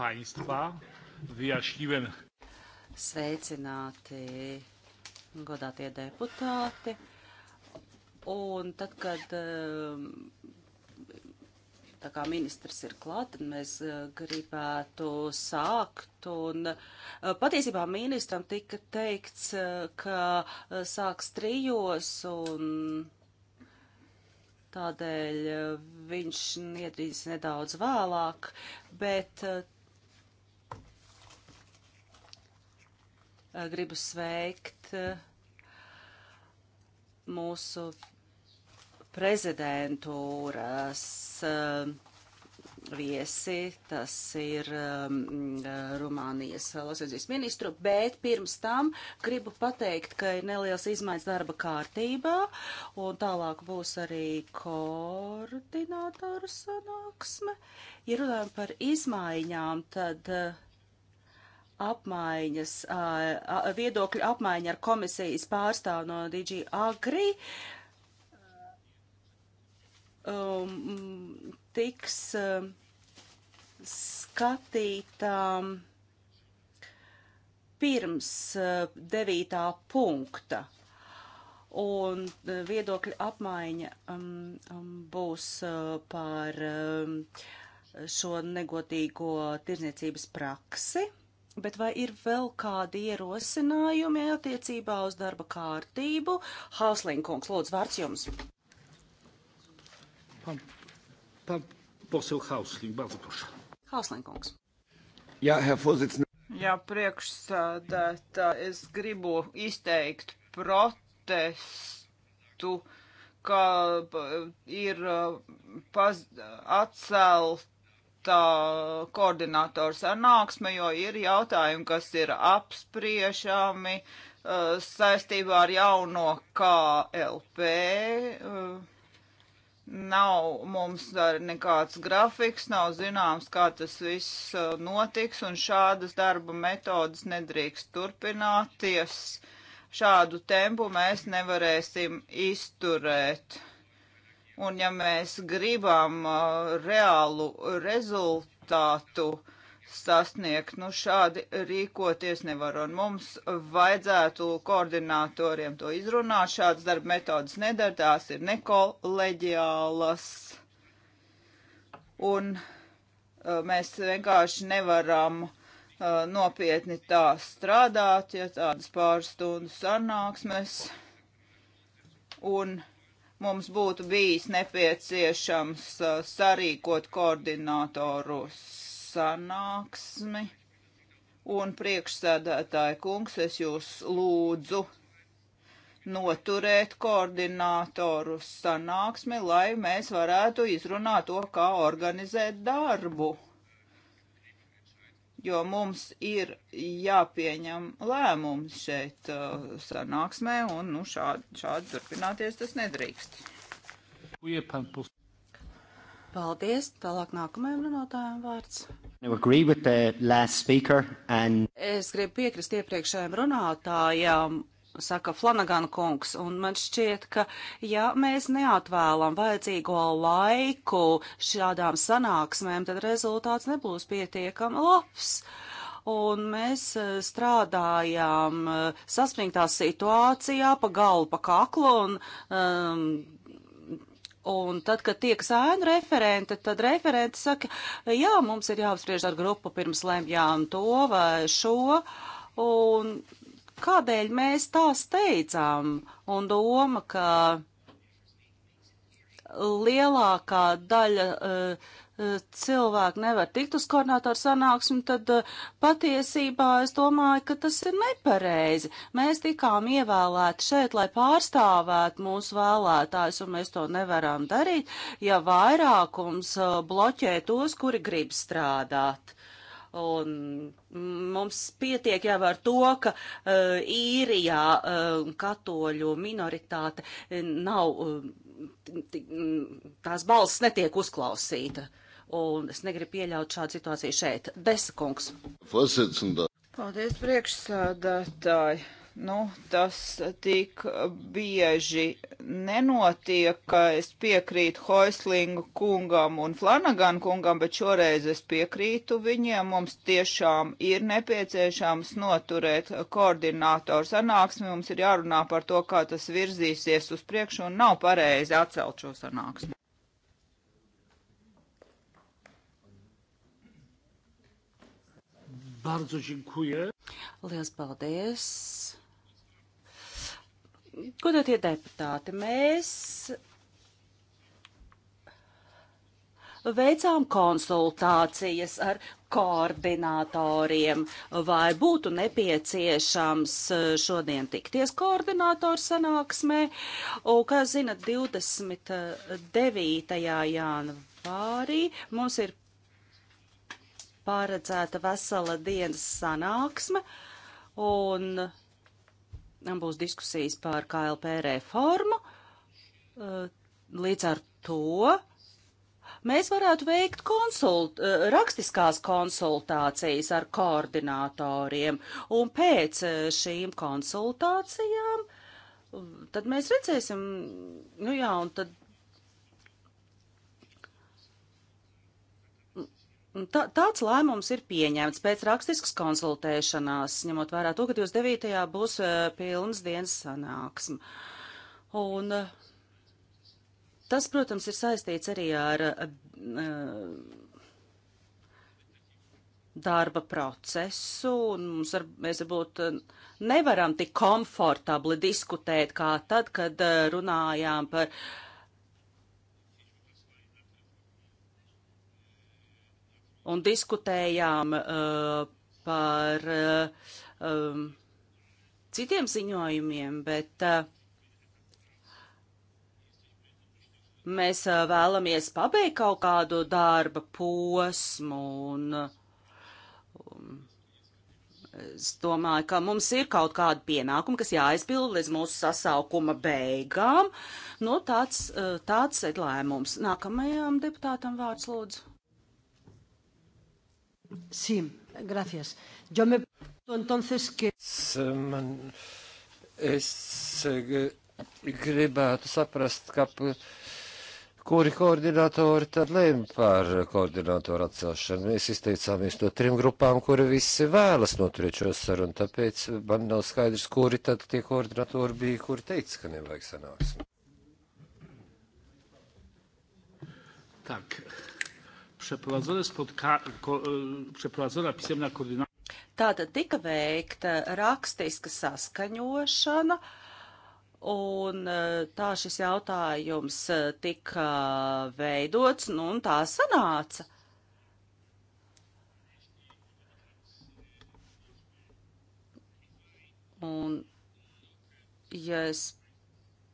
Państwa. Wyjaśniłem. Sveicināti, godātie deputāti. Un tad, kad um, tā kā ministrs ir klāt, tad mēs uh, gribētu sākt. Un uh, patiesībā ministram tika teikts, uh, ka sāks trijos un. Tādēļ viņš iedrīs nedaudz vēlāk, bet Eh, gribu sveikt eh, mūsu prezidentūras eh, viesi, tas ir um, Rumānijas lauksaimniecības ministru, bet pirms tam gribu pateikt, ka ir neliels izmaiņas darba kārtībā, un tālāk būs arī koordinātoru sanāksme. Ja runājam par izmaiņām, tad. Uh, apmaiņas, viedokļu apmaiņa ar komisijas pārstāvu no DG Agri um, tiks um, skatītām um, pirms devītā punkta un viedokļa apmaiņa um, um būs uh, par um, šo negotīgo tirzniecības praksi. Bet vai ir vēl kādi ierosinājumi attiecībā uz darba kārtību? Hauslinkungs, lūdzu, vārds jums. Pan, pan posel Hausling, bardzo proszę. Hauslinkungs. Jā, Herr Vorsitzende. Jā, priekšsādātā es gribu izteikt protestu, ka ir uh, paz, atcelt tā koordinātora sanāksme, jo ir jautājumi, kas ir apspriešami uh, saistībā ar jauno KLP. Uh, nav mums nekāds grafiks, nav zināms, kā tas viss uh, notiks, un šādas darba metodas nedrīkst turpināties. Šādu tempu mēs nevarēsim izturēt. Un ja mēs gribam uh, reālu rezultātu, sasniegt. Nu, šādi rīkoties nevar, un mums vajadzētu koordinatoriem to izrunāt. Šādas darba metodas nedara, tās ir nekoleģiālas, un uh, mēs vienkārši nevaram uh, nopietni tā strādāt, ja tādas pārstundu sanāksmes. Un mums būtu bijis nepieciešams uh, sarīkot koordinātoru sanāksmi. Un priekšsēdētāja kungs, es jūs lūdzu noturēt koordinātoru sanāksmi, lai mēs varētu izrunāt to, kā organizēt darbu jo mums ir jāpieņem lēmums šeit uh, sanāksmē, un nu, šādi, šādi turpināties tas nedrīkst. Paldies. Tālāk nākamajam runātājam vārds. And... Es gribu piekrist iepriekšējiem runātājiem saka Flanagan kungs, un man šķiet, ka ja mēs neatvēlam vajadzīgo laiku šādām sanāksmēm, tad rezultāts nebūs pietiekami labs. Un mēs e, strādājām e, saspringtā situācijā pa galu, pa kaklu, un um, Un tad, kad tiekas ēnu referente, tad referente saka, jā, mums ir jāapspriež ar grupu pirms lemjām to vai šo. Un Kādēļ mēs tā steidzām? Un doma, ka lielākā daļa uh, eh, eh, cilvēki nevar tikt uz koordinātoru sanāksmi, tad eh, patiesībā es domāju, ka tas ir nepareizi. Mēs tikām ievēlēti šeit, lai pārstāvētu mūsu vēlētājus, un mēs to nevaram darīt, ja vairākums bloķē tos, kuri grib strādāt. Un mums pietiek jau ar to, ka uh, īrijā uh, katoļu minoritāte nav, uh, tās balss netiek uzklausīta. Un es negribu pieļaut šādu situāciju šeit. Desa kungs. Paldies, priekšsādātāji nu, tas tik bieži nenotiek, ka es piekrītu Hoislingu kungam un Flanagan kungam, bet šoreiz es piekrītu viņiem. Mums tiešām ir nepieciešams noturēt koordinātoru sanāksmi. Mums ir jārunā par to, kā tas virzīsies uz priekšu un nav pareizi atcelt šo sanāksmi. Bardzo dziękuję. Lielas paldies. Ko dotie deputāti? Mēs veicām konsultācijas ar koordinatoriem, vai būtu nepieciešams eh, šodien tikties koordinatoru sanāksmē, un, kā zinat, 29. Eh, janvārī mums ir paredzēta vesela dienas sanāksme, un būs diskusijas par KLP reformu. Eh, līdz ar to mēs varētu veikt konsult, eh, rakstiskās konsultācijas ar koordinatoriem, un pēc eh, šīm konsultācijām tad mēs redzēsim, nu jā, un tad Tā, tāds lēmums ir pieņemts pēc rakstiskas konsultēšanās, ņemot vērā to, ka 29. būs eh, pilnas dienas sanāksme. Un eh, tas, protams, ir saistīts arī ar eh, darba procesu, un mums ar, mēs varbūt nevaram tik komfortabli diskutēt kā tad, kad runājām par uh, un diskutējām uh, par uh, um, citiem ziņojumiem, bet uh, mēs uh, vēlamies pabeigt kaut kādu darba posmu un um, Es domāju, ka mums ir kaut kāda pienākuma, kas jāaizpild līdz mūsu sasaukuma beigām. Nu, tāds, tāds ir lēmums. Nākamajam deputātam vārds lūdzu. Sí, gracias. Yo me entonces que... Man, es eh, gribētu saprast, ka kuri koordinatori tad lēma par koordinatoru atcelšanu. Mēs izteicāmies no trim grupām, kuri visi vēlas noturēt šo sarunu, tāpēc man nav skaidrs, kuri tad tie koordinatori bija, kuri teica, ka nevajag sanāksmi. Tak, E, przeprowadzona pisemna koordynacja. Tātad tika veikta rakstiska saskaņošana, un e, tā šis jautājums e, tika veidots, nu un tā sanāca. Un, ja es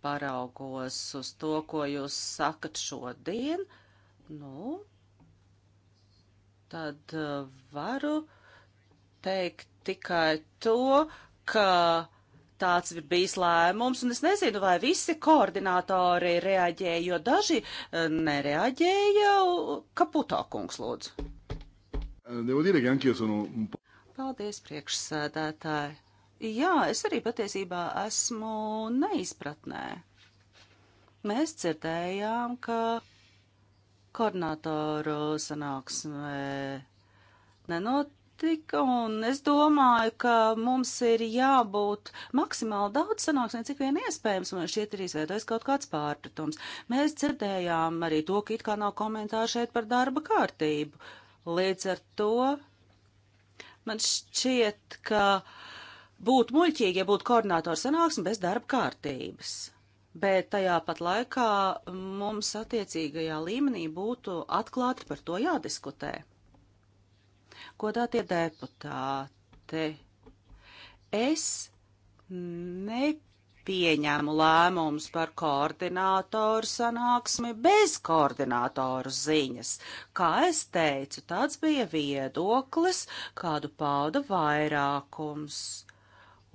paraugos uz to, ko jūs sakat šodien, nu, tad eh, varu teikt tikai to, ka tāds ir bijis lēmums, un es nezinu, vai visi koordinātori reaģēja, jo daži eh, nereaģēja. Kaputā kungs lūdzu. Eh, Paldies, priekšsēdētāji. Jā, es arī patiesībā esmu neizpratnē. Mēs dzirdējām, ka koordinātoru sanāksmē nenotika, un es domāju, ka mums ir jābūt maksimāli daudz sanāksmē, cik vien iespējams, un šķiet arī izveidojas kaut kāds pārpratums. Mēs dzirdējām arī to, ka it kā nav komentāru šeit par darba kārtību. Līdz ar to man šķiet, ka būtu muļķīgi, ja būtu koordinātoru sanāksme bez darba kārtības bet tajā pat laikā mums attiecīgajā līmenī būtu atklāti par to jādiskutē. Ko tā tie deputāti? Es nepieņēmu lēmums par koordinātoru sanāksmi bez koordinātoru ziņas. Kā es teicu, tāds bija viedoklis, kādu pauda vairākums.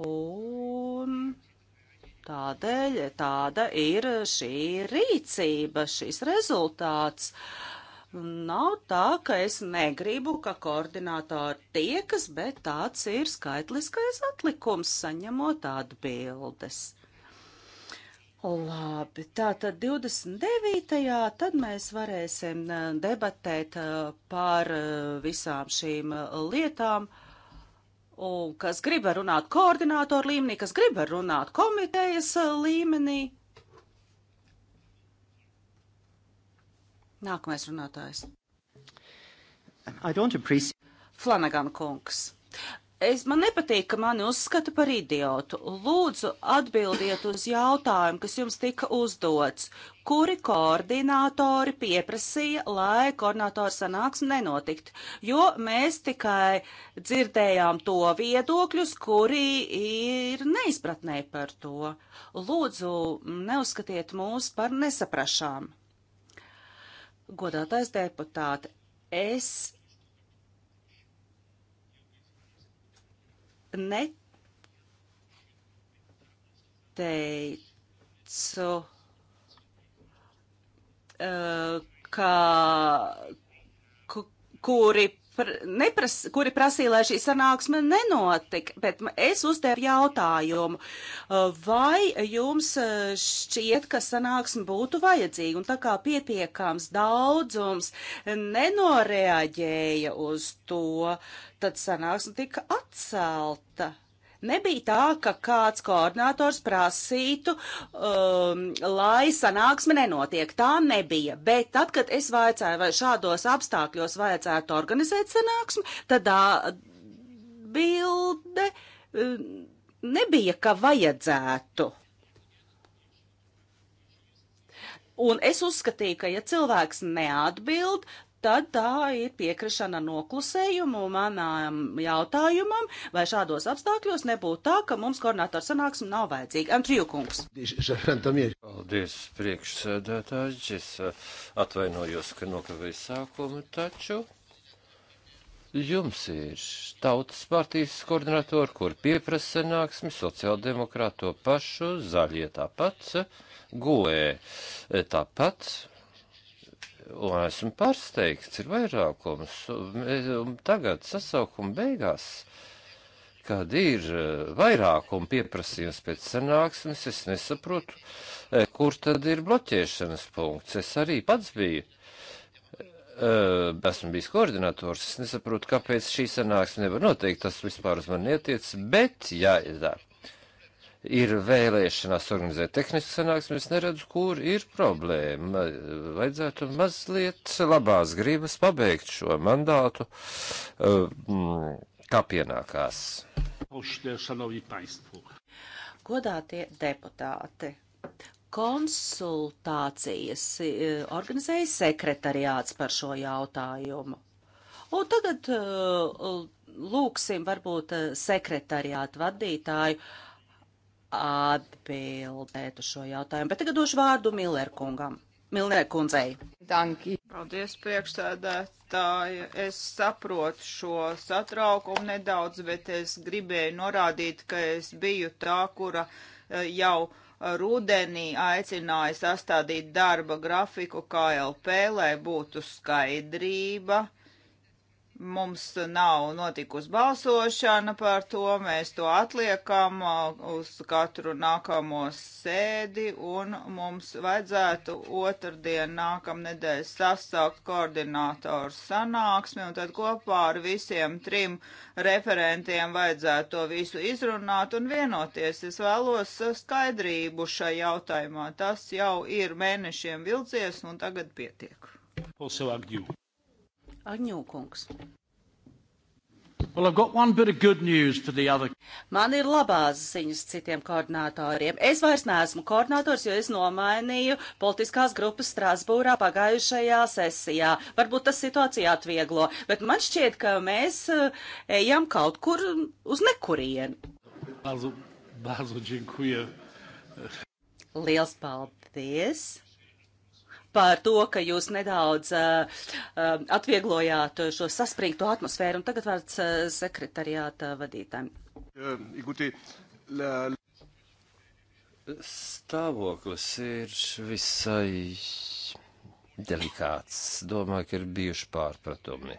Un Tādēļ tāda ir šī rīcība, šis rezultāts. Nav tā, ka es negribu, ka koordinātori tiekas, bet tāds ir skaitliskais atlikums saņemot atbildes. Labi, tā tad 29. tad mēs varēsim eh, debatēt eh, par eh, visām šīm lietām un kas grib runāt koordinātoru līmenī, kas grib runāt komitejas eh, līmenī. Nākamais runātājs. Flanagan kungs. Es, man nepatīk, ka mani uzskata par idiotu. Lūdzu, atbildiet uz jautājumu, kas jums tika uzdots. Kuri koordinātori pieprasīja, lai koordinātori sanāksme nenotikt? Jo mēs tikai dzirdējām to viedokļus, kuri ir neizpratnē par to. Lūdzu, neuzskatiet mūs par nesaprašām. Godātais deputāte, es neteicu, uh, ka kuri pr nepras, kuri prasīja, lai šī sanāksme nenotika, bet es uzdevu jautājumu, uh, vai jums uh, šķiet, ka sanāksme būtu vajadzīga, un tā kā pietiekams daudzums nenoreaģēja uz to, tad sanāksme tika atcelta. Nebija tā, ka kāds koordinators prasītu, um, lai sanāksme nenotiek. Tā nebija. Bet tad, kad es vaicāju, vai šādos apstākļos vajadzētu organizēt sanāksmi, tad atbilde um, nebija, ka vajadzētu. Un es uzskatīju, ka ja cilvēks neatbild, tad tā ir piekrišana noklusējumu manām jautājumam, vai šādos apstākļos nebūtu tā, ka mums koordinātors sanāksme nav vajadzīga. Antriju kungs. Paldies, priekšsēdētāji. Es eh, atvainojos, ka nokavēju sākumu, taču. Jums ir tautas partijas koordinatori, kur pieprasa sanāksmi, sociāldemokrāto pašu, zaļie tāpat, eh, goē eh, tāpat, Un esmu pārsteigts, ir vairākums. Un tagad sasaukuma beigās, kad ir e, vairākuma pieprasījums pēc sanāksmes, es nesaprotu, e, kur tad ir bloķēšanas punkts. Es arī pats biju. E, esmu bijis koordinators, es nesaprotu, kāpēc šī sanāksme nevar noteikt, tas vispār uz mani netiec, bet, ja, ja ir vēlēšanās organizēt tehnisku sanāksmi, es neredzu, kur ir problēma. Vajadzētu mazliet labās gribas pabeigt šo mandātu, eh, kā pienākās. Godātie deputāti, konsultācijas eh, organizēja sekretariāts par šo jautājumu. Un tagad eh, lūksim varbūt sekretariātu vadītāju atbildēt uz šo jautājumu. Bet tagad došu vārdu Miller kungam. Milner kundzei. Danki. Paldies, priekšsēdētāji. Es saprotu šo satraukumu nedaudz, bet es gribēju norādīt, ka es biju tā, kura e, jau rudenī aicināja sastādīt darba grafiku KLP, lai būtu skaidrība Mums nav notikusi balsošana par to, mēs to atliekam uh, uz katru nākamo sēdi, un mums vajadzētu otrdien nākamnedēļ sasaukt koordinātoru sanāksmi, un tad kopā ar visiem trim referentiem vajadzētu to visu izrunāt un vienoties. Es vēlos skaidrību šai jautājumā. Tas jau ir mēnešiem vilcies, un tagad pietiek. Also, argue. Agņūkungs. Well, I've got one bit of good news for the other. Man ir labās ziņas citiem koordinatoriem. Es vairs neesmu koordinators, jo es nomainīju politiskās grupas Strasbūrā pagājušajā sesijā. Varbūt tas situāciju atvieglo, bet man šķiet, ka mēs eh, ejam kaut kur uz nekurienu. Bāzu, bāzu, Liels paldies! par to, ka jūs nedaudz uh, atvieglojāt šo saspringto atmosfēru. Un tagad vārds uh, sekretariāta vadītājiem. Stāvoklis ir visai delikāts. Domāju, ka ir bijuši pārpratumi.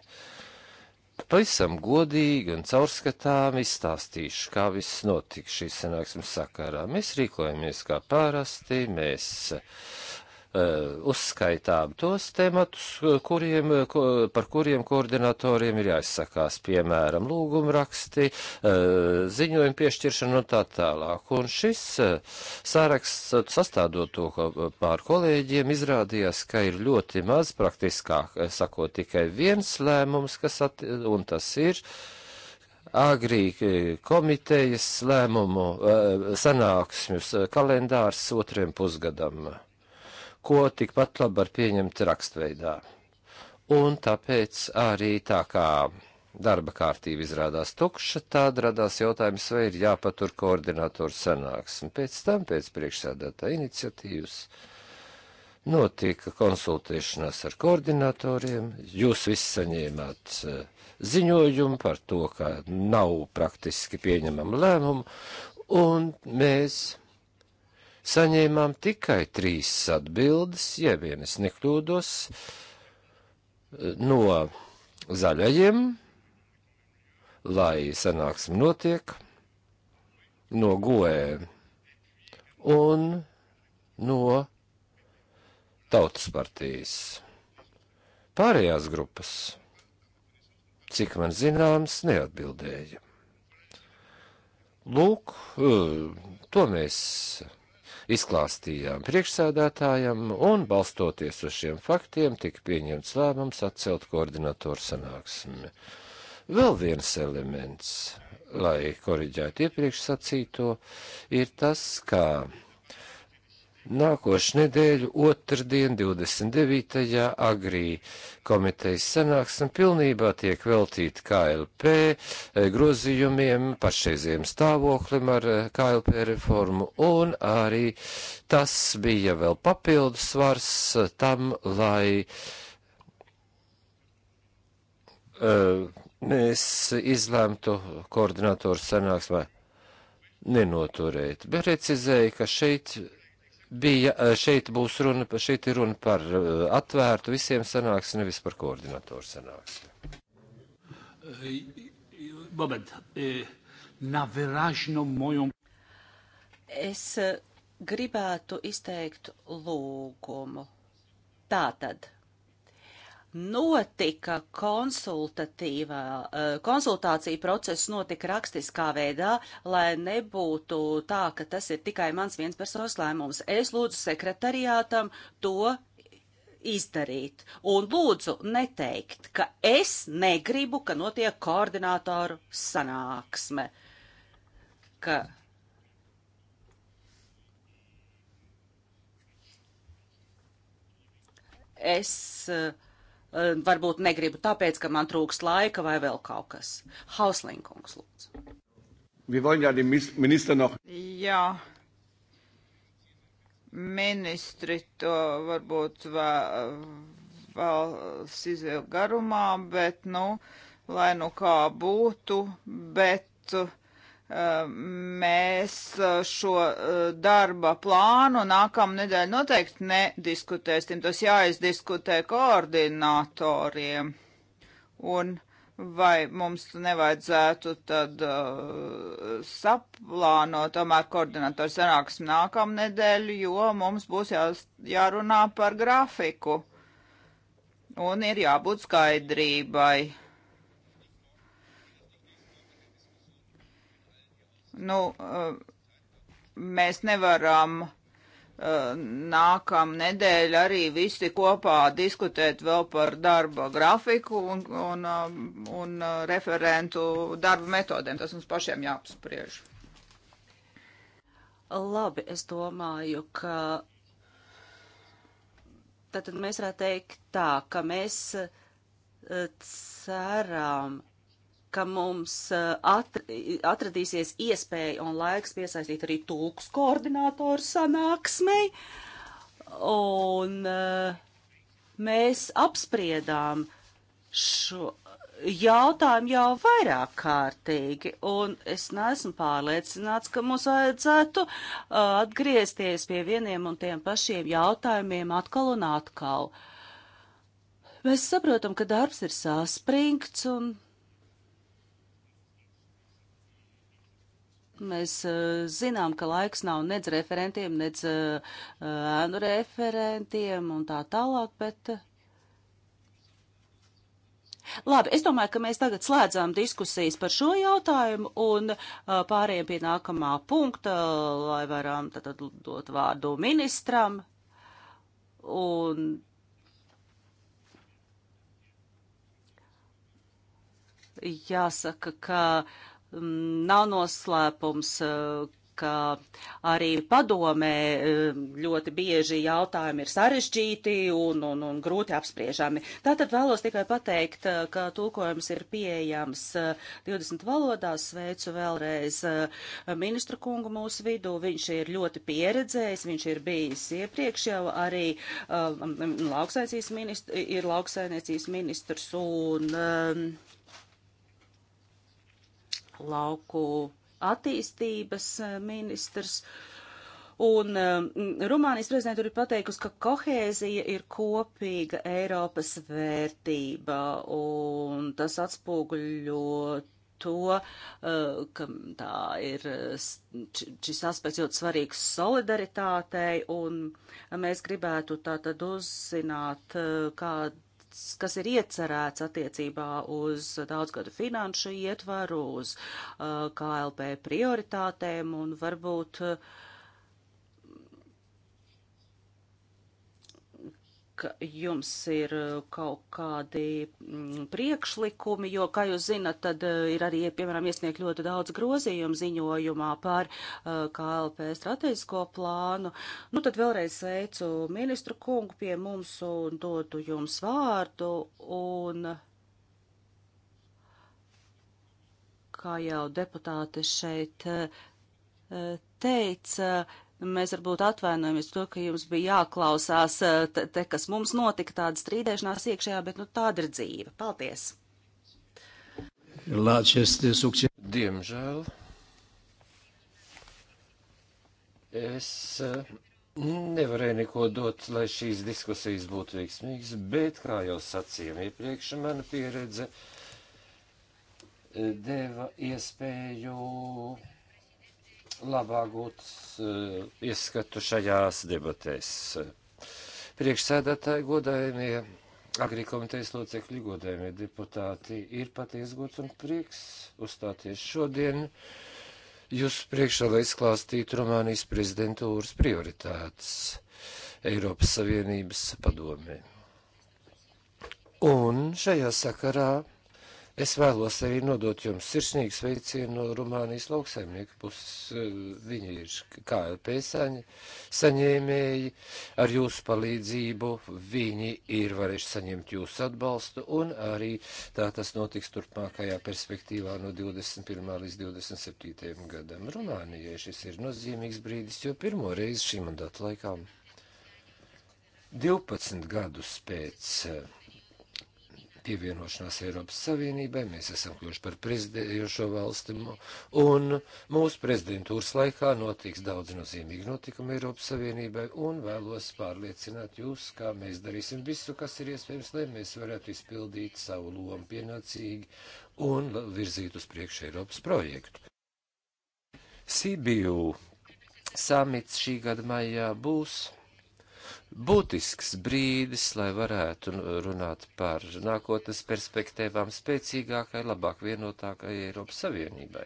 Pavisam godīgi un caurskatām izstāstīšu, kā viss notika šīs sanāksmes sakarā. Mēs rīkojamies kā parasti, mēs uh, Eh, uzskaitām tos tematus, eh, kuriem, eh, par kuriem koordinatoriem ir jāizsakās, piemēram, lūgumraksti, ziņojumi piešķiršana un tā tālāk. Un šis sāraksts, sastādot to pār kolēģiem, izrādījās, ka ir ļoti maz, praktiskāk sakot, tikai viens lēmums, kas at, un tas ir agrī komitejas lēmumu sanāksmjus kalendārs otriem pusgadam ko tikpat labi var pieņemt rakstveidā. Un tāpēc arī tā kā darba kārtība izrādās tukša, tad radās jautājums, vai ir jāpatur koordinātoru sanāksme. Pēc tam, pēc priekšsēdētā iniciatīvas, notika konsultēšanās ar koordinatoriem, jūs visi saņēmāt eh, ziņojumu par to, ka nav praktiski pieņemama lēmuma, un mēs saņēmām tikai trīs atbildes, ja vienas nekļūdos, no zaļajiem, lai sanāksme notiek, no goē un no tautas partijas. Pārējās grupas, cik man zināms, neatbildēja. Lūk, eh, to mēs izklāstījām priekšsēdētājam, un balstoties uz šiem faktiem tika pieņemts lēmums atcelt koordinatoru sanāksmi. Vēl viens elements, lai koriģētu iepriekš sacīto, ir tas, kā Nākošu nedēļu otrdien 29. agrī komitejas sanāksme pilnībā tiek veltīta KLP eh, grozījumiem, pašreiziem stāvoklim ar eh, KLP reformu un arī tas bija vēl papildus svars eh, tam, lai uh, mēs izlēmtu koordinatoru sanāksmē nenoturēt, bet recizēja, ka šeit bija, e, šeit būs runa, šeit ir runa par e, atvērtu visiem sanāksmi, nevis par koordinatoru sanāksmi. Moment, e, na vyražno mojom. Es gribētu izteikt lūgumu. Tātad notika konsultatīvā, eh, konsultācija process notika rakstiskā veidā, lai nebūtu tā, ka tas ir tikai mans viens personas lēmums. Es lūdzu sekretariātam to izdarīt un lūdzu neteikt, ka es negribu, ka notiek koordinātoru sanāksme. Ka es uh, Eh, varbūt negribu tāpēc, ka man trūks laika vai vēl kaut kas. Hauslinkungs, lūdzu. Wir wollen ja den Minister noch. Ja. Ministri to varbūt vēl, vēl izvēl garumā, bet, nu, lai nu kā būtu, bet. Uh, mēs uh, šo uh, darba plānu nākamā nedēļa noteikti nediskutēsim. Tas jāizdiskutē koordinatoriem. Un vai mums nevajadzētu tad uh, saplānot tomēr koordinatoru sanāksmi nākamā nedēļa, jo mums būs jā, jārunā par grafiku. Un ir jābūt skaidrībai Nu, eh, mēs nevaram eh, nākam nedēļa arī visi kopā diskutēt vēl par darba grafiku un, un, eh, un referentu darba metodēm. Tas mums pašiem jāapspriež. Labi, es domāju, ka tad mēs varētu teikt tā, ka mēs ceram, ka mums eh, atradīsies iespēja un laiks piesaistīt arī tulks koordinātoru sanāksmei. Un eh, mēs apspriedām šo jautājumu jau vairāk kārtīgi, un es neesmu pārliecināts, ka mums vajadzētu eh, atgriezties pie vieniem un tiem pašiem jautājumiem atkal un atkal. Mēs saprotam, ka darbs ir saspringts un Mēs uh, zinām, ka laiks nav nedz referentiem, nedz eh, ēnu uh, referentiem un tā tālāk, bet. Eh, Labi, es domāju, ka mēs tagad slēdzām diskusijas par šo jautājumu un uh, pāriem pie nākamā punkta, lai varam tad dot vārdu ministram. Un jāsaka, ka. Uh, Mm, nav noslēpums, eh, ka arī padomē eh, ļoti bieži jautājumi ir sarežģīti un, un, un grūti apspriežami. Tātad vēlos tikai pateikt, eh, ka tulkojums ir pieejams 20 valodās. Sveicu vēlreiz ministru kungu mūsu vidū. Viņš ir ļoti pieredzējis, viņš ir bijis iepriekš jau arī um, mm, mm, lauksainiecības ministrs, ir lauksainiecības ministrs un. Um, lauku attīstības eh, ministrs. Un um, Rumānijas prezidentūra ir pateikusi, ka kohēzija ir kopīga Eiropas vērtība, un tas atspoguļo to, uh, ka tā ir, šis aspekts ļoti svarīgs solidaritātei, un mēs gribētu tātad uzzināt, uh, kāda kas ir iecerēts attiecībā uz daudzgadu finanšu ietvaru, uz uh, KLP prioritātēm un varbūt uh, jums ir uh, kaut kādi mm, priekšlikumi, jo, kā jūs zinat, tad uh, ir arī, piemēram, iesniegt ļoti daudz grozījumu ziņojumā par uh, KLP strateģisko plānu. Nu, tad vēlreiz sveicu ministru kungu pie mums un dodu jums vārdu. Un kā jau deputāte šeit teica, Mēs varbūt atvainojamies to, ka jums bija jāklausās eh, te, te kas mums notika, tāda strīdēšanās iekšējā, bet nu tāda ir dzīve. Paldies! Diemžēl es eh, Nevarēju neko dot, lai šīs diskusijas būtu veiksmīgas, bet, kā jau sacījām iepriekš, mana pieredze eh, deva iespēju labāk gūt uh, ieskatu šajās debatēs. Priekšsēdētāji godājumie, agrikomitejas locekļi godājumie deputāti, ir paties gods un prieks uzstāties šodien jūsu priekšā, lai izklāstītu Rumānijas prezidentūras prioritātes Eiropas Savienības padomē. Un šajā sakarā Es vēlos arī nodot jums sirsnīgu sveicienu no Rumānijas lauksaimnieku puses. Viņi ir KLP saņ, saņēmēji. Ar jūsu palīdzību viņi ir varējuši saņemt jūsu atbalstu un arī tā tas notiks turpmākajā perspektīvā no 21. līdz 27. gadam. Rumānijai šis ir nozīmīgs brīdis, jo pirmo reizi šī mandāta laikā 12 gadus pēc pievienošanās Eiropas Savienībai, mēs esam kļuvuši par prezidējošo valsti, un mūsu prezidentūras laikā notiks daudz nozīmīgi notikumi Eiropas Savienībai, un vēlos pārliecināt jūs, kā mēs darīsim visu, kas ir iespējams, lai mēs varētu izpildīt savu lomu pienācīgi un virzīt uz priekšu Eiropas projektu. Sibiju samits šī gada maijā būs būtisks brīdis, lai varētu nu, runāt par nākotnes perspektīvām spēcīgākai, labāk vienotākai Eiropas Savienībai.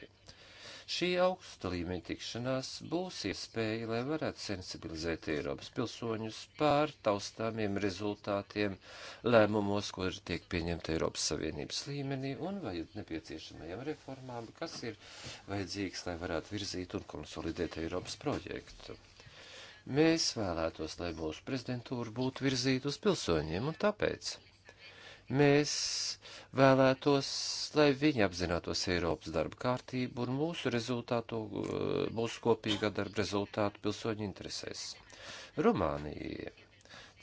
Šī augsta līmeņa tikšanās būs iespēja, lai varētu sensibilizēt Eiropas pilsoņus pār taustāmiem rezultātiem lēmumos, ko ir tiek pieņemta Eiropas Savienības līmenī un vajad nepieciešamajām reformām, kas ir vajadzīgs, lai varētu virzīt un konsolidēt Eiropas projektu. Mēs vēlētos, lai mūsu prezidentūra būtu virzīta uz pilsoņiem, un tāpēc mēs vēlētos, lai viņi apzinātos Eiropas darba kārtību un mūsu rezultātu, eh, mūsu kopīgā darba rezultātu pilsoņu interesēs. Rumānija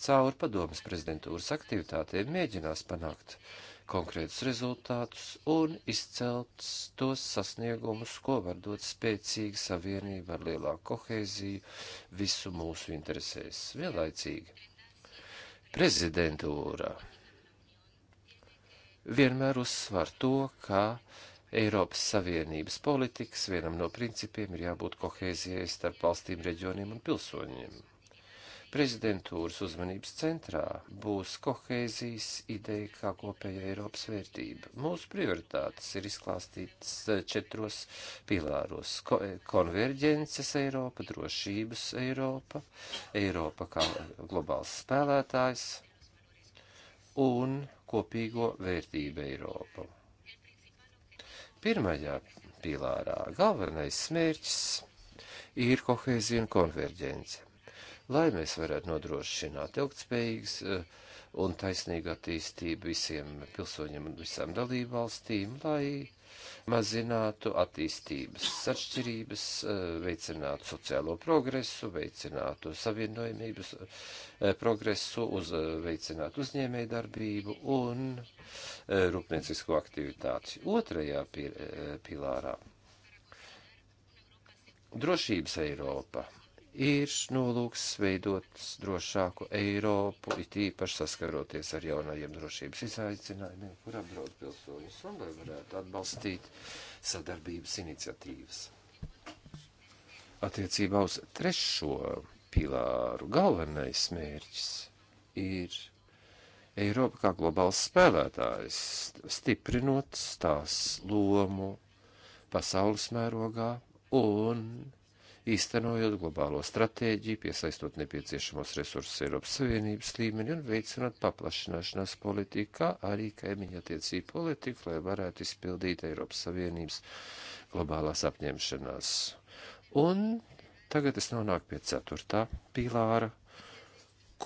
caur padomas prezidentūras aktivitātēm mēģinās panākt konkrētus rezultātus un izcelt tos sasniegumus, ko var dot spēcīga savienība ar lielāku kohēziju visu mūsu interesēs vienlaicīgi. Prezidentūra vienmēr uzsver to, ka Eiropas Savienības politikas vienam no principiem ir jābūt kohēzijai starp valstīm, reģioniem un pilsoņiem prezidentūras uzmanības centrā būs kohēzijas ideja kā kopēja Eiropas vērtība. Mūsu prioritātes ir izklāstītas eh, četros pilāros ko - konverģences Eiropa, drošības Eiropa, Eiropa kā globāls spēlētājs un kopīgo vērtību Eiropu. Pirmajā pilārā galvenais smērķis ir kohēzija un konverģence lai mēs varētu nodrošināt ilgtspējīgas eh, un taisnīgu attīstību visiem pilsoņiem un visām dalībvalstīm, lai mazinātu attīstības atšķirības, eh, veicinātu sociālo progresu, veicinātu savienojumības eh, progresu, uz, veicinātu uzņēmēju darbību un rūpniecisko aktivitāti. Otrajā pilārā - drošības Eiropa ir nolūks veidot drošāku Eiropu, it īpaši saskaroties ar jaunajiem drošības izaicinājumiem, kur apdraud pilsoņus un lai varētu atbalstīt sadarbības iniciatīvas. Attiecībā uz trešo pilāru galvenais mērķis ir Eiropa kā globāls spēlētājs, stiprinot tās lomu pasaules mērogā un īstenojot globālo stratēģiju, piesaistot nepieciešamos resursus Eiropas Savienības līmeni un veicinot paplašināšanās politiku, kā arī kaimiņa attiecību politiku, lai varētu izpildīt Eiropas Savienības globālās apņemšanās. Un tagad es nonāku pie ceturtā pīlāra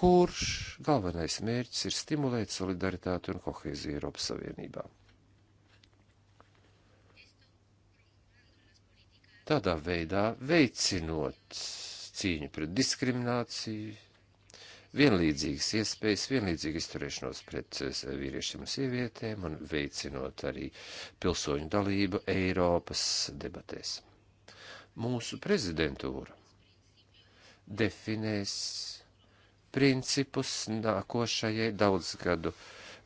kurš galvenais mērķis ir stimulēt solidaritāti un kohēziju Eiropas Savienībā. tādā veidā veicinot cīņu pret diskrimināciju, vienlīdzīgas iespējas, vienlīdzīgu izturēšanos pret vīriešiem un sievietēm un veicinot arī pilsoņu dalību Eiropas debatēs. Mūsu prezidentūra definēs principus nākošajai daudzgadu gadu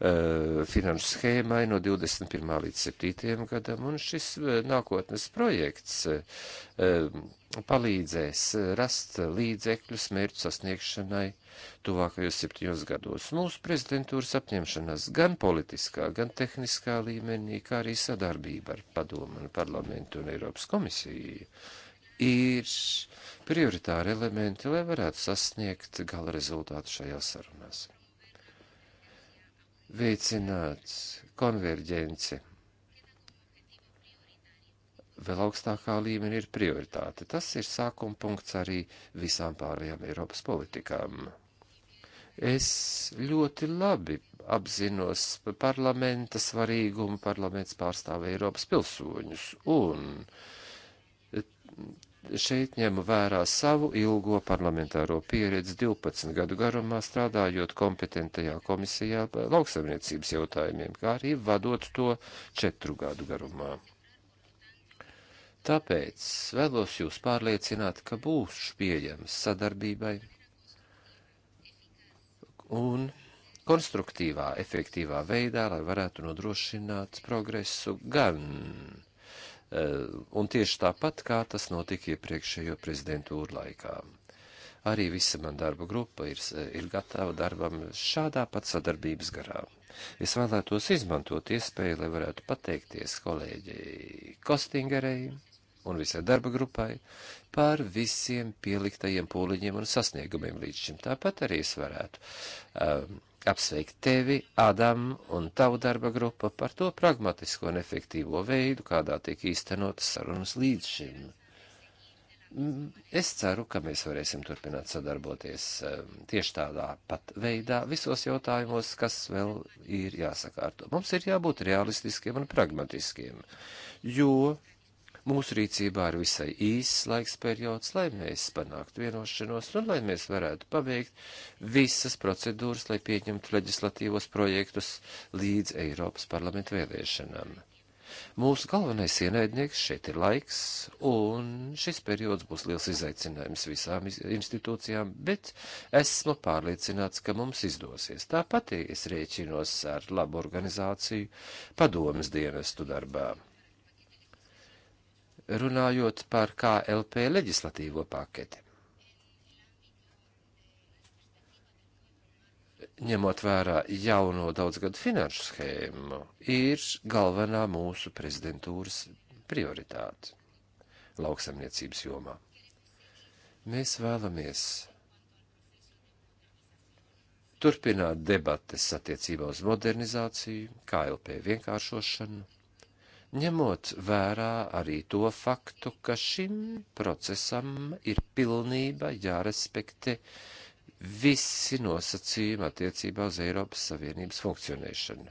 Eh, finanšu schēmai no 21. līdz 7. gadam, un šis eh, nākotnes projekts eh, palīdzēs rast līdzekļus mērķu sasniegšanai tuvākajos septiņos gados. Mūsu prezidentūras apņemšanās gan politiskā, gan tehniskā līmenī, kā arī sadarbība ar padomu un parlamentu un Eiropas komisiju ir prioritāri elementi, lai varētu sasniegt gala rezultātu šajās sarunās veicināt konverģenci vēl augstākā līmenī ir prioritāte. Tas ir sākuma punkts arī visām pārējām Eiropas politikām. Es ļoti labi apzinos parlamenta svarīgumu, parlaments pārstāv Eiropas pilsoņus, un šeit ņemu vērā savu ilgo parlamentāro pieredzi 12 gadu garumā strādājot kompetentajā komisijā lauksaimniecības jautājumiem, kā arī vadot to 4 gadu garumā. Tāpēc vēlos jūs pārliecināt, ka būšu pieejams sadarbībai un konstruktīvā, efektīvā veidā, lai varētu nodrošināt progresu gan Eh, un tieši tāpat, kā tas notika iepriekšējo prezidentūru laikā. Arī visa man darba grupa ir, eh, ir gatava darbam šādā pat sadarbības garā. Es vēlētos izmantot iespēju, lai varētu pateikties kolēģei Kostingerei un visai darba grupai par visiem pieliktajiem pūliņiem un sasniegumiem līdz šim. Tāpat arī es varētu um, apsveikt tevi, Adam un tavu darba grupu par to pragmatisko un efektīvo veidu, kādā tiek īstenotas sarunas līdz šim. Es ceru, ka mēs varēsim turpināt sadarboties eh, tieši tādā pat veidā visos jautājumos, kas vēl ir jāsakārto. Mums ir jābūt realistiskiem un pragmatiskiem, jo Mūsu rīcībā ir visai īss laiks periods, lai mēs panāktu vienošanos un lai mēs varētu pabeigt visas procedūras, lai pieņemtu leģislatīvos projektus līdz Eiropas parlamentu vēlēšanām. Mūsu galvenais ienaidnieks šeit ir laiks, un šis periods būs liels izaicinājums visām institūcijām, bet esmu pārliecināts, ka mums izdosies. Tāpat es rēķinos ar labu organizāciju padomas dienestu darbā runājot par KLP leģislatīvo paketi. ņemot vērā jauno daudzgadu finanšu schēmu, ir galvenā mūsu prezidentūras prioritāte lauksamniecības jomā. Mēs vēlamies turpināt debates attiecībā uz modernizāciju, KLP vienkāršošanu ņemot vērā arī to faktu, ka šim procesam ir pilnība jārespektē. Ja visi nosacījumi attiecībā uz Eiropas Savienības funkcionēšanu.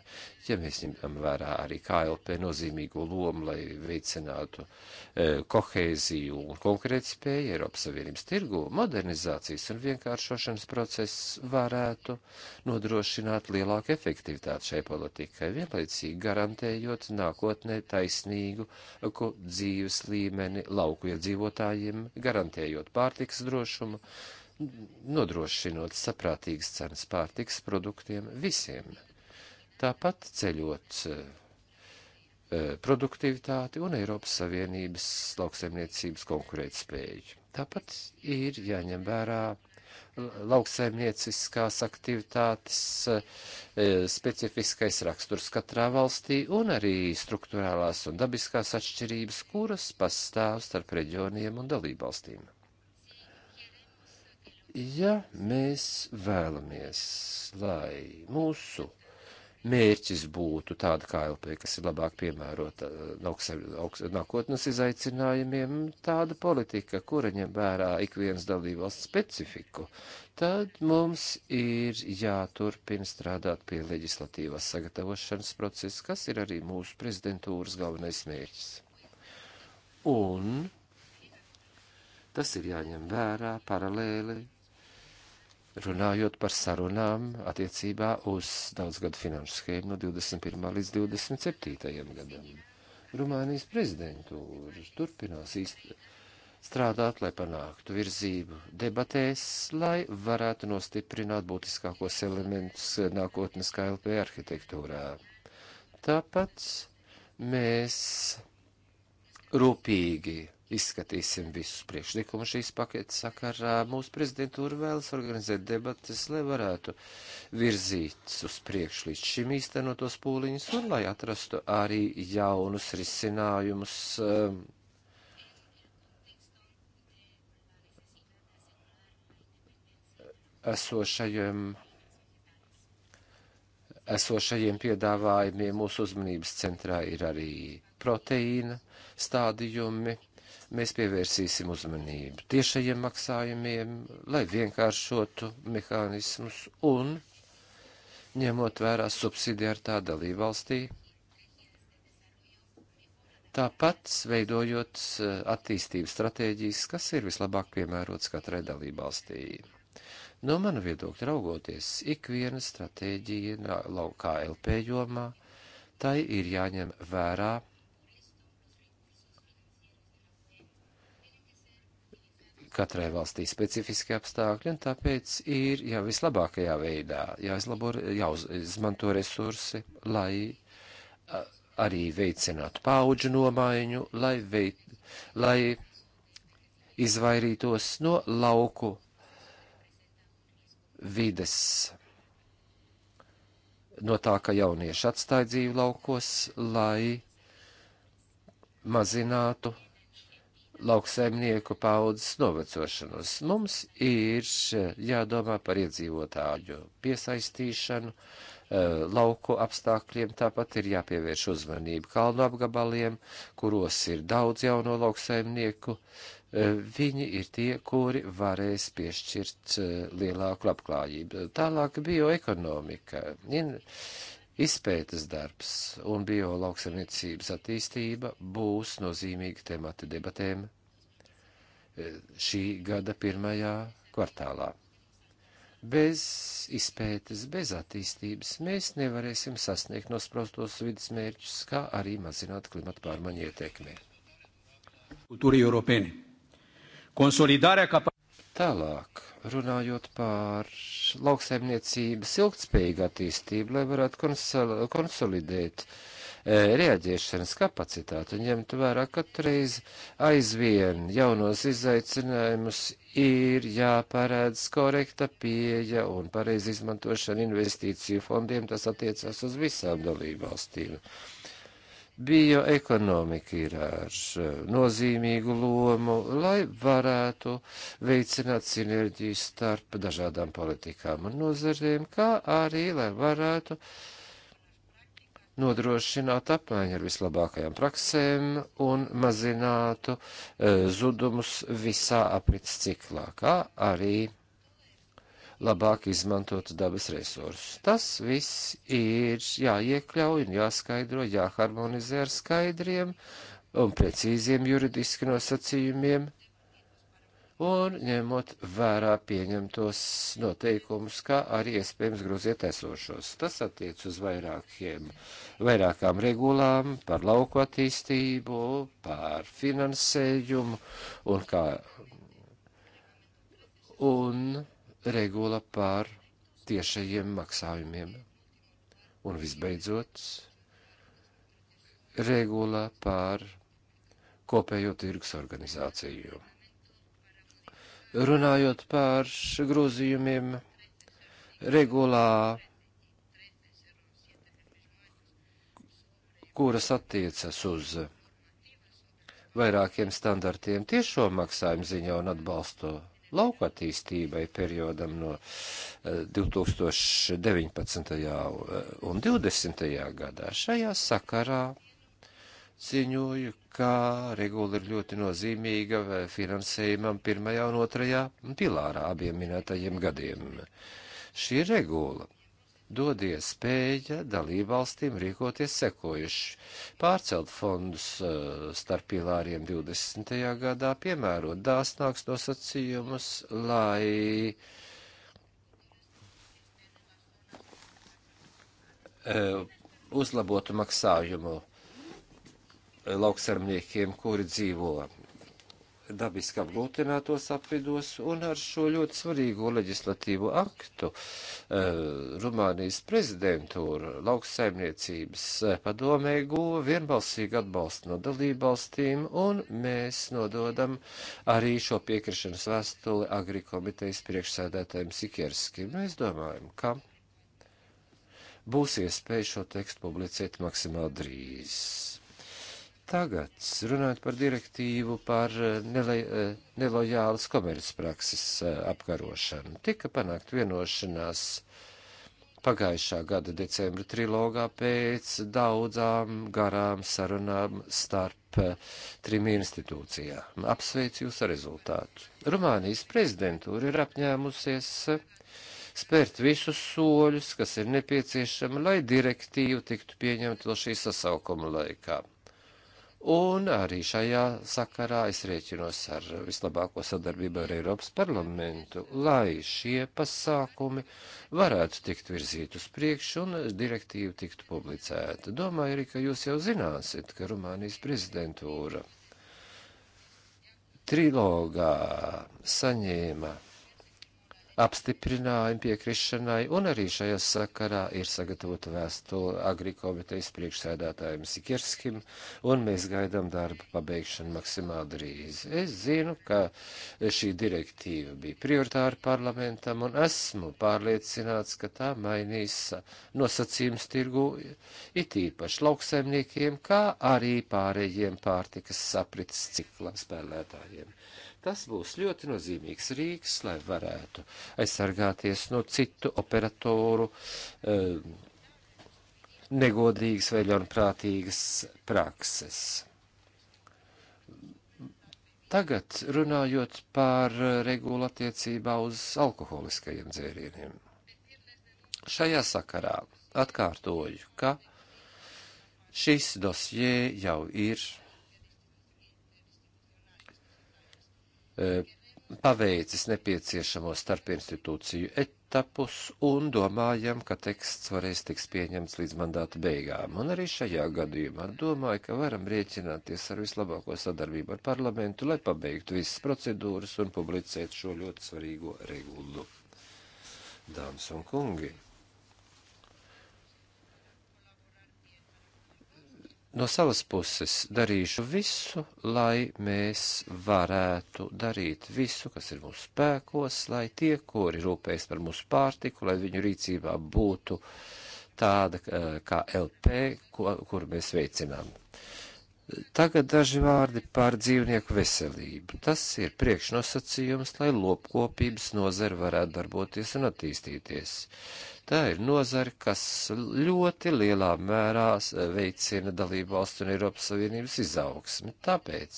Ja mēs ņemam vērā arī KLP nozīmīgo lomu, lai veicinātu e, kohēziju un konkurētspēju Eiropas Savienības tirgu, modernizācijas un vienkāršošanas process varētu nodrošināt lielāku efektivitāti šai politikai, vienlaicīgi garantējot nākotnē taisnīgu dzīves līmeni lauku iedzīvotājiem, garantējot pārtiks drošumu, nodrošinot saprātīgas cenas pārtiks produktiem visiem. Tāpat ceļot eh, eh, produktivitāti un Eiropas Savienības lauksaimniecības konkurētspēju. Tāpat ir jāņem vērā lauksaimnieciskās aktivitātes eh, specifiskais raksturs katrā valstī un arī struktūrālās un dabiskās atšķirības, kuras pastāv starp reģioniem un dalībvalstīm. Ja mēs vēlamies, lai mūsu mērķis būtu tāda KLP, kas ir labāk piemērota eh, nākotnes izaicinājumiem, tāda politika, kura ņem vērā ikvienas dalībvalsts specifiku, tad mums ir jāturpina strādāt pie leģislatīvās sagatavošanas procesa, kas ir arī mūsu prezidentūras galvenais mērķis. Un tas ir jāņem vērā paralēli runājot par sarunām attiecībā uz daudzgadu finanšu schēmu no 21. līdz 27. gadam. Rumānijas prezidentūra turpinās strādāt, lai panāktu virzību debatēs, lai varētu nostiprināt būtiskākos elementus nākotnes KLP arhitektūrā. Tāpat mēs rūpīgi Izskatīsim visus priekšlikumus šīs paketes sakarā. Mūsu prezidentūra vēlas organizēt debatas, lai varētu virzīt uz priekšu līdz šim īstenotos pūliņus un lai atrastu arī jaunus risinājumus. Um, esošajiem, esošajiem piedāvājumiem mūsu uzmanības centrā ir arī proteīna stādījumi, mēs pievērsīsim uzmanību tiešajiem maksājumiem, lai vienkāršotu mehānismus un ņemot vērā subsidiartā dalībvalstī. Tāpat veidojot eh, attīstības stratēģijas, kas ir vislabāk piemērots katrai dalībvalstī. No mana viedokļa raugoties, ikviena stratēģija laukā LP jomā, tai ir jāņem vērā katrai valstī specifiski apstākļi, un tāpēc ir jau vislabākajā veidā jāizlabo, jāizmanto resursi, lai arī veicinātu pauģu nomaiņu, lai, veid, lai izvairītos no lauku vides, no tā, ka jaunieši atstāja dzīvi laukos, lai mazinātu lauksaimnieku paudzes novecošanos. Mums ir jādomā par iedzīvotāju piesaistīšanu, eh, lauku apstākļiem, tāpat ir jāpievērš uzmanība kalnu apgabaliem, kuros ir daudz jauno lauksaimnieku. Eh, viņi ir tie, kuri varēs piešķirt eh, lielāku labklājību. Tālāk bioekonomika. In, Izpētes darbs un biolauksaimniecības attīstība būs nozīmīgi temati debatēm šī gada pirmajā kvartālā. Bez izpētes, bez attīstības mēs nevarēsim sasniegt nospraustos vidas mērķus, kā arī mazināt klimata pārmaiņu ietekmi. Tālāk, runājot par lauksaimniecības ilgtspējīgu attīstību, lai varētu konsolidēt uh, E, reaģēšanas kapacitāti un ņemt vērā katreiz aizvien jaunos izaicinājumus ir jāparēdz korekta pieeja un pareizi izmantošana investīciju fondiem, tas attiecās uz visām dalībvalstīm. Bioekonomika ir ar e, nozīmīgu lomu, lai varētu veicināt sinerģiju starp dažādām politikām un nozarēm, kā arī, lai varētu uh, nodrošinātu apmaiņu ar vislabākajām praksēm un mazinātu e, zudumus visā aprits ciklā, kā arī labāk izmantot dabas resursus. Tas viss ir jāiekļauj un jāskaidro, jāharmonizē ar skaidriem un precīziem juridiski nosacījumiem, un ņemot vērā pieņemtos noteikumus, kā arī iespējams grūziet esošos. Tas attiec uz vairākiem, vairākām regulām par lauku attīstību, par finansējumu un kā un regula par tiešajiem maksājumiem. Un visbeidzot, regula par kopējo tirgus organizāciju runājot par grozījumiem regulā, kuras attiecas uz vairākiem standartiem tiešo maksājumu ziņā un atbalsto lauku attīstībai periodam no 2019. Eh, un 2020. gadā. Šajā sakarā ziņoju, ka regula ir ļoti nozīmīga finansējumam pirmajā un otrajā pilārā abiem minētajiem gadiem. Šī regula dod iespēja dalībvalstīm rīkoties sekojuši, pārcelt fondus eh, starp pilāriem 20. gadā, piemērot dāsnāks nosacījumus, lai eh, uzlabotu maksājumu lauksaimniekiem, kuri dzīvo dabiski apglutinātos apvidos, un ar šo ļoti svarīgo leģislatīvo aktu eh, Rumānijas prezidentūra lauksaimniecības eh, padomē guva vienbalsīgu atbalstu no dalībvalstīm, un mēs nododam arī šo piekrišanas vēstuli Agri komitejas priekšsēdētājiem Sikerskim. Mēs domājam, ka būs iespēja šo tekstu publicēt maksimāli drīz. Tagad runāt par direktīvu par eh, nele, eh, nelojālas komercprakses eh, apkarošanu. Tika panākt vienošanās pagājušā gada decembra trilogā pēc daudzām garām sarunām starp trim institūcijām. Apsveicu jūs ar rezultātu. Rumānijas prezidentūra ir apņēmusies spērt visus soļus, kas ir nepieciešami, lai direktīva tiktu pieņemta vēl šī sasaukuma laikā. Un arī šajā sakarā es rēķinos ar vislabāko sadarbību ar Eiropas parlamentu, lai šie pasākumi varētu tikt virzīt uz priekšu un direktīva tiktu publicēta. Domāju arī, ka jūs jau zināsiet, ka Rumānijas prezidentūra trilogā saņēma apstiprinājumu piekrišanai, un arī šajā sakarā ir sagatavota vēstule agrikomitejas priekšsēdētājiem Sikerskim, un mēs gaidām darba pabeigšanu maksimāli drīz. Es zinu, ka šī direktīva bija prioritāra parlamentam, un esmu pārliecināts, ka tā mainīs nosacījums tirgu it īpaši lauksaimniekiem, kā arī pārējiem pārtikas saprites cikla spēlētājiem. Tas būs ļoti nozīmīgs rīks, lai varētu aizsargāties no citu operatoru eh, negodīgas vai ļaunprātīgas prakses. Tagad runājot par regulu attiecībā uz alkoholiskajiem dzērieniem. Šajā sakarā atkārtoju, ka šis dosjē jau ir E, paveicis nepieciešamo starpinstitūciju etapus un domājam, ka teksts varēs tiks pieņemts līdz mandāta beigām. Un arī šajā gadījumā domāju, ka varam rēķināties ar vislabāko sadarbību ar parlamentu, lai pabeigtu visas procedūras un publicētu šo ļoti svarīgo regulu. Dāmas un kungi! no savas puses darīšu visu, lai mēs varētu darīt visu, kas ir mūsu spēkos, lai tie, kuri rūpējas par mūsu pārtiku, lai viņu rīcībā būtu tāda kā LP, ko, kur mēs veicinām. Tagad daži vārdi par dzīvnieku veselību. Tas ir priekšnosacījums, lai lopkopības nozara varētu darboties un attīstīties. Uh, Tā ir nozara, kas ļoti lielā mērā veicina dalību valstu un Eiropas Savienības izaugsmi. Tāpēc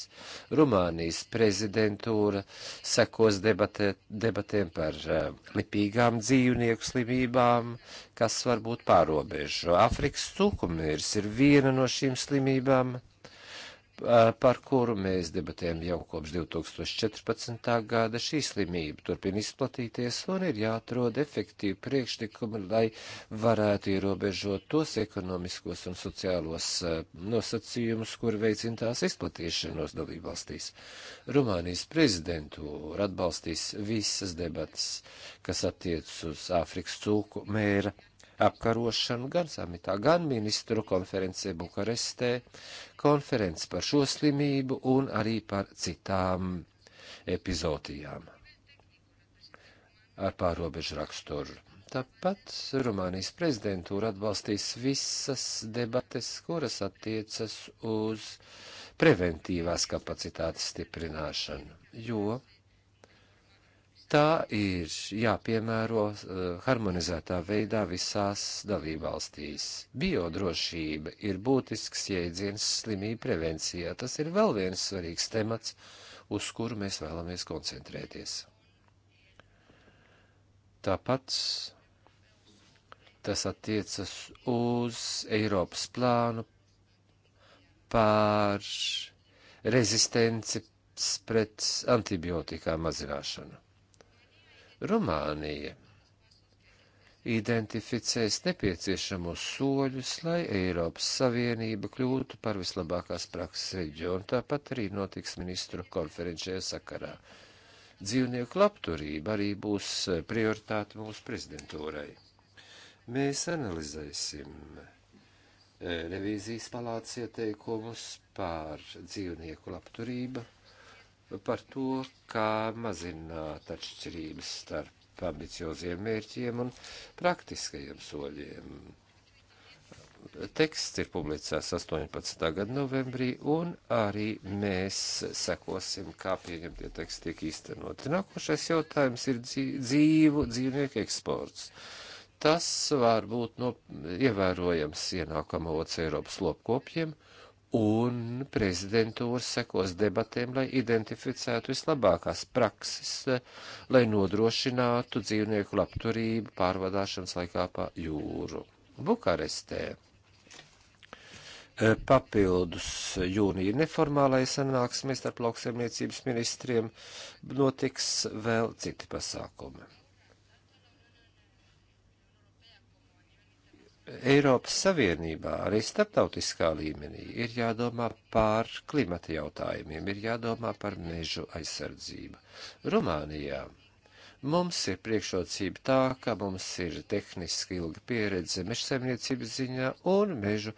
Rumānijas prezidentūra sekos debatē, debatēm par e, lipīgām dzīvnieku slimībām, kas var būt pārobežu. Afrikas cukumīrs ir viena no šīm slimībām Eh, par kuru mēs debatējam jau kopš 2014. gada. Šī slimība turpina izplatīties un ir jāatrod efektīvi priekšlikumi, lai varētu ierobežot tos ekonomiskos un sociālos eh, nosacījumus, kur veicina tās izplatīšanos dalībvalstīs. Rumānijas prezidentūra atbalstīs visas debatas, kas attiec uz Āfrikas cūku mēra apkarošanu gan samitā, gan ministru konferencē Bukarestē, konferences par šo slimību un arī par citām epizodijām ar pārobežu raksturu. Tāpat Rumānijas prezidentūra atbalstīs visas debates, kuras attiecas uz preventīvās kapacitātes stiprināšanu, jo tā ir jāpiemēro eh, harmonizētā veidā visās dalībvalstīs. Biodrošība ir būtisks jēdziens slimību prevencijā. Tas ir vēl viens svarīgs temats, uz kuru mēs vēlamies koncentrēties. Tāpat tas attiecas uz Eiropas plānu pār rezistenci pret antibiotikām mazināšanu. Rumānija identificēs nepieciešamos soļus, lai Eiropas Savienība kļūtu par vislabākās prakses reģionu, tāpat arī notiks ministru konferenčē sakarā. Dzīvnieku labturība arī būs prioritāte mūsu prezidentūrai. Mēs analizēsim eh, revīzijas palātas ieteikumus pār dzīvnieku labturību par to, kā mazināt atšķirības starp ambicioziem mērķiem un praktiskajiem soļiem. Teksts ir publicēts 18. gada novembrī, un arī mēs sekosim, kā pieņemtie teksti tiek īstenoti. Nākošais jautājums ir dzīvu dzīvnieku eksports. Tas var būt no ievērojams ienākama ots Eiropas lopkopiem. Uh, un prezidentūra sekos debatēm, lai identificētu vislabākās prakses, lai nodrošinātu dzīvnieku labturību pārvadāšanas laikā pa jūru. Bukarestē e, papildus jūnija neformālai sanāksmē starp lauksaimniecības ministriem notiks vēl citi pasākumi. Eiropas Savienībā, arī starptautiskā līmenī, ir jādomā par klimata jautājumiem, ir jādomā par mežu aizsardzību. Rumānijā mums ir priekšrocība tā, ka mums ir tehniski ilga pieredze mežsaimniecības ziņā, un mežu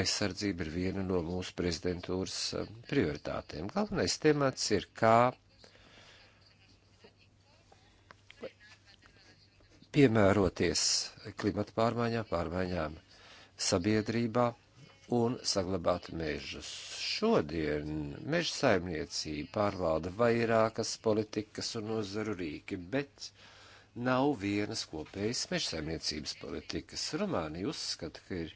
aizsardzība ir viena no mūsu prezidentūras prioritātēm. Galvenais temats ir, kā piemēroties klimata pārmaiņām, pārmaiņām sabiedrībā un saglabāt mežus. Šodien meža saimniecība pārvalda vairākas politikas un nozaru rīki, bet nav vienas kopējas meža saimniecības politikas. Rumānija uzskata, ka ir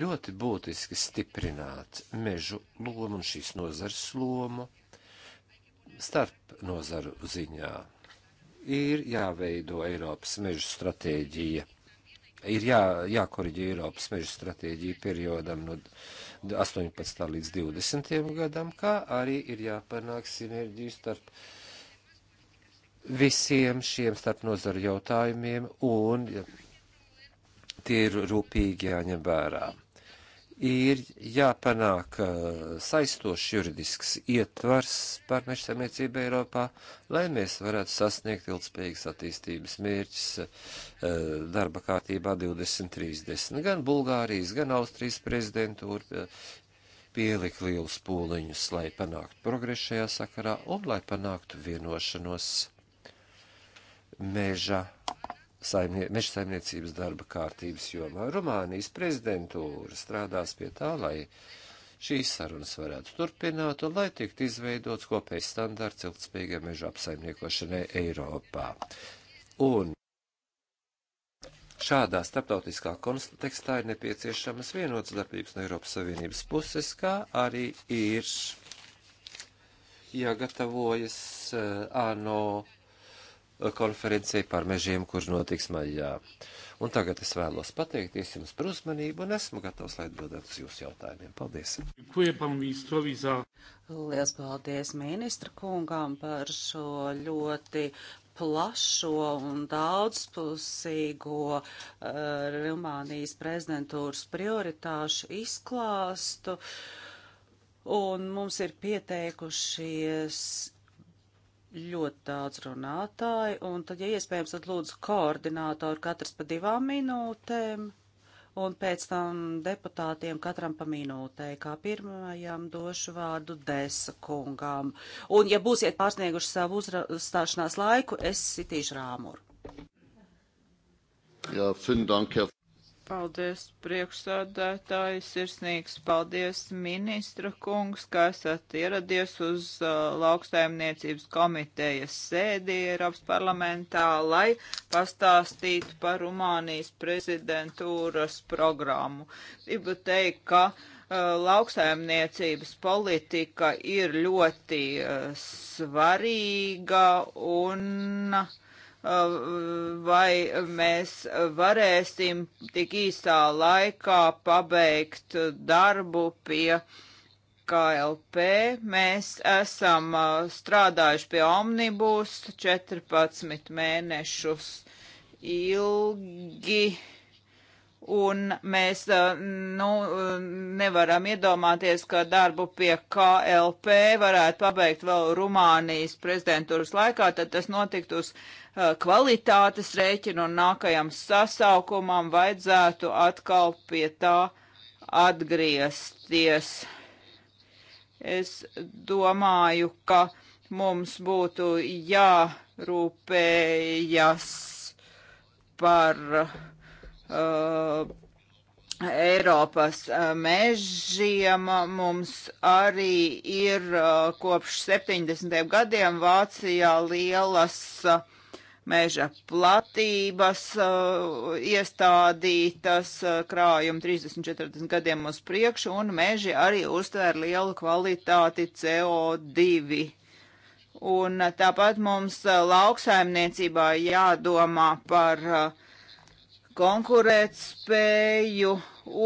ļoti būtiski stiprināt mežu lomu un šīs nozars lomu starp nozaru ziņā ir jāveido Eiropas meža stratēģija. Ir jā, jākoriģē Eiropas meža stratēģija periodam no 18. līdz 20. gadam, kā arī ir jāpanāk sinerģija starp visiem šiem starp nozaru jautājumiem un tie ir rūpīgi jāņem vērā ir jāpanāk uh, saistošs juridisks ietvars par mežsamniecību Eiropā, lai mēs varētu sasniegt ilgspējīgas attīstības mērķis uh, darba kārtībā 2030. Gan Bulgārijas, gan Austrijas prezidentūra uh, pielika lielus pūliņus, lai panāktu progresu šajā sakarā un lai panāktu vienošanos meža saimnie, meža saimniecības darba kārtības jomā. Rumānijas prezidentūra strādās pie tā, lai šīs sarunas varētu turpināt un lai tiktu izveidots kopējs standarts ilgspējīgai meža apsaimniekošanai Eiropā. Un šādā starptautiskā kontekstā ir nepieciešamas vienotas darbības no Eiropas Savienības puses, kā arī ir jāgatavojas uh, ANO. Uh, konferencei par mežiem, kurš notiks maijā. Un tagad es vēlos pateikties jums par uzmanību un esmu gatavs, lai atbildētu uz jūsu jautājumiem. Paldies! Lielas paldies ministra kungām par šo ļoti plašo un daudzpusīgo uh, Rumānijas prezidentūras prioritāšu izklāstu. Un mums ir pieteikušies ļoti daudz runātāju, un tad, ja iespējams, tad lūdzu koordinātoru katrs pa divām minūtēm, un pēc tam deputātiem katram pa minūtei, kā pirmajam došu vārdu desa kungām. Un, ja būsiet pārsnieguši savu uzstāšanās laiku, es sitīšu rāmuru. Jā, ja, dank, ja. Paldies, priekšsādātāji, sirsnīgs paldies, ministra kungs, ka esat ieradies uz uh, lauksaimniecības komitejas sēdi Eiropas parlamentā, lai pastāstītu par Rumānijas prezidentūras programmu. Gribu teikt, ka uh, lauksaimniecības politika ir ļoti uh, svarīga un uh, Uh, vai mēs varēsim tik īsā laikā pabeigt darbu pie KLP. Mēs esam uh, strādājuši pie omnibus 14 mēnešus ilgi Un mēs eh, nu, eh, nevaram iedomāties, ka darbu pie KLP varētu pabeigt vēl Rumānijas prezidentūras laikā, tad tas notiktu uz eh, kvalitātes rēķinu un nākajam sasaukumam vajadzētu atkal pie tā atgriezties. Es domāju, ka mums būtu jārūpējas par uh, uh, Eiropas uh, mežiem mums arī ir uh, kopš 70. gadiem Vācijā lielas uh, meža platības iestādītas krājuma 30-40 gadiem uz priekšu, un meži arī uztver lielu kvalitāti CO2. Un tāpat mums lauksaimniecībā jādomā par uh, konkurētspēju,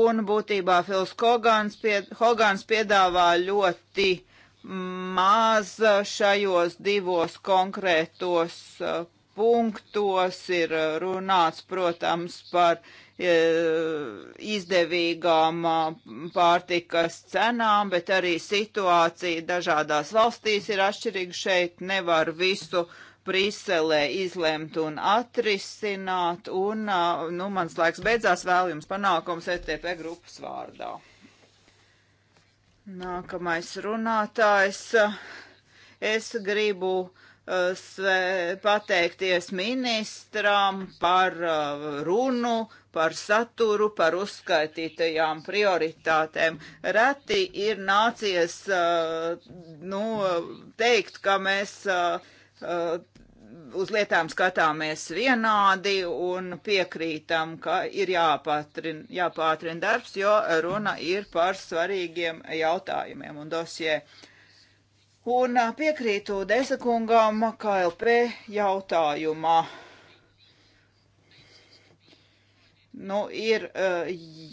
un būtībā Fils Hogans, pie, Hogans piedāvā ļoti maz šajos divos konkrētos uh, punktos. Ir uh, runāts, protams, par uh, izdevīgām pārtikas cenām, bet arī situācija dažādās valstīs ir atšķirīga. Šeit nevar visu uh, Briselē izlemt un atrisināt, un, nu, mans laiks beidzās, vēl jums panākums ETP grupas vārdā. Nākamais runātājs. Es gribu pateikties ministram par runu, par saturu, par uzskaitītajām prioritātēm. Reti ir nācies nu, teikt, ka mēs uz lietām skatāmies vienādi un piekrītam, ka ir jāpātrin, jāpātrin darbs, jo runa ir par svarīgiem jautājumiem un dosie. Un piekrītu Dezakungam KLP jautājumā. Nu, ir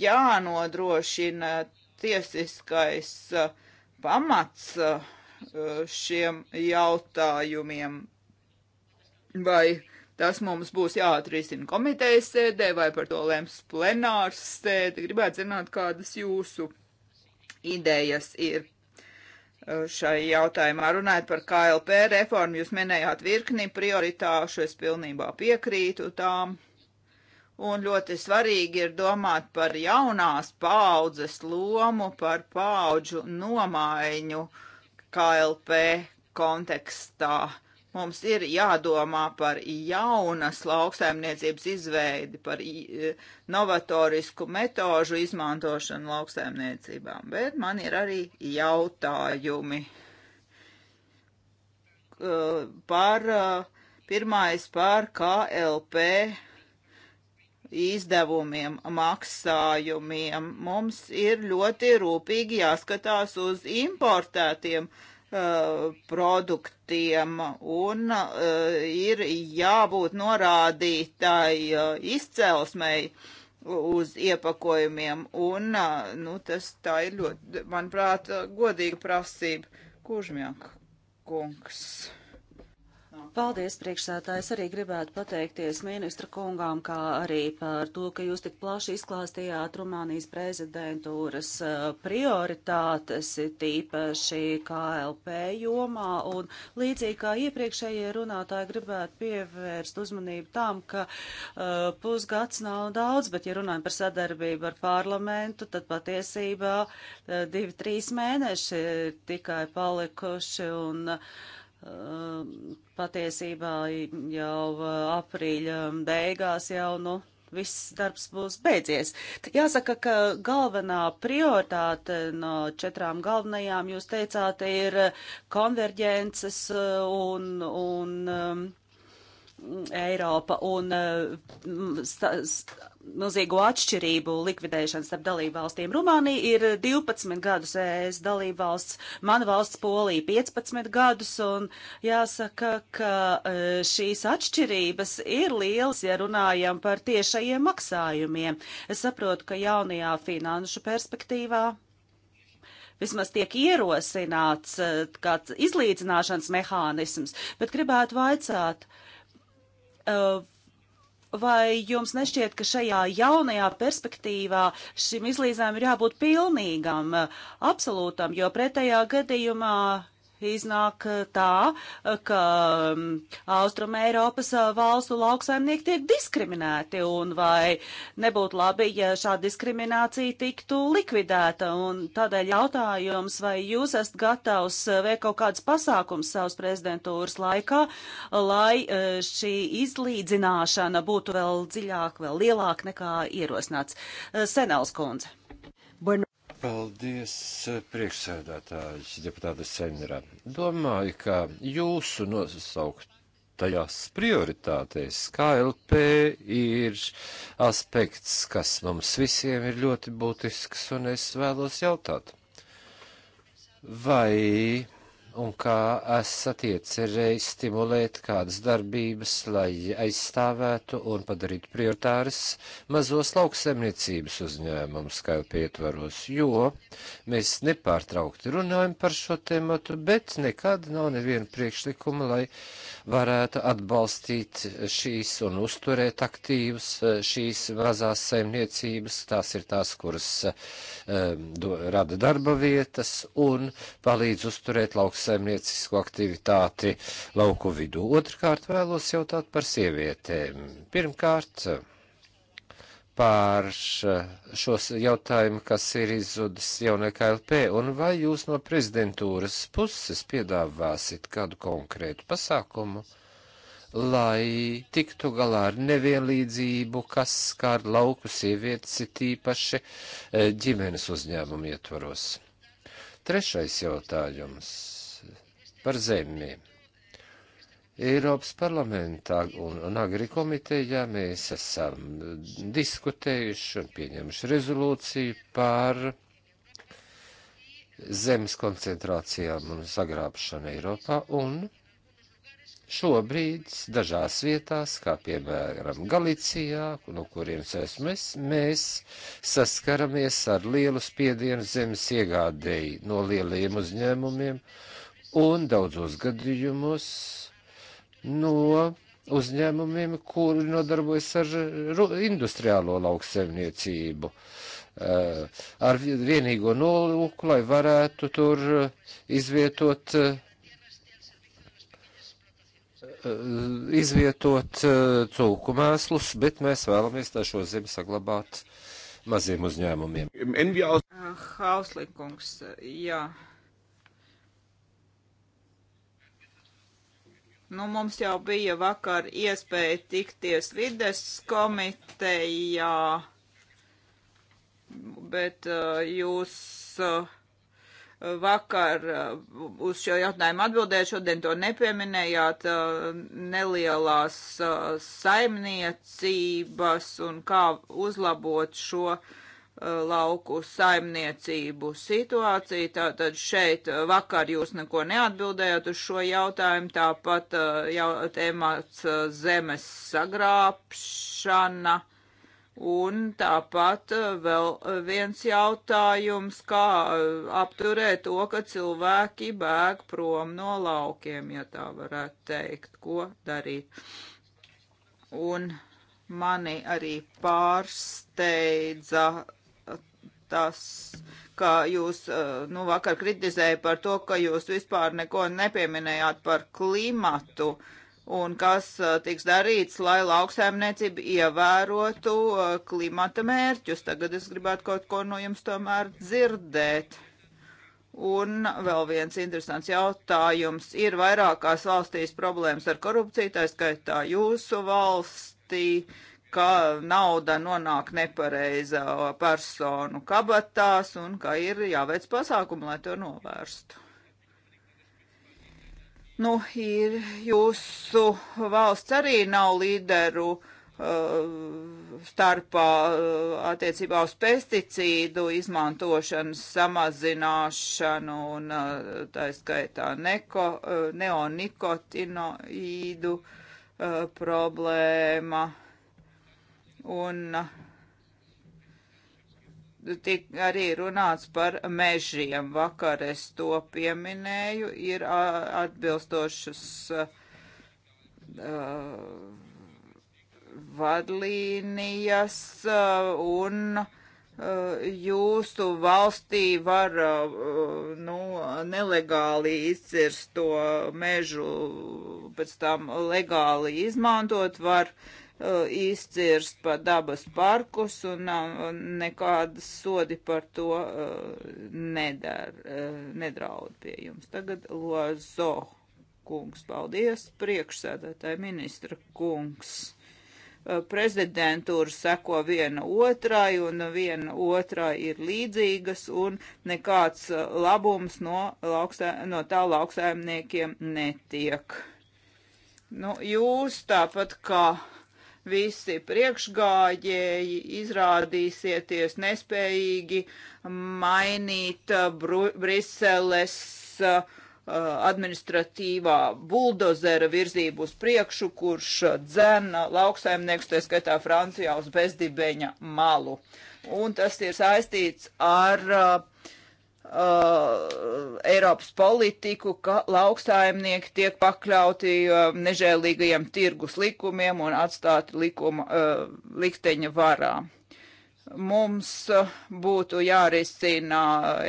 jānodrošina tiesiskais pamats šiem jautājumiem vai tas mums būs jāatrisina komitejas sēdē, vai par to lems plenārs sēde. Gribētu zināt, kādas jūsu idejas ir uh, šai jautājumā. Runājot par KLP reformu, jūs minējāt virkni prioritāšu, es pilnībā piekrītu tām. Un ļoti svarīgi ir domāt par jaunās paaudzes lomu, par paudžu nomaiņu KLP kontekstā. Uh, Mums ir jādomā par jaunas lauksaimniecības izveidi, par e, novatorisku metožu izmantošanu lauksaimniecībām, bet man ir arī jautājumi par e, pirmais par KLP izdevumiem, maksājumiem. Mums ir ļoti rūpīgi jāskatās uz importētiem uh, Eh, produktiem un eh, ir jābūt norādītai eh, izcelsmei uz iepakojumiem. Un, nu, tas tā ir ļoti, manuprāt, godīga prasība. Kužmjāk kungs. Paldies, priekšsētājs. Arī gribētu pateikties ministra kungām, kā arī par to, ka jūs tik plaši izklāstījāt Rumānijas prezidentūras eh, prioritātes, tīpaši KLP jomā. Un līdzīgi kā iepriekšējie runātāji gribētu pievērst uzmanību tam, ka uh, pusgads nav daudz, bet ja runājam par sadarbību ar parlamentu, tad patiesībā uh, divi, trīs mēneši ir tikai palikuši. Un, uh, Ehm, patiesībā jau eh, aprīļa beigās jau, nu, viss darbs būs beidzies. Jāsaka, ka galvenā prioritāte no četrām galvenajām, jūs teicāt, ir konverģences eh, un, un ehm, Eiropa un eh, milzīgo atšķirību likvidēšanu starp dalību valstīm. Rumānija ir 12 gadus ES dalību valsts, mana valsts Polija 15 gadus, un jāsaka, ka eh, šīs atšķirības ir lielas, ja runājam par tiešajiem maksājumiem. Es saprotu, ka jaunajā finanšu perspektīvā vismaz tiek ierosināts eh, kāds izlīdzināšanas mehānisms, bet gribētu vaicāt, uh, Uh, vai jums nešķiet, ka šajā jaunajā perspektīvā šim izlīdzinājumam ir jābūt pilnīgam, uh, absolūtam, jo pretējā gadījumā iznāk eh, tā, eh, ka mm, Austrum Eiropas eh, valstu lauksaimnieki tiek diskriminēti un vai nebūtu labi, ja šā diskriminācija tiktu likvidēta. Un tādēļ jautājums, vai jūs esat gatavs veikt kaut kādas pasākums savas prezidentūras laikā, lai šī izlīdzināšana būtu vēl dziļāk, vēl lielāk nekā ierosināts. Senels kundze. Paldies, eh, priekšsēdētājs, deputāte Senra. Domāju, ka jūsu nosauktajās prioritātēs KLP ir aspekts, kas mums visiem ir ļoti būtisks, un es vēlos jautāt, vai un kā esat iecerējis stimulēt kādas darbības, lai aizstāvētu un padarītu prioritāris mazos lauksemniecības uzņēmumus KLP ietvaros, jo mēs nepārtraukti runājam par šo tematu, bet nekad nav neviena priekšlikuma, lai varētu atbalstīt šīs un uzturēt aktīvus e, šīs mazās saimniecības. Tās ir tās, kuras um, do, rada darba vietas un palīdz uzturēt lauksaimniecisko aktivitāti lauku vidū. Otrkārt vēlos jautāt par sievietēm. Pirmkārt, pār šos jautājumu, kas ir izzudis jaunai KLP, un vai jūs no prezidentūras puses piedāvāsit kādu konkrētu pasākumu, lai tiktu galā ar nevienlīdzību, kas skār lauku sievietes ir tīpaši e, ģimenes uzņēmumu ietvaros? Trešais jautājums par zemiem Eiropas parlamentā un, un Agri komitejā mēs esam diskutējuši un pieņemuši rezolūciju par zemes koncentrācijām un sagrābšanu Eiropā, un šobrīd dažās vietās, kā piemēram Galicijā, no kurienes esmu es, mēs saskaramies ar lielu spiedienu zemes iegādēji no lielajiem uzņēmumiem, un daudzos gadījumos no uzņēmumiem, kuri nodarbojas ar industriālo lauksaimniecību. Eh, ar vienīgo nolūku, lai varētu tur izvietot, eh, izvietot eh, cūku mēslus, bet mēs vēlamies tā šo zemi saglabāt maziem uzņēmumiem. Ah, Hauslikungs, jā. Ja Nu, mums jau bija vakar iespēja tikties vides komitejā, bet uh, jūs uh, vakar uh, uz šo jautājumu atbildējāt, šodien to nepieminējāt, uh, nelielās uh, saimniecības un kā uzlabot šo uh, Uh, lauku saimniecību situāciju. Tātad šeit uh, vakar jūs neko neatbildējāt uz šo jautājumu, tāpat uh, jau tēmāts zemes sagrābšana. Un tāpat vēl viens jautājums, kā apturēt to, ka cilvēki bēg prom no laukiem, ja tā varētu teikt, ko darīt. Un mani arī pārsteidza tas, ka jūs eh, nu, vakar kritizēja par to, ka jūs vispār neko nepieminējāt par klimatu un kas eh, tiks darīts, lai lauksaimniecība ievērotu eh, klimata mērķus. Tagad es gribētu kaut ko no jums tomēr dzirdēt. Un vēl viens interesants jautājums. Ir vairākās valstīs problēmas ar korupciju, tā skaitā jūsu valstī. Uh, ka nauda nonāk nepareizā personu kabatās un ka ir jāveic pasākumi, lai to novērstu. Nu, ir jūsu valsts arī nav līderu uh, starpā uh, attiecībā uz pesticīdu izmantošanas samazināšanu un uh, tā skaitā neko, uh, neonikotinoīdu uh, problēma un eh, tik arī runāts par mežiem. Vakar es to pieminēju, ir atbilstošas uh, vadlīnijas uh, un jūsu valstī var nu, nelegāli izcirst to mežu, pēc tam legāli izmantot, var Eh, izcirst pa dabas parkus un nekādas sodi par to eh, nedar, eh, nedraud pie jums. Tagad lozo kungs, paldies, priekšsēdētāji ministra kungs prezidentūra seko viena otrai un viena otrai ir līdzīgas un nekāds labums no, lauksē, no tā lauksaimniekiem netiek. Nu, jūs tāpat kā uh, visi priekšgājēji izrādīsieties nespējīgi mainīt uh, Bru Briseles uh, administratīvā buldozera virzību uz priekšu, kurš uh, dzena lauksaimnieks, tā skaitā Francijā uz bezdibeņa malu. Un tas ir saistīts ar uh, uh, Eiropas politiku, ka lauksaimnieki tiek pakļauti uh, nežēlīgajiem tirgus likumiem un atstāti likuma, uh, likteņa varā. Mums uh, būtu jārisina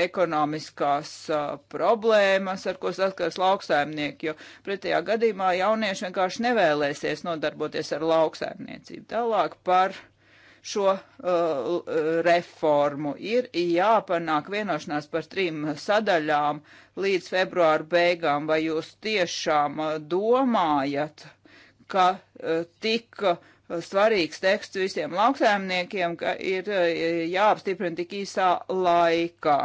ekonomiskās uh, problēmas, ar ko saskars lauksaimnieki, jo pretējā gadījumā jaunieši vienkārši nevēlēsies nodarboties ar lauksaimniecību. Tālāk par uh, šo uh, reformu. Ir jāpanāk vienošanās par trim sadaļām līdz februāra beigām, vai jūs tiešām uh, domājat, ka uh, tik uh, svarīgs teksts visiem lauksaimniekiem, ka ir uh, jāapstiprina tik īsā laikā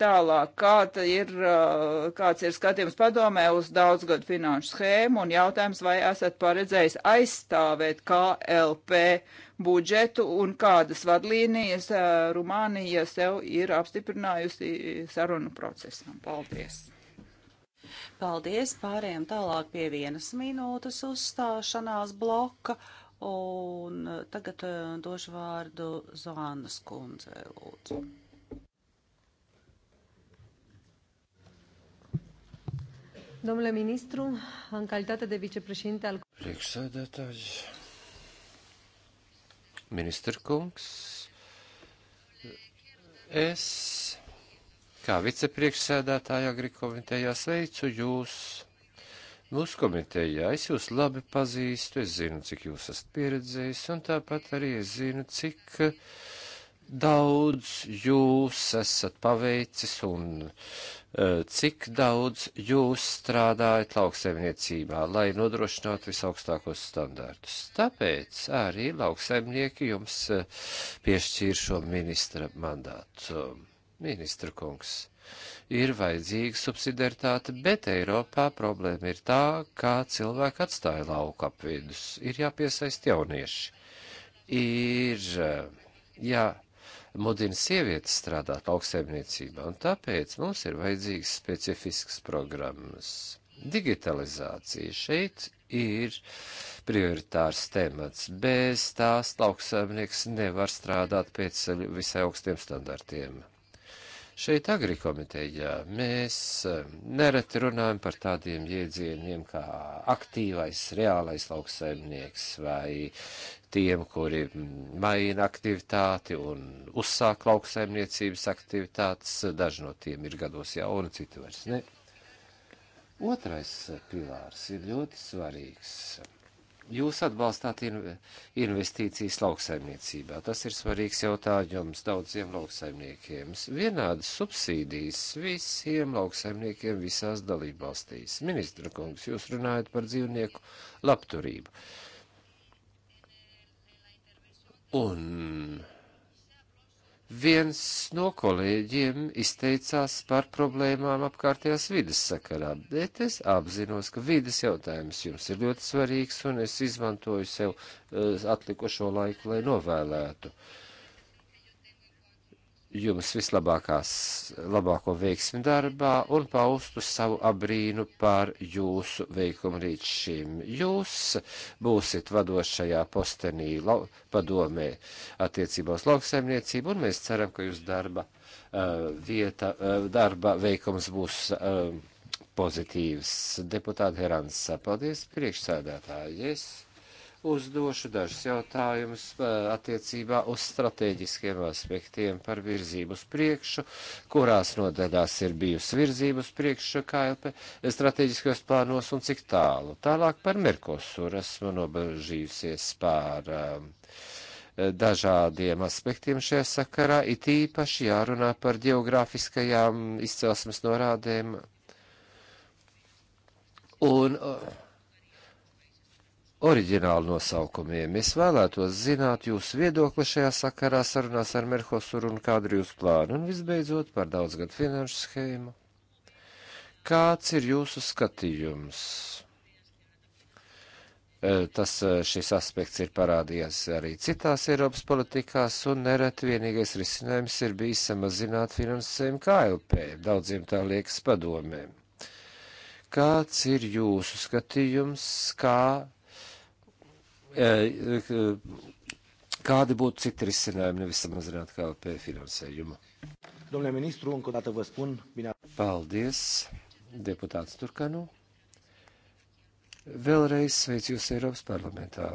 tālāk, kāda ir, uh, kāds ir skatījums padomē uz daudzgadu finanšu schēmu un jautājums, vai esat paredzējis aizstāvēt KLP budžetu un kādas vadlīnijas eh, Rumānija sev ir apstiprinājusi sarunu procesam. Paldies! Paldies! Pārējām tālāk pie vienas minūtes uzstāšanās bloka. Un eh, tagad eh, došu vārdu Zoannas kundzei, lūdzu. Domnule ministru, în calitate de vicepreședinte al... Priekšsēdētājs, Ministra kungs, es kā vicepriekšsēdētāja agrikomitejā sveicu jūs. Mūsu komitejā es jūs labi pazīstu, es zinu, cik jūs esat pieredzējis, un tāpat arī es zinu, cik uh, daudz jūs esat paveicis un e, cik daudz jūs strādājat lauksaimniecībā, lai nodrošinātu visaugstākos standārtus. Tāpēc arī lauksaimnieki jums e, piešķīr šo ministra mandātu. Ministra kungs, ir vajadzīga subsidiaritāte, bet Eiropā problēma ir tā, kā cilvēki atstāja lauku apvidus. Ir jāpiesaist jaunieši. Ir e, jā, mudina sievietes strādāt lauksaimniecībā, un tāpēc mums ir vajadzīgs specifisks programmas. Digitalizācija šeit ir prioritārs temats. Bez tās lauksaimnieks nevar strādāt pēc visai augstiem standartiem. Šeit agrikomitejā mēs eh, nereti runājam par tādiem jēdzieniem kā aktīvais, reālais lauksaimnieks vai tiem, kuri maina aktivitāti un uzsāk lauksaimniecības aktivitātes. Daži no tiem ir gados jauni, citi vairs ne. Otrais pilārs ir ļoti svarīgs. Jūs atbalstāt in investīcijas lauksaimniecībā. Tas ir svarīgs jautājums daudziem lauksaimniekiem. Vienādas subsīdijas visiem lauksaimniekiem visās dalībvalstīs. Ministra kungs, jūs runājat par dzīvnieku labturību. Uh, Un viens no kolēģiem izteicās par problēmām apkārtējās vidas sakarā, bet es apzinos, ka vidas jautājums jums ir ļoti svarīgs, un es izmantoju sev uh, atlikušo laiku, lai novēlētu uh, jums vislabākās, labāko veiksmi darbā un paustu savu abrīnu par jūsu veikumu līdz šim. Jūs būsit vadošajā postenī lau, padomē attiecībā uz lauksaimniecību, un mēs ceram, ka jūs darba uh, vieta, uh, darba veikums būs uh, pozitīvs. Deputāti Herans, paldies priekšsēdētāji. Yes uzdošu dažus jautājumus eh, attiecībā uz strateģiskiem aspektiem par virzību uz priekšu, kurās nodaļās ir bijusi virzību uz priekšu KLP eh, strateģiskajos plānos un cik tālu. Tālāk par Merkosuru esmu nobežījusies pār um, eh, dažādiem aspektiem šajā sakarā, it īpaši jārunā par geogrāfiskajām izcelsmes norādēm. Un, uh, oriģinālu nosaukumiem. Es vēlētos zināt jūsu viedokli šajā sakarā sarunās ar Merhosuru un kādu ir jūsu plānu, un visbeidzot par daudzgadu finanšu schēmu. Kāds ir jūsu skatījums? E, tas e, šis aspekts ir parādījies arī citās Eiropas politikās, un nereti vienīgais risinājums ir bijis samazināt finansējumu KLP, daudziem tā liekas padomēm. Kāds ir jūsu skatījums, kā Eh, eh, kādi būtu citi risinājumi, nevis samazināt KLP finansējumu? Domnule ministru, încă o dată vă spun bine. Paldies, deputāts Turkanu. Vēlreiz sveicu jūs Eiropas parlamentā.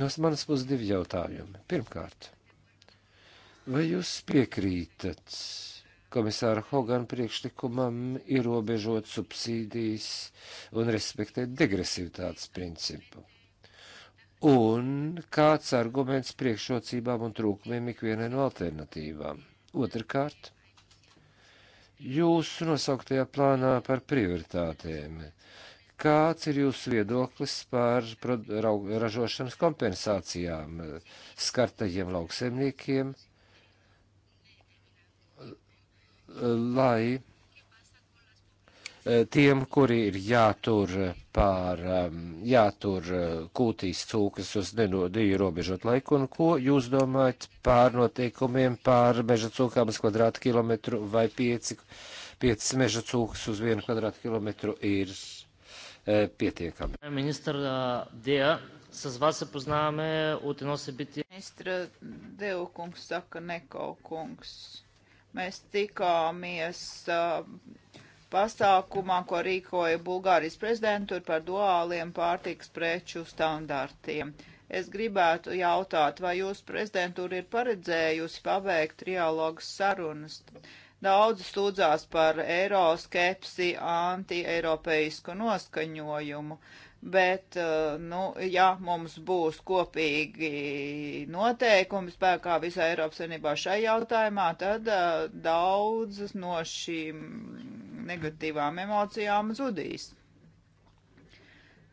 No manas puses divi jautājumi. Pirmkārt, vai jūs piekrītat komisāra Hogana priekšlikumam ierobežot subsīdijas un respektēt degresivitātes principu? un kāds arguments priekšrocībām un trūkumiem ikvienai no alternatīvām. Otrakārt, jūsu nosauktajā plānā par prioritātēm. Kāds ir jūsu viedoklis par ražošanas kompensācijām eh, skartajiem lauksemniekiem, eh, lai Eh, tiem, kuri ir jātur pār, jātur eh, kūtīs cūkas uz nenodīju robežot laiku, un ko jūs domājat pār noteikumiem pār meža cūkām uz kvadrātu kilometru vai pieci, pieci meža cūkas uz vienu kvadrātu kilometru ir e, pietiekami? Ministra Dieja, с вас се познаваме от едно събитие. Министра Дел Кунгс сака Некол Кунгс. Mēs tikāmies uh, pasākumā, ko rīkoja Bulgārijas prezidentūra par duāliem pārtiks preču standartiem. Es gribētu jautāt, vai jūs prezidentūra ir paredzējusi paveikt trialogu sarunas? Daudz sūdzās par eiroskepsi, anti-eiropeisku noskaņojumu bet, eh, nu, ja mums būs kopīgi noteikumi spēkā visā Eiropas Savienībā šai jautājumā, tad uh, daudzas no šīm negatīvām emocijām zudīs.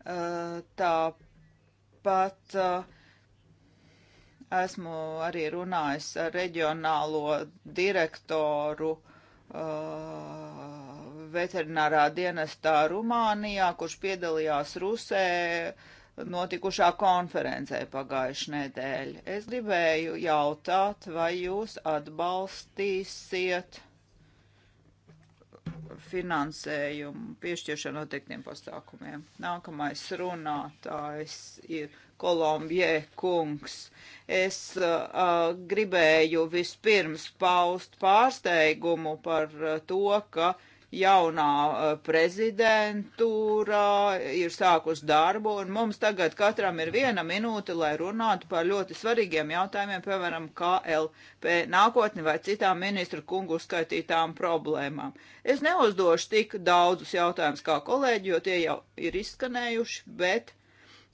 Uh, tāpat uh, esmu arī runājis ar reģionālo direktoru uh, veterinārā dienestā Rumānijā, kurš piedalījās Rusē notikušā konferencē pagājušajā nedēļā. Es gribēju jautāt, vai jūs atbalstīsiet finansējumu piešķiršanu noteiktiem pasākumiem. Nākamais runātājs ir Kolumbijē kungs. Es uh, gribēju vispirms paust pārsteigumu par to, ka uh, jaunā eh, prezidentūra ir sākus darbu, un mums tagad katram ir viena minūte, lai runātu par ļoti svarīgiem jautājumiem, piemēram, KLP nākotni vai citām ministru kungu skaitītām problēmām. Es neuzdošu tik daudzus jautājumus kā kolēģi, jo tie jau ir izskanējuši, bet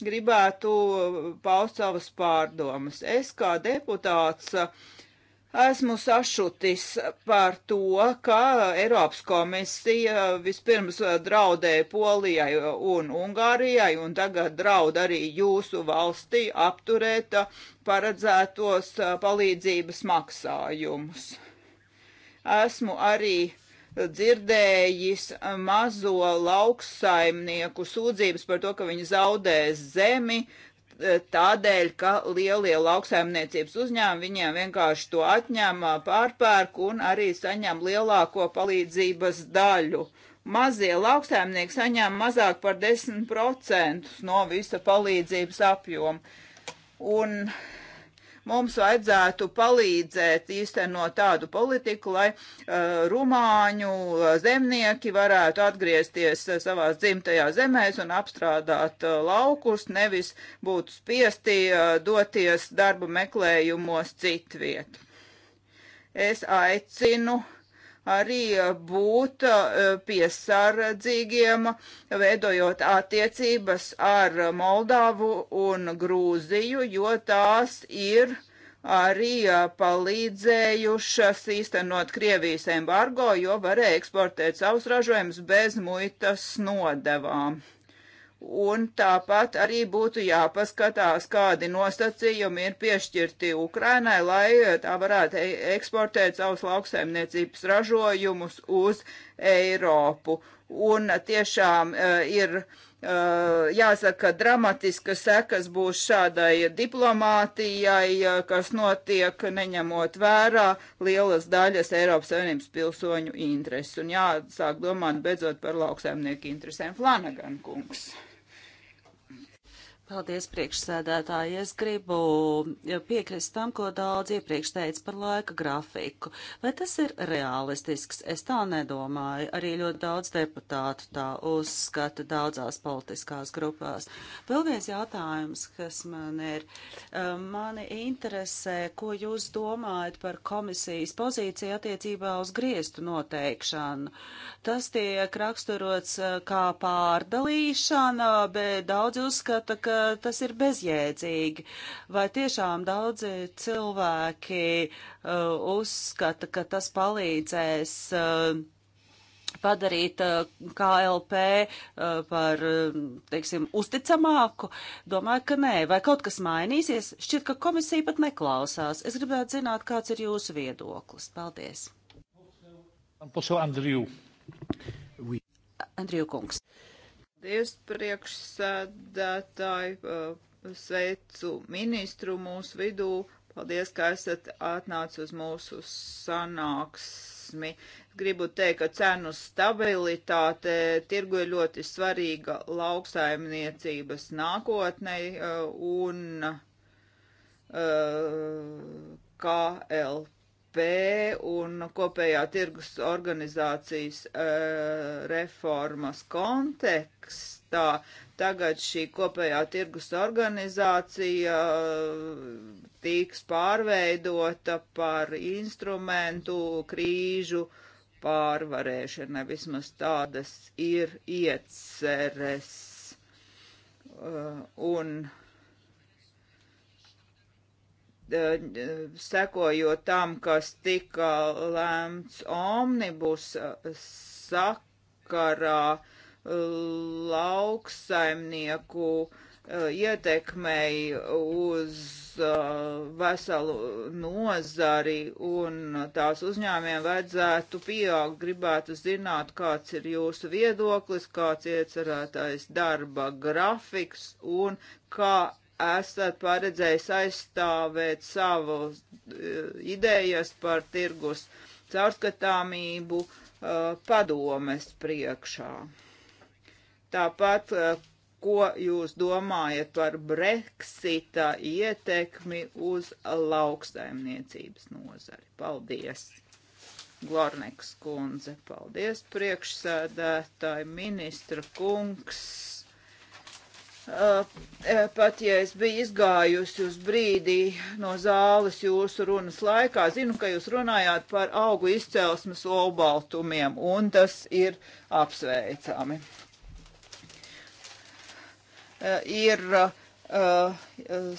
gribētu paust savas pārdomas. Es kā deputāts uh, Esmu sašutis par to, ka Eiropas komisija vispirms draudēja Polijai un Ungārijai un tagad draud arī jūsu valstī apturēt paredzētos palīdzības maksājumus. Esmu arī dzirdējis mazo lauksaimnieku sūdzības par to, ka viņi zaudēs zemi, tādēļ, ka lielie lauksaimniecības uzņēmumi viņiem vienkārši to atņem, pārpērk un arī saņem lielāko palīdzības daļu. Mazie lauksaimnieki saņem mazāk par 10% no visa palīdzības apjoma. Un uh, mums vajadzētu palīdzēt īstenot tādu politiku, lai uh, rumāņu eh, zemnieki varētu atgriezties eh, savās dzimtajā zemēs un apstrādāt uh, laukus, nevis būtu spiesti uh, doties darba meklējumos citviet. Es aicinu arī eh, būt eh, piesardzīgiem, veidojot attiecības ar Moldavu un Grūziju, jo tās ir arī eh, palīdzējušas īstenot Krievijas embargo, jo varēja eksportēt savus ražojumus bez muitas nodevām. Un tāpat arī būtu jāpaskatās, kādi nosacījumi ir piešķirti Ukrainai, lai eh, tā varētu e, eksportēt savus lauksaimniecības ražojumus uz Eiropu. Un tiešām eh, ir eh, jāsaka, dramatiska sekas būs šādai diplomātijai, kas notiek neņemot vērā lielas daļas Eiropas Savienības pilsoņu intereses. Un jāsāk domāt beidzot par lauksaimnieku interesēm. Flanagan kungs. Paldies, priekšsēdētāji. Es gribu piekrist tam, ko daudz iepriekš teica par laika grafiku. Vai tas ir realistisks? Es tā nedomāju. Arī ļoti daudz deputātu tā uzskata daudzās politiskās grupās. Vēl viens jautājums, kas man ir. Mani interesē, ko jūs domājat par komisijas pozīciju attiecībā uz griestu noteikšanu. Tas tiek raksturots kā pārdalīšana, bet daudz uzskata, ka Eh, tas ir bezjēdzīgi. Vai tiešām daudzi cilvēki eh, uzskata, ka tas palīdzēs eh, padarīt KLP par, teiksim, uzticamāku? Domāju, ka nē. Vai kaut kas mainīsies? Šķiet, ka komisija pat neklausās. Es gribētu zināt, kāds ir jūsu viedoklis. Paldies. Andriju. Andriju kungs. Uh, Paldies, priekšsēdētāji, uh, sveicu ministru mūsu vidū. Paldies, ka esat atnācis uz mūsu sanāksmi. Gribu teikt, ka cenu stabilitāte tirgu ir ļoti svarīga lauksaimniecības nākotnei uh, un uh, KLP un kopējā tirgus organizācijas uh, reformas kontekstā tagad šī kopējā tirgus organizācija uh, tiks pārveidota par instrumentu krīžu pārvarēšanai. Vismaz tādas ir ieceres. Uh, un uh, sekojot tam, kas tika lēmts omnibus sakarā lauksaimnieku e, ietekmei uz e, veselu nozari un tās uzņēmiem vajadzētu pieaugt. Gribētu zināt, kāds ir jūsu viedoklis, kāds iecerētais darba grafiks un kā esat paredzējis aizstāvēt savus e, idejas par tirgus caurskatāmību e, padomes priekšā. Tāpat, e, ko jūs domājat par Brexita ietekmi uz lauksaimniecības nozari? Paldies! Glorneks kundze, paldies priekšsēdētāji, ministra kungs Uh, e, pat ja es biju izgājusi uz brīdi no zāles jūsu runas laikā, zinu, ka jūs runājāt par augu izcelsmes olbaltumiem, un tas ir apsveicami. E, ir e,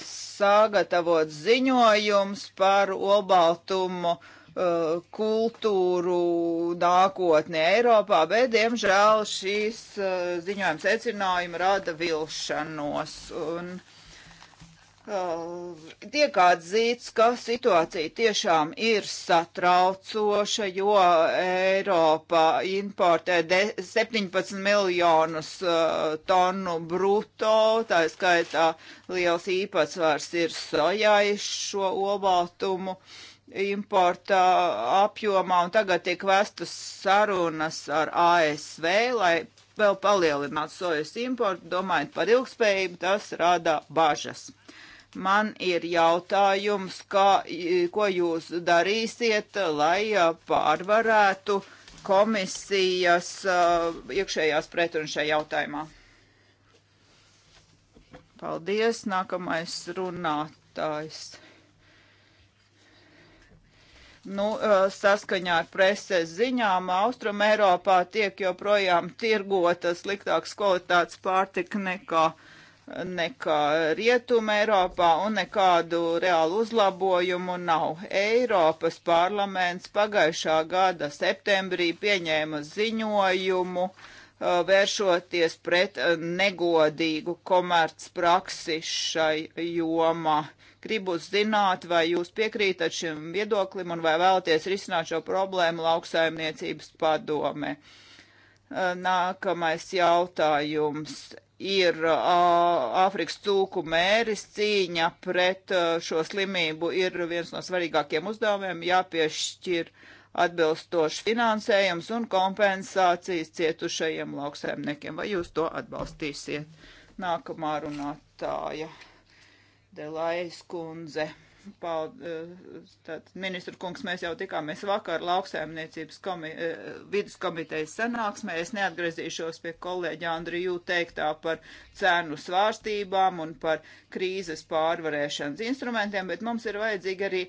sagatavots ziņojums par olbaltumu uh, Uh, kultūru nākotni Eiropā, bet, diemžēl, šīs uh, ziņojuma secinājumi rada vilšanos. Un, uh, Tiek atzīts, ka situācija tiešām ir satraucoša, jo Eiropa importē 17 miljonus uh, tonu bruto, tā skaitā liels īpatsvars ir sojai šo olbaltumu. Uh, importa uh, apjomā, un tagad tiek vestas sarunas ar ASV, lai vēl palielinātu sojas importu, domājot par ilgspējību, tas rada bažas. Man ir jautājums, kā, ko jūs darīsiet, lai uh, pārvarētu komisijas uh, iekšējās pretrunas šajā jautājumā. Paldies, nākamais runātājs. Nu, saskaņā ar preses ziņām, Austrum Eiropā tiek joprojām tirgota sliktāks kvalitātes pārtika nekā, nekā Rietum Eiropā un nekādu reālu uzlabojumu nav. Eiropas parlaments pagājušā gada septembrī pieņēma ziņojumu, vēršoties pret negodīgu komercpraksi šai jomā. Gribu zināt, vai jūs piekrītat šim viedoklim un vai vēlaties risināt šo problēmu lauksaimniecības padome. Nākamais jautājums ir Āfrikas cūku mēris cīņa pret šo slimību ir viens no svarīgākiem uzdevumiem jāpiešķir atbilstoši finansējums un kompensācijas cietušajiem lauksaimniekiem. Vai jūs to atbalstīsiet? Nākamā runātāja. Delais kundze. Tātad, eh, ministra kungs, mēs jau tikāmies vakar lauksaimniecības komi, eh, viduskomitejas sanāksmē. Es neatgriezīšos pie kolēģa Andriju teiktā par cēnu svārstībām un par krīzes pārvarēšanas instrumentiem, bet mums ir vajadzīgi arī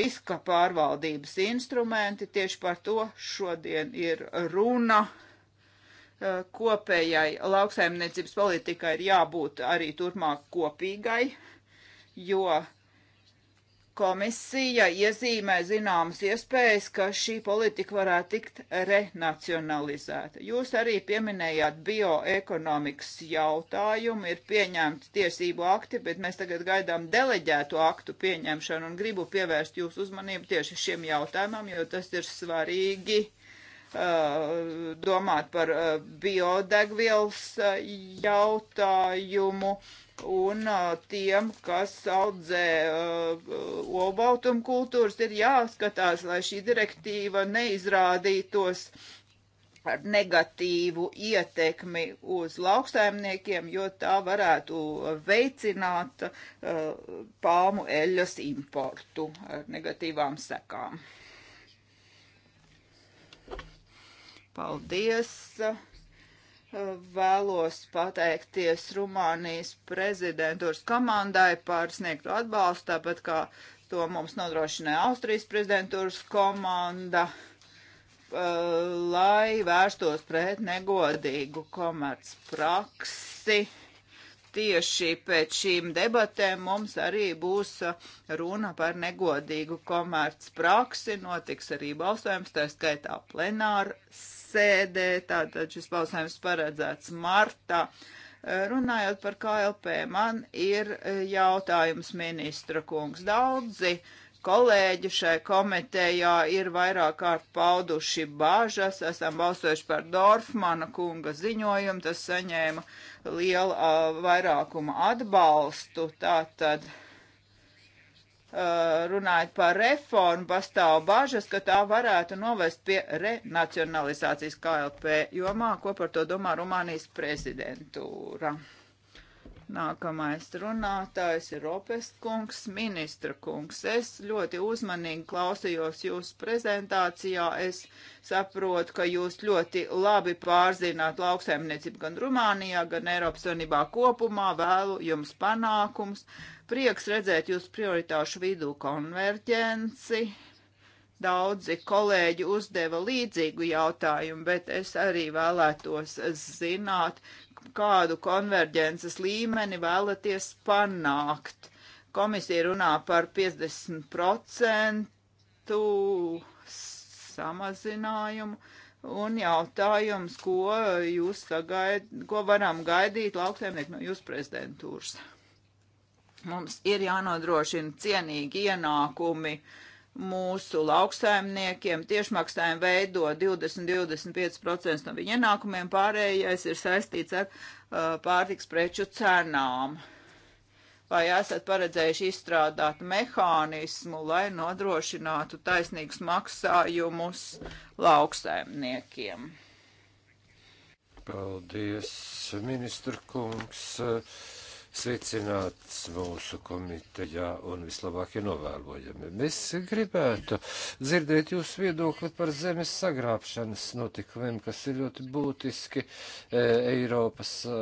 riska pārvaldības instrumenti. Tieši par to šodien ir runa. Eh, kopējai lauksaimniecības politikai ir jābūt arī turpmāk kopīgai jo komisija iezīmē zināmas iespējas, ka šī politika varētu tikt renacionalizēta. Jūs arī pieminējāt bioekonomikas jautājumu, ir pieņemti tiesību akti, bet mēs tagad gaidām deleģētu aktu pieņemšanu un gribu pievērst jūsu uzmanību tieši šiem jautājumam, jo tas ir svarīgi. Uh, Uh, domāt par uh, biodegvielas uh, jautājumu un tiem, kas audzē olbaltumkultūras, ir jāskatās, lai šī direktīva neizrādītos ar negatīvu ietekmi uz lauksaimniekiem, jo tā varētu veicināt uh, palmu eļas importu ar negatīvām sekām. Paldies! Vēlos pateikties Rumānijas prezidentūras komandai par sniegto atbalstu, tāpat kā to mums nodrošināja Austrijas prezidentūras komanda eh, lai vērstos pret negodīgu komerc praksi tieši pēc šīm debatēm mums arī būs runa par negodīgu komerc praksi, notiks arī balsojums, tā skaitā plenāra sēdē, tātad šis balsojums paredzēts martā. Runājot par KLP, man ir jautājums ministra kungs. Daudzi uh, kolēģi šai komitejā ir vairāk kārt pauduši bāžas. Esam balsojuši par Dorfmana kunga ziņojumu, tas saņēma lielu uh, vairākumu atbalstu. Tātad runājot par reformu, pastāv bažas, ka tā varētu novest pie renacionalizācijas KLP jomā, ko par to domā Rumānijas prezidentūra. Nākamais runātājs ir Ropestkungs, ministra kungs. Es ļoti uzmanīgi klausījos jūsu prezentācijā. Es saprotu, ka jūs ļoti labi pārzināt lauksaimniecību gan Rumānijā, gan Eiropas Savienībā kopumā. Vēlu jums panākums. Prieks redzēt jūsu prioritāšu vidū konverģenci. Daudzi kolēģi uzdeva līdzīgu jautājumu, bet es arī vēlētos zināt, kādu konverģences līmeni vēlaties panākt. Komisija runā par 50% samazinājumu un jautājums, ko jūs sagaid, ko varam gaidīt lauksaimnieku no jūsu prezidentūras. Mums ir jānodrošina cienīgi ienākumi uh, mūsu lauksaimniekiem tiešmaksājumi veido 20-25% no viņa ienākumiem, pārējais ir saistīts ar uh, pārtiks preču cenām. Vai esat paredzējuši izstrādāt mehānismu, lai nodrošinātu taisnīgus maksājumus lauksaimniekiem? Paldies, ministru kungs. Uh, sveicināts mūsu komitejā un vislabākie novēlojami. Mēs gribētu dzirdēt jūsu viedokli par zemes sagrābšanas notikumiem, kas ir ļoti būtiski e, Eiropas e,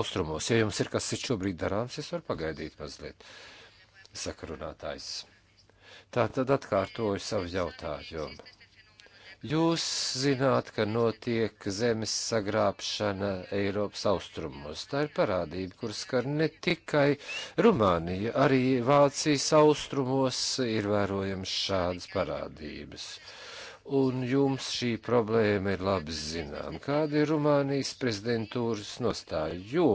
austrumos. Ja jums ir kas ir šobrīd darāms, es varu pagaidīt mazliet, saka runātājs. Tā tad atkārtoju savu jautājumu. Jūs zināt, ka notiek zemes sagrābšana Eiropas austrumos. Tā ir parādība, kur skar ne tikai Rumānija, arī Vācijas austrumos ir vērojams šādas parādības. Un jums šī problēma ir labi zinām. Kāda ir Rumānijas prezidentūras nostāja? Jo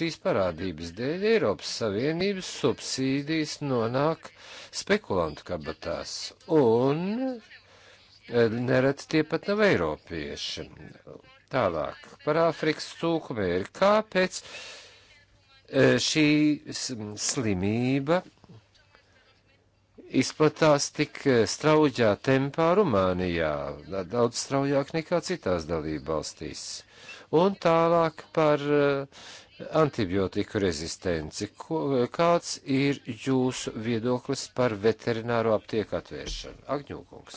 šīs parādības dēļ Eiropas Savienības subsīdijas nonāk spekulantu kabatās. Un Eh, nereti tie pat nav eiropieši. Tālāk par Āfrikas cūkumēri. Kāpēc eh, šī slimība izplatās tik eh, straujā tempā Rumānijā, daudz straujāk nekā citās dalībvalstīs. Un tālāk par uh, antibiotiku rezistenci. Ko, kāds ir jūsu viedoklis par veterināro aptieku atvēršanu? Agņūkungs.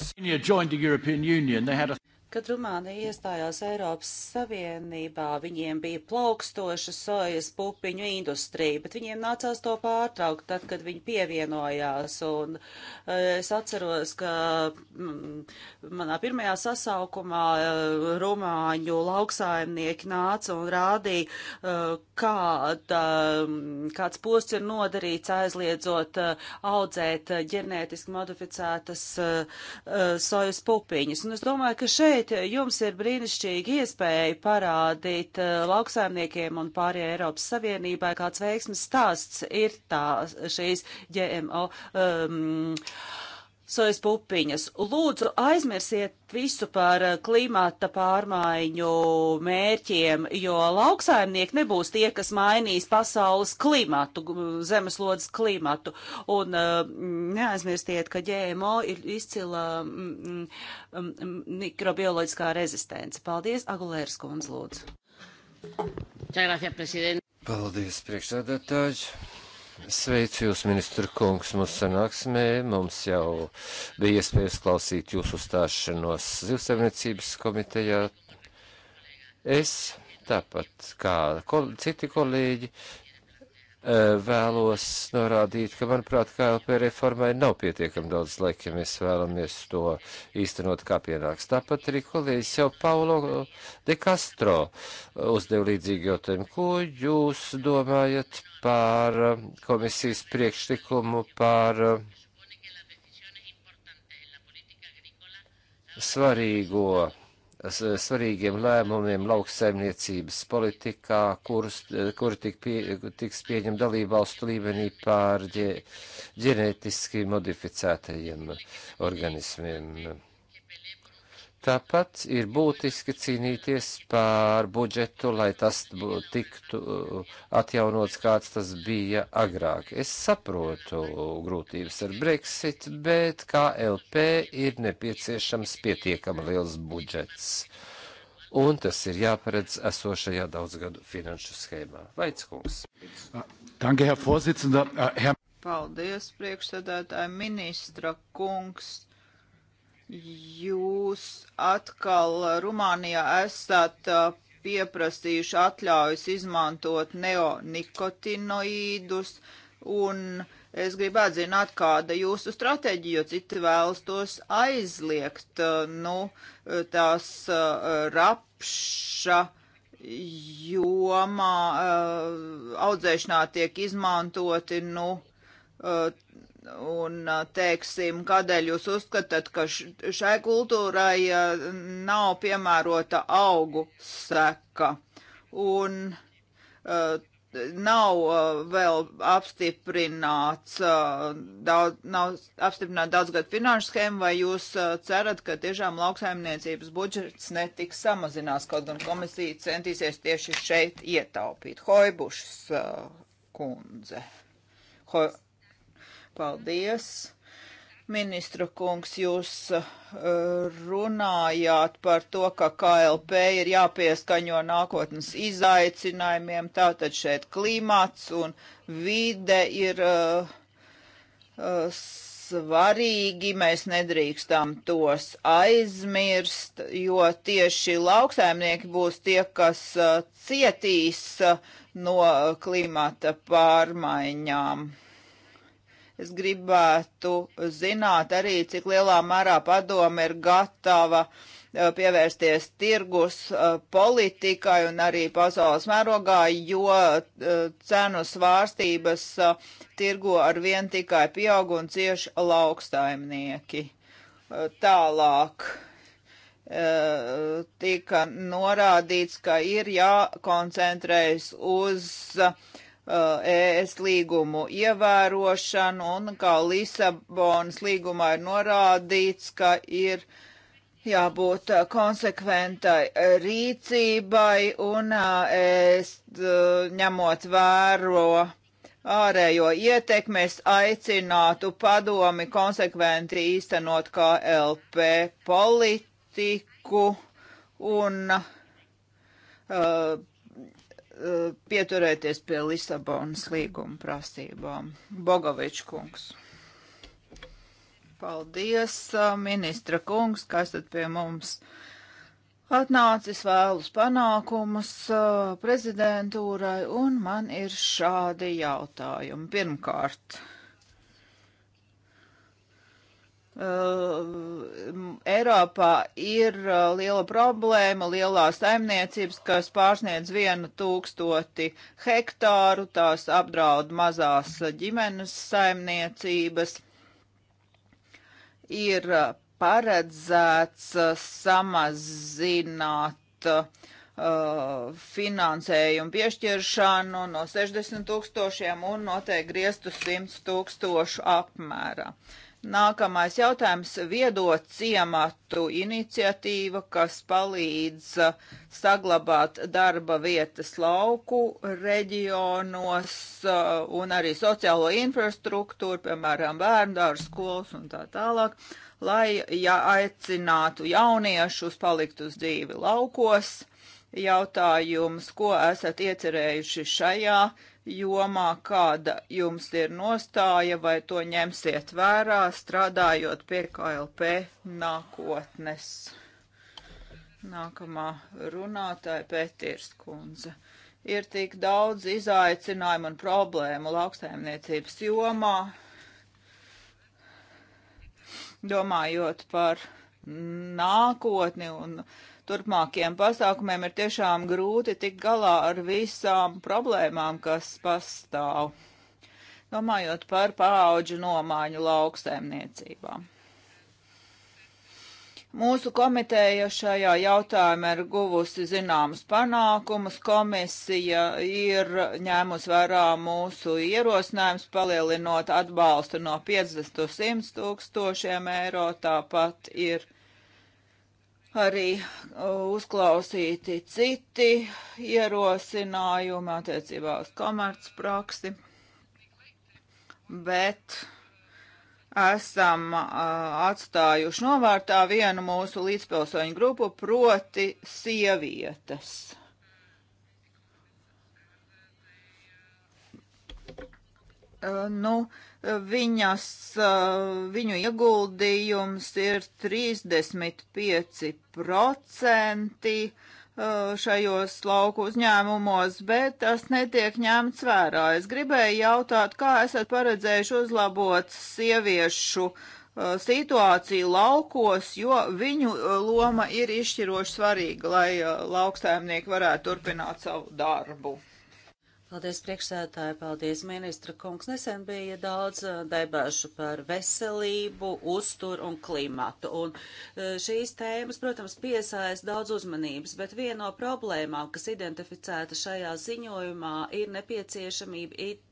Kad Rumānija iestājās Eiropas Savienībā, viņiem bija plaukstoša sojas pupiņu industrija, bet viņiem nācās to pārtraukt tad, kad viņi pievienojās. Un e, es atceros, ka mm, manā pirmajā sasaukumā e, rumāņu lauksaimnieki nāca un rādīja, e, kāda, mm, kāds posts ir nodarīts aizliedzot audzēt ģenētiski modificētas sojas pupiņas. Un es domāju, ka šeit šeit eh, jums ir brīnišķīgi iespēja parādīt eh, lauksaimniekiem un pārējai Eiropas Savienībai, kāds veiksmes stāsts ir tā šīs GMO. Um, sojas pupiņas. Lūdzu, aizmirsiet visu par eh, klimata pārmaiņu mērķiem, jo lauksaimnieki nebūs tie, kas mainīs pasaules klimatu, zemeslodes klimatu. Un eh, neaizmirstiet, ka GMO ir izcila mm, mm, mm, mikrobioloģiskā rezistence. Paldies, Agulērs kundz, lūdzu. Paldies, priekšsēdētāji. Sveicu jūs, ministru kungs, mūsu sanāksmē. Mums jau bija iespēja uzklausīt jūsu stāšanos zivsaimniecības komitejā. Es tāpat kā kol citi kolēģi eh, vēlos norādīt, ka, manuprāt, KLP reformai nav pietiekami daudz laika, ja mēs vēlamies to īstenot kā pienāks. Tāpat arī kolēģis jau Paulo de Castro uzdev līdzīgi jautājumu, ko jūs domājat par eh, komisijas priekšlikumu par eh, svarīgo, svarīgiem lēmumiem lauksaimniecības politikā, kurus, eh, kuri tik pie, tiks pieņem dalībvalstu līmenī pār ģe, ģenētiski modificētajiem organismiem. Tāpat ir būtiski cīnīties pār budžetu, lai tas tiktu uh, atjaunots, kāds tas bija agrāk. Es saprotu grūtības ar Brexit, bet KLP ir nepieciešams pietiekami liels budžets. Un tas ir jāparedz esošajā daudzgadu finanšu schēmā. Vaickungs. Äh, Paldies, priekšsēdētāji ministra kungs Jūs atkal Rumānijā esat uh, pieprasījuši atļaujas izmantot neonikotinoīdus, un es gribētu zināt, kāda jūsu stratēģija, jo citi vēlas tos aizliegt, uh, nu, tās uh, rapša jomā audzēšanā tiek izmantoti, nu, un teiksim, kādēļ jūs uzskatāt, ka šai kultūrai nav piemērota augu seka. Un nav vēl apstiprināts daudz, nav apstiprināta daudzgad finanšu schēma, vai jūs cerat, ka tiešām lauksaimniecības budžets netiks samazinās, kaut gan komisija centīsies tieši šeit ietaupīt. Hoibušas kundze. Ho, Paldies! Ministru kungs, jūs eh, runājāt par to, ka KLP ir jāpieskaņo nākotnes izaicinājumiem, tātad šeit klimats un vide ir uh, uh, svarīgi, mēs nedrīkstam tos aizmirst, jo tieši lauksaimnieki būs tie, kas uh, cietīs no klimata pārmaiņām. Es gribētu zināt arī, cik lielā mērā padome ir gatava eh, pievērsties tirgus eh, politikai un arī pasaules mērogā, jo eh, cenu svārstības tirgo ar vien tikai pieaug un cieši lauksaimnieki. Tālāk tika norādīts, ka ir jākoncentrējas uz uh, Uh, ES līgumu ievērošanu, un kā Lisabonas līgumā ir norādīts, ka ir jābūt uh, konsekventai rīcībai un uh, es ņemot vēro ārējo ietekmi, es aicinātu padomi konsekventi īstenot KLP politiku un uh, pieturēties pie Lisabonas līguma prasībām. Bogovičs kungs. Paldies, ministra kungs, ka esat pie mums atnācis vēlus panākumus prezidentūrai, un man ir šādi jautājumi. Pirmkārt, Uh, Eiropā ir uh, liela problēma, lielā saimniecības, kas pārsniedz vienu tūkstoti hektāru, tās apdraud mazās ģimenes saimniecības. Ir uh, paredzēts samazināt finansējumu piešķiršanu no 60 tūkstošiem un noteikti griestu 100 tūkstošu apmērā. Uh, Nākamais jautājums - viedo ciematu iniciatīva, kas palīdz saglabāt darba vietas lauku reģionos uh, un arī sociālo infrastruktūru, piemēram, bērndāru skolas un tā tālāk, lai ja aicinātu jauniešus palikt uz dzīvi laukos. Jautājums, ko esat iecerējuši šajā jomā, kāda jums ir nostāja, vai to ņemsiet vērā, strādājot pie KLP nākotnes. Nākamā runātāja Pētirs Kunze. Ir tik daudz izaicinājumu un problēmu lauksaimniecības jomā, domājot par nākotni un uh, turpmākiem pasākumiem ir tiešām grūti tikt galā ar visām problēmām, kas pastāv, domājot par paauģu nomaiņu lauksaimniecībā. Mūsu komiteja šajā jautājumā ir guvusi zināmas panākumus. Komisija ir ņēmusi vērā mūsu ierosinājums, palielinot atbalstu no 50 līdz 100 tūkstošiem eiro. Tāpat ir uh, arī uh, uzklausīti citi ierosinājumi attiecībā uz komercpraksi, bet esam uh, atstājuši novārtā vienu mūsu līdzpilsoņu grupu, proti sievietes. Uh, nu, uh, Viņas, viņu ieguldījums ir 35% šajos lauku uzņēmumos, bet tas netiek ņemts vērā. Es gribēju jautāt, kā esat paredzējuši uzlabot sieviešu situāciju laukos, jo viņu loma ir izšķiroši svarīga, lai lauksaimnieki varētu turpināt savu darbu. Paldies, priekšsētāji, paldies, ministra kungs. Nesen bija daudz eh, debašu par veselību, uzturu un klimatu. Un eh, šīs tēmas, protams, piesaist daudz uzmanības, bet viena no problēmām, kas identificēta šajā ziņojumā, ir nepieciešamība it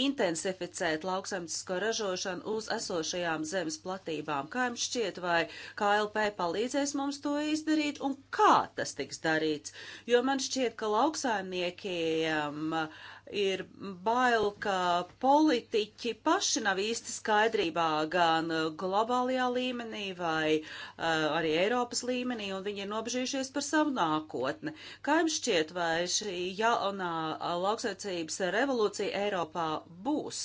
intensificēt lauksaimniecisko ražošanu uz esošajām zemes platībām. Kā jums šķiet, vai KLP palīdzēs mums to izdarīt un kā tas tiks darīts? Jo man šķiet, ka lauksaimniekiem uh, ir bail, ka politiķi paši nav īsti skaidrībā gan uh, globālajā līmenī vai uh, arī Eiropas līmenī, un viņi ir nobežījušies par savu nākotni. Kā jums šķiet, vai šī jaunā lauksaicības revolūcija Eiropā būs,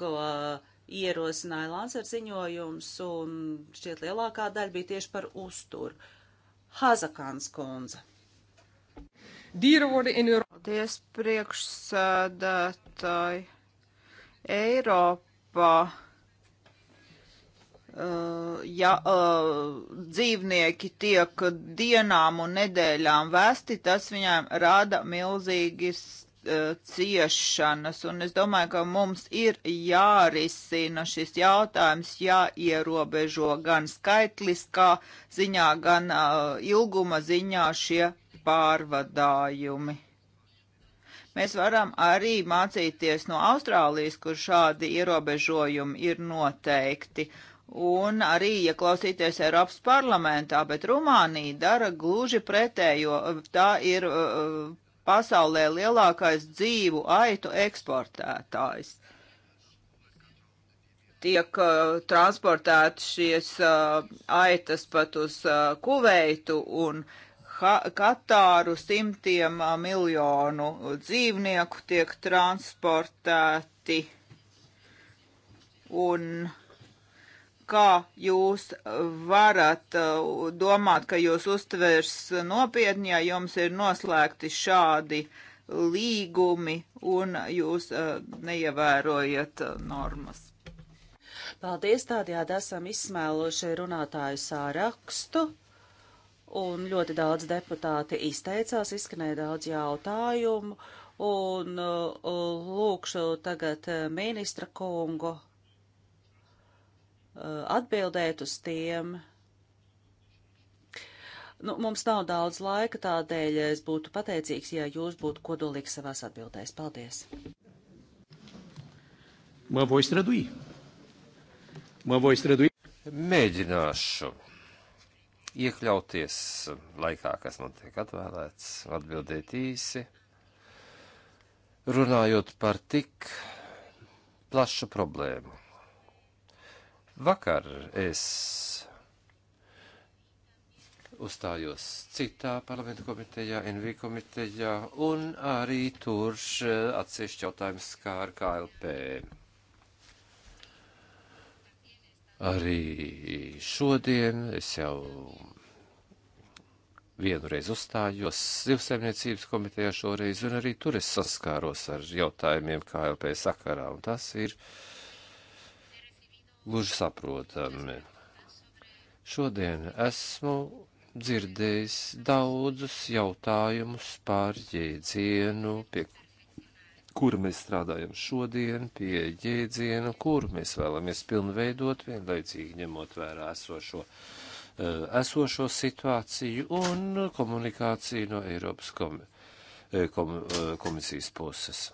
ko uh, ierosināja Lansers ziņojums, un šķiet lielākā daļa bija tieši par uzturu? Hazakāns kundze. Dieren worden in Europa. Paldies, priekšsēdētāji. Eiropā. Uh, eh, ja uh, dzīvnieki tiek dienām un nedēļām vēsti, tas viņām rada milzīgi uh, ciešanas, un es domāju, ka mums ir jārisina šis jautājums, jāierobežo gan skaitliskā ziņā, gan ilguma ziņā šie pārvadājumi. Mēs varam arī mācīties no Austrālijas, kur šādi ierobežojumi ir noteikti, un arī ieklausīties ja Eiropas parlamentā, bet Rumānija dara gluži pretējo. Tā ir uh, uh pasaulē lielākais dzīvu aitu eksportētājs tiek uh, transportētas šīs uh, aitas pat uz uh, Kuveitu un uh, Katāru simtiem miljonu dzīvnieku tiek transportēti. Un kā jūs varat domāt, ka jūs uztvers nopietni, ja jums ir noslēgti šādi līgumi un jūs neievērojat normas? Paldies, tādējādi esam izsmēluši runātāju sārakstu un ļoti daudz deputāti izteicās, izskanēja daudz jautājumu, un uh, lūkšu tagad uh, ministra kungu uh, atbildēt uz tiem. Nu, mums nav daudz laika, tādēļ es būtu pateicīgs, ja jūs būtu kodolīgs savās atbildēs. Paldies! Mă voi strădui. Mă voi strădui. Mēģināšu iekļauties laikā, kas man tiek atvēlēts, atbildēt īsi, runājot par tik plašu problēmu. Vakar es uzstājos citā parlamenta komitejā, NV komitejā, un arī tur atsevišķi jautājums kā ar KLP arī šodien es jau vienreiz uzstājos zivsaimniecības komitejā šoreiz, un arī tur es saskāros ar jautājumiem KLP sakarā, un tas ir gluži saprotami. Šodien esmu dzirdējis daudzus jautājumus par jēdzienu, pie kur mēs strādājam šodien, pie jēdzienu, kur mēs vēlamies pilnveidot, vienlaicīgi ņemot vērā esošo, eh, esošo situāciju un komunikāciju no Eiropas kom, eh, kom, eh, komisijas puses.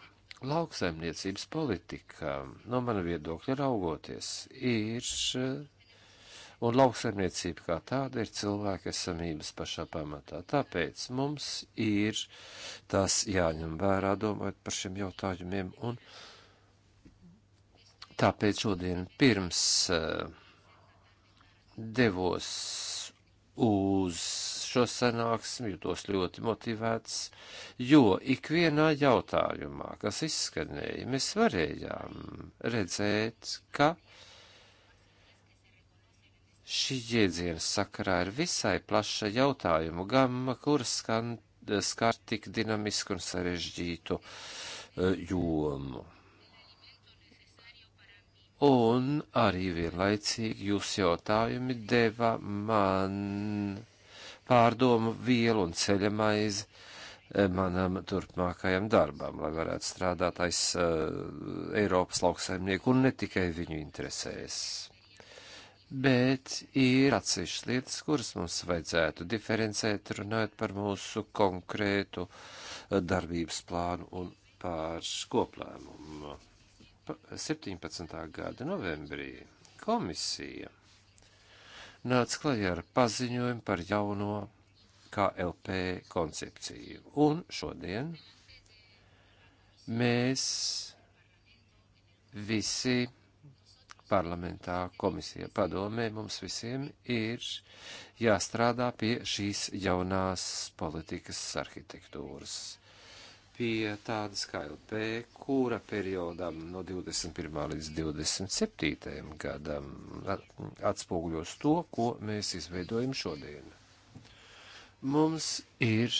Lauksaimniecības politika, no mana viedokļa raugoties, ir un lauksaimniecība kā tāda ir cilvēka esamības pašā pamatā. Tāpēc mums ir tas jāņem vērā, domājot par šiem jautājumiem, un tāpēc šodien pirms eh, devos uz šo sanāksmi, jūtos ļoti motivēts, jo ikvienā jautājumā, kas izskanēja, mēs varējām redzēt, ka uh, Šī jēdziena sakarā ir visai plaša jautājumu gama, kuras skan, skar tik dinamisku un sarežģītu e, jomu. Un arī vienlaicīgi jūs jautājumi deva man pārdomu vielu un ceļamaizi e, manam turpmākajam darbam, lai varētu strādāt aiz uh, Eiropas lauksaimnieku un ne tikai viņu interesēs bet ir atsevišķas lietas, kuras mums vajadzētu diferencēt, runājot par mūsu konkrētu eh, darbības plānu un par koplēmumu. 17. gada novembrī komisija nāca klajā ar paziņojumu par jauno KLP koncepciju, un šodien mēs visi parlamentā, komisija, padomē, mums visiem ir jāstrādā pie šīs jaunās politikas arhitektūras. Pie tādas kā LP, kura periodam no 21. līdz 27. gadam atspoguļos to, ko mēs izveidojam šodien. Mums ir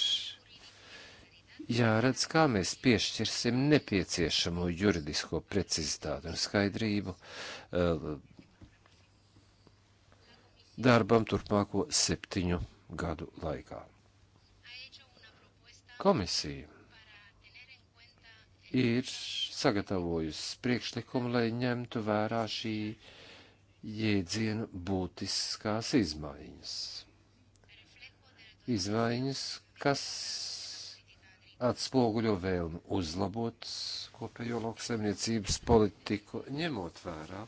jāredz, kā mēs piešķirsim nepieciešamo juridisko precizitāti un skaidrību uh, darbam turpmāko septiņu gadu laikā. Komisija ir sagatavojusi priekšlikumu, lai ņemtu vērā šī jēdziena būtiskās izmaiņas. Izmaiņas, kas atspoguļo vēlmu uzlabot kopējo lauksaimniecības politiku, ņemot vērā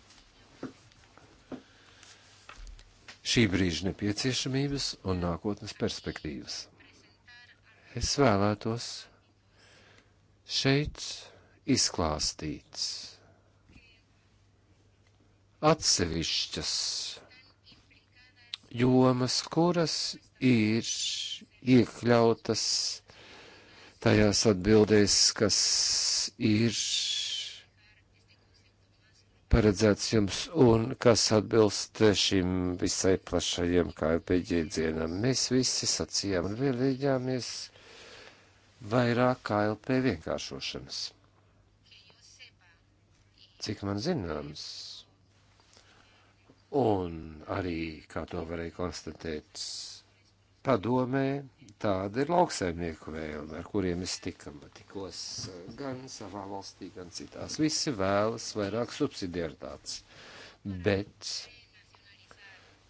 šī brīža nepieciešamības un nākotnes perspektīvas. Es vēlētos šeit izklāstīt atsevišķas jomas, kuras ir iekļautas tajās atbildēs, kas ir paredzēts jums un kas atbilst šim visai plašajiem KLP jēdzienam. Mēs visi sacījām un vēlējāmies vairāk KLP vienkāršošanas. Cik man zināms, un arī, kā to varēja konstatēt, padomē tāda ir lauksaimnieku vēlme, ar kuriem es tikam, tikos eh, gan savā valstī, gan citās. Visi vēlas vairāk subsidiaritātes, bet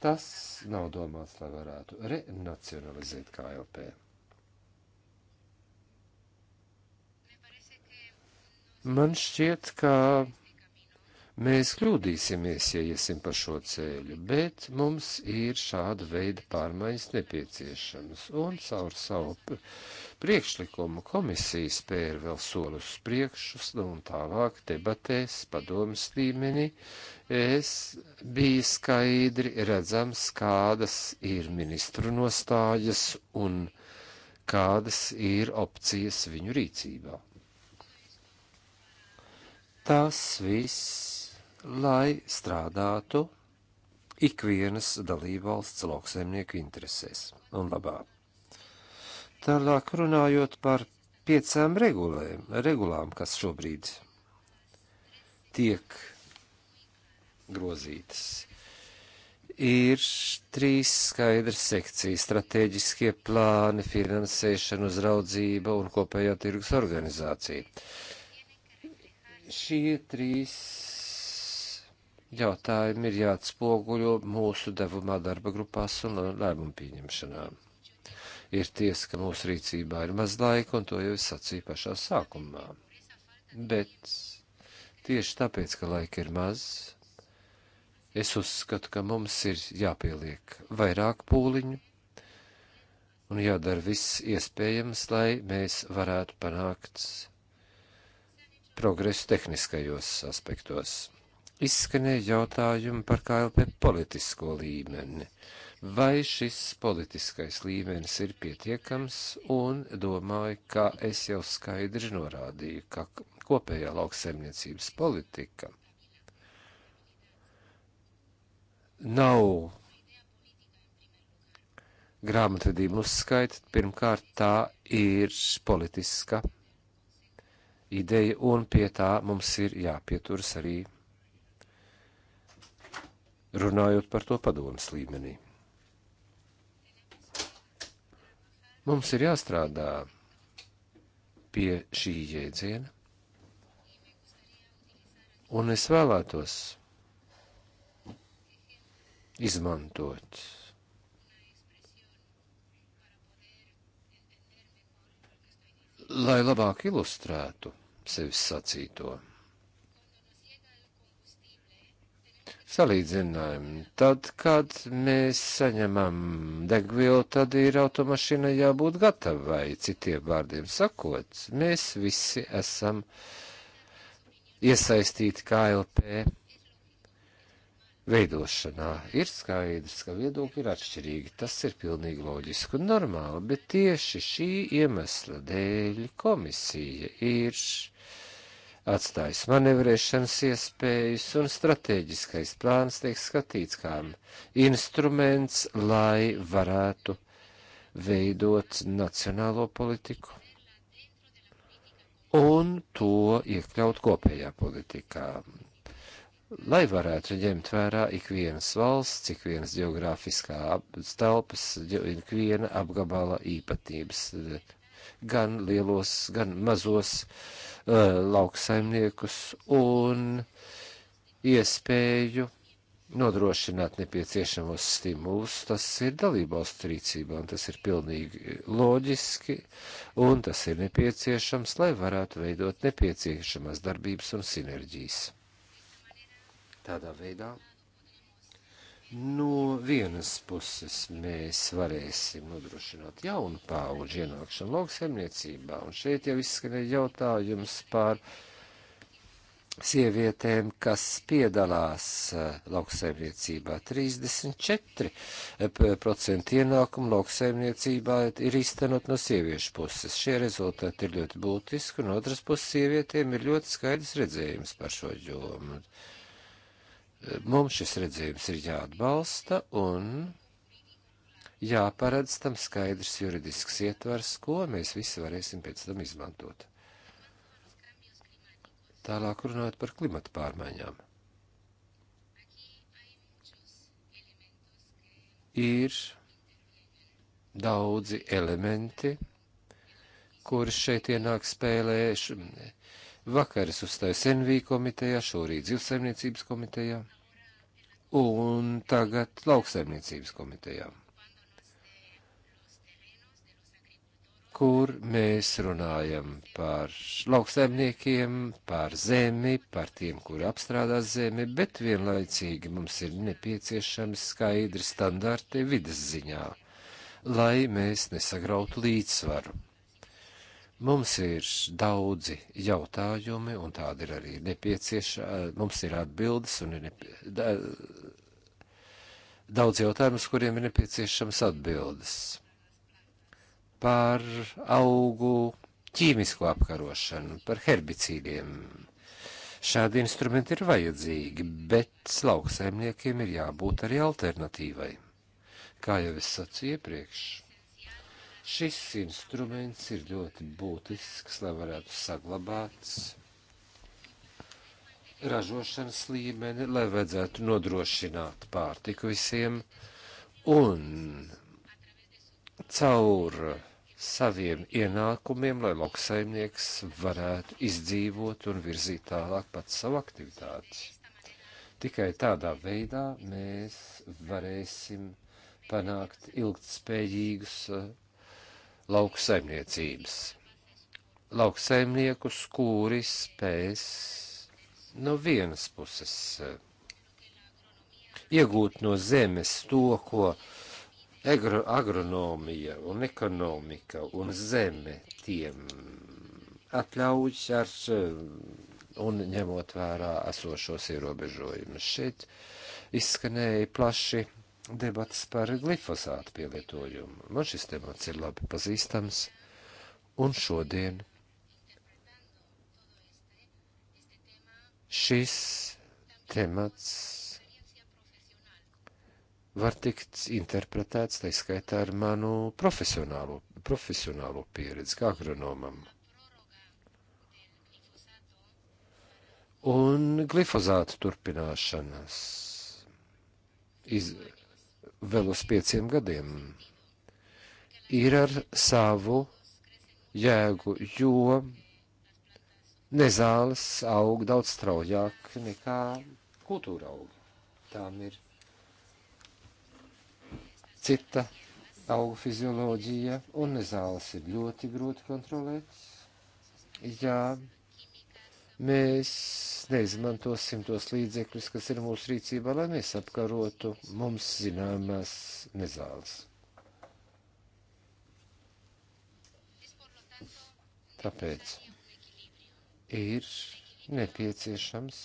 tas nav domāts, lai varētu renacionalizēt KLP. Man šķiet, ka Mēs kļūdīsimies, ja iesim pa šo ceļu, bet mums ir šāda veida pārmaiņas nepieciešamas, un caur savu priekšlikumu komisija spēja vēl soli uz priekšu, nu, un tālāk debatēs padomas līmenī es biju skaidri redzams, kādas ir ministru nostājas un kādas ir opcijas viņu rīcībā. Tas viss lai strādātu ikvienas dalībvalsts lauksaimnieku interesēs un labā. Tālāk runājot par piecām regulēm, regulām, kas šobrīd tiek grozītas, ir trīs skaidras sekcijas - strateģiskie plāni, finansēšana, uzraudzība un kopējā tirgus organizācija. Šie trīs jautājumi ir jāatspoguļo mūsu devumā darba grupās un lēmumu pieņemšanā. Ir ties, ka mūsu rīcībā ir maz laika, un to jau es sacīju pašā sākumā. Bet tieši tāpēc, ka laika ir maz, es uzskatu, ka mums ir jāpieliek vairāk pūliņu un jādara viss iespējams, lai mēs varētu panākt progresu tehniskajos aspektos. Izskanēja jautājumi par KLP politisko līmeni. Vai šis politiskais līmenis ir pietiekams, un domāju, ka es jau skaidri norādīju, ka kopējā lauksaimniecības politika nav grāmatvedību uzskaita, pirmkārt tā ir politiska ideja, un pie tā mums ir jāpieturas arī runājot par to padomas līmenī. Mums ir jāstrādā pie šī jēdziena, un es vēlētos izmantot lai labāk ilustrētu sevis sacīto. salīdzinājumu. Tad, kad mēs saņemam degvielu, tad ir automašīna jābūt gatavai, citiem vārdiem sakot, mēs visi esam iesaistīti KLP veidošanā. Ir skaidrs, ka viedokļi ir atšķirīgi, tas ir pilnīgi loģiski un normāli, bet tieši šī iemesla dēļ komisija ir atstājis manevrēšanas iespējas, un strateģiskais plāns tiek skatīts kā instruments, lai varētu veidot nacionālo politiku un to iekļaut kopējā politikā, lai varētu ņemt vērā ikvienas valsts, ikvienas geogrāfiskā telpas, ikviena apgabala īpatības, gan lielos, gan mazos uh, Uh, lauksaimniekus un iespēju nodrošināt nepieciešamos stimulus, tas ir dalībvalstu rīcībā, un tas ir pilnīgi loģiski, un tas ir nepieciešams, lai varētu veidot nepieciešamās darbības un sinerģijas. Tādā veidā No vienas puses mēs varēsim nodrošināt jaunu pauģu ienākšanu lauksaimniecībā, un šeit jau izskanēja jautājums par sievietēm, kas piedalās eh, lauksaimniecībā. 34% ienākumu lauksaimniecībā ir iztenot no sieviešu puses. Šie rezultāti ir ļoti būtiski, un otras puses sievietēm ir ļoti skaidrs redzējums par šo jomu. Mums šis redzējums ir jāatbalsta un jāparedz tam skaidrs juridisks ietvers, ko mēs visi varēsim pēc tam izmantot. Tālāk runājot par klimatu pārmaiņām. Ir daudzi elementi, kuri šeit ienāk spēlē. Š, Vakar es uzstāju Senvī komitejā, šorīt zivsaimniecības komitejā un tagad lauksaimniecības komitejā, kur mēs runājam par lauksaimniekiem, par zemi, par tiem, kuri apstrādās zemi, bet vienlaicīgi mums ir nepieciešami skaidri standarti vidas ziņā, lai mēs nesagrautu līdzsvaru Mums ir daudzi jautājumi, un tādi ir arī nepieciešami. Mums ir atbildes, un ir nepie... da... daudz jautājumu, uz kuriem ir nepieciešams atbildes. Par augu ķīmisko apkarošanu, par herbicīdiem. Šādi instrumenti ir vajadzīgi, bet lauksaimniekiem ir jābūt arī alternatīvai. Kā jau es sacīju iepriekš, Šis instruments ir ļoti būtisks, lai varētu saglabāt ražošanas līmeni, lai vajadzētu nodrošināt pārtiku visiem un caur saviem ienākumiem, lai lauksaimnieks varētu izdzīvot un virzīt tālāk pats savu aktivitāti. Tikai tādā veidā mēs varēsim panākt ilgtspējīgus lauksaimniecības. Lauksaimniekus, kuri spēs no vienas puses eh, iegūt no zemes to, ko agro, agronomija un ekonomika un zeme tiem atļauj ar eh, un ņemot vērā esošos ierobežojumus. Šeit izskanēja plaši debats par glifosātu pielietojumu. Man šis temats ir labi pazīstams, un šodien šis temats var tikt interpretēts, tā skaitā ar manu profesionālo, profesionālo pieredzi kā agronomam. Un glifozāta turpināšanas iz, vēl uz pieciem gadiem, ir ar savu jēgu, jo nezāles aug daudz straujāk nekā kultūra auga. Tām ir cita auga fizioloģija, un nezāles ir ļoti grūti kontrolēt. Jā, mēs neizmantosim tos līdzekļus, kas ir mūsu rīcībā, lai mēs apkarotu mums zināmās nezāles. Tāpēc ir nepieciešams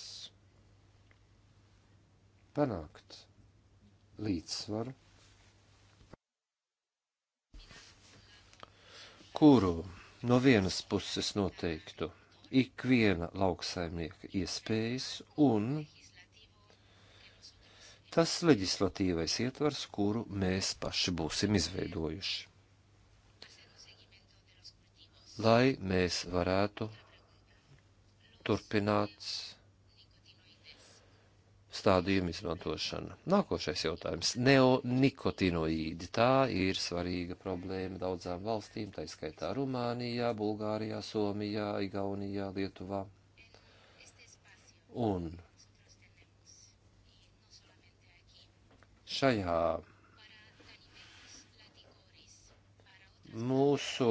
panākt līdzsvaru, kuru no vienas puses noteiktu ikviena lauksaimnieka iespējas un tas leģislatīvais ietvars, kuru mēs paši būsim izveidojuši. Lai mēs varētu turpināt stādījumu izmantošana. Nākošais jautājums - neonikotinoīdi. Tā ir svarīga problēma daudzām valstīm, tā izskaitā Rumānijā, Bulgārijā, Somijā, Igaunijā, Lietuvā. Un šajā mūsu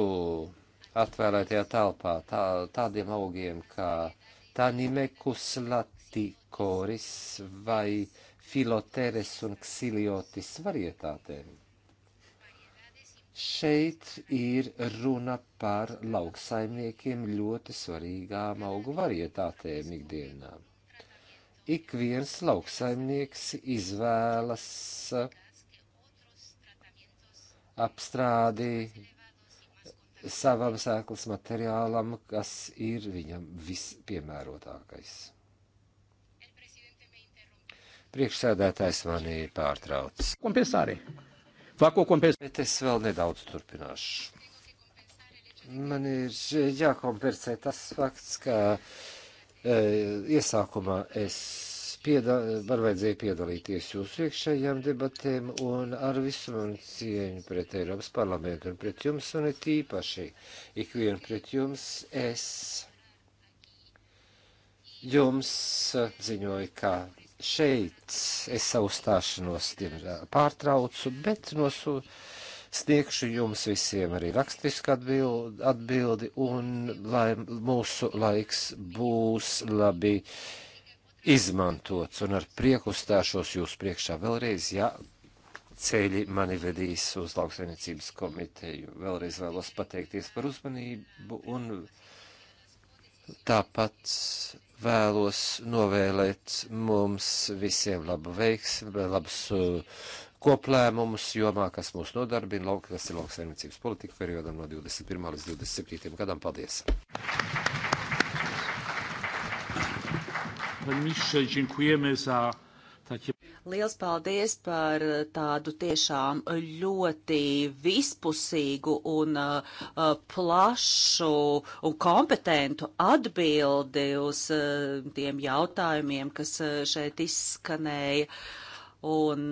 atvēlētajā telpā tā, tādiem augiem kā tanimekus lat koris vai filoteres un ksiliotis varietātēm. Šeit ir runa par lauksaimniekiem ļoti svarīgām augu varietātēm ikdienā. Ik viens lauksaimnieks izvēlas apstrādi savam sēklas materiālam, kas ir viņam vispiemērotākais. Priekšsēdētājs mani pārtrauc. Kompensāri. Vako kompensāri. Bet es vēl nedaudz turpināšu. Man ir jākompensē tas fakts, ka e, iesākumā es piedā, var vajadzēja piedalīties jūsu iekšējām debatēm un ar visu manu cieņu pret Eiropas parlamentu un pret jums un it īpaši ikvienu pret jums es jums ziņoju, ka šeit es savu stāšanos pārtraucu, bet nosu, sniegšu jums visiem arī rakstisku atbildi, atbildi un lai mūsu laiks būs labi izmantots un ar prieku stāšos jūs priekšā vēlreiz, ja ceļi mani vedīs uz lauksainicības komiteju. Vēlreiz vēlos pateikties par uzmanību un tāpat vēlos novēlēt mums visiem labu veiksmi, labus uh, koplēmumus jomā, kas mūs nodarbina, lauk, kas ir lauksaimniecības politika periodam no 21. līdz 27. gadam. Paldies! Panie ministrze, dziękujemy za Liels paldies par eh, tādu tiešām ļoti vispusīgu un uh, plašu un kompetentu atbildi uz uh, tiem jautājumiem, kas uh, šeit izskanēja. Un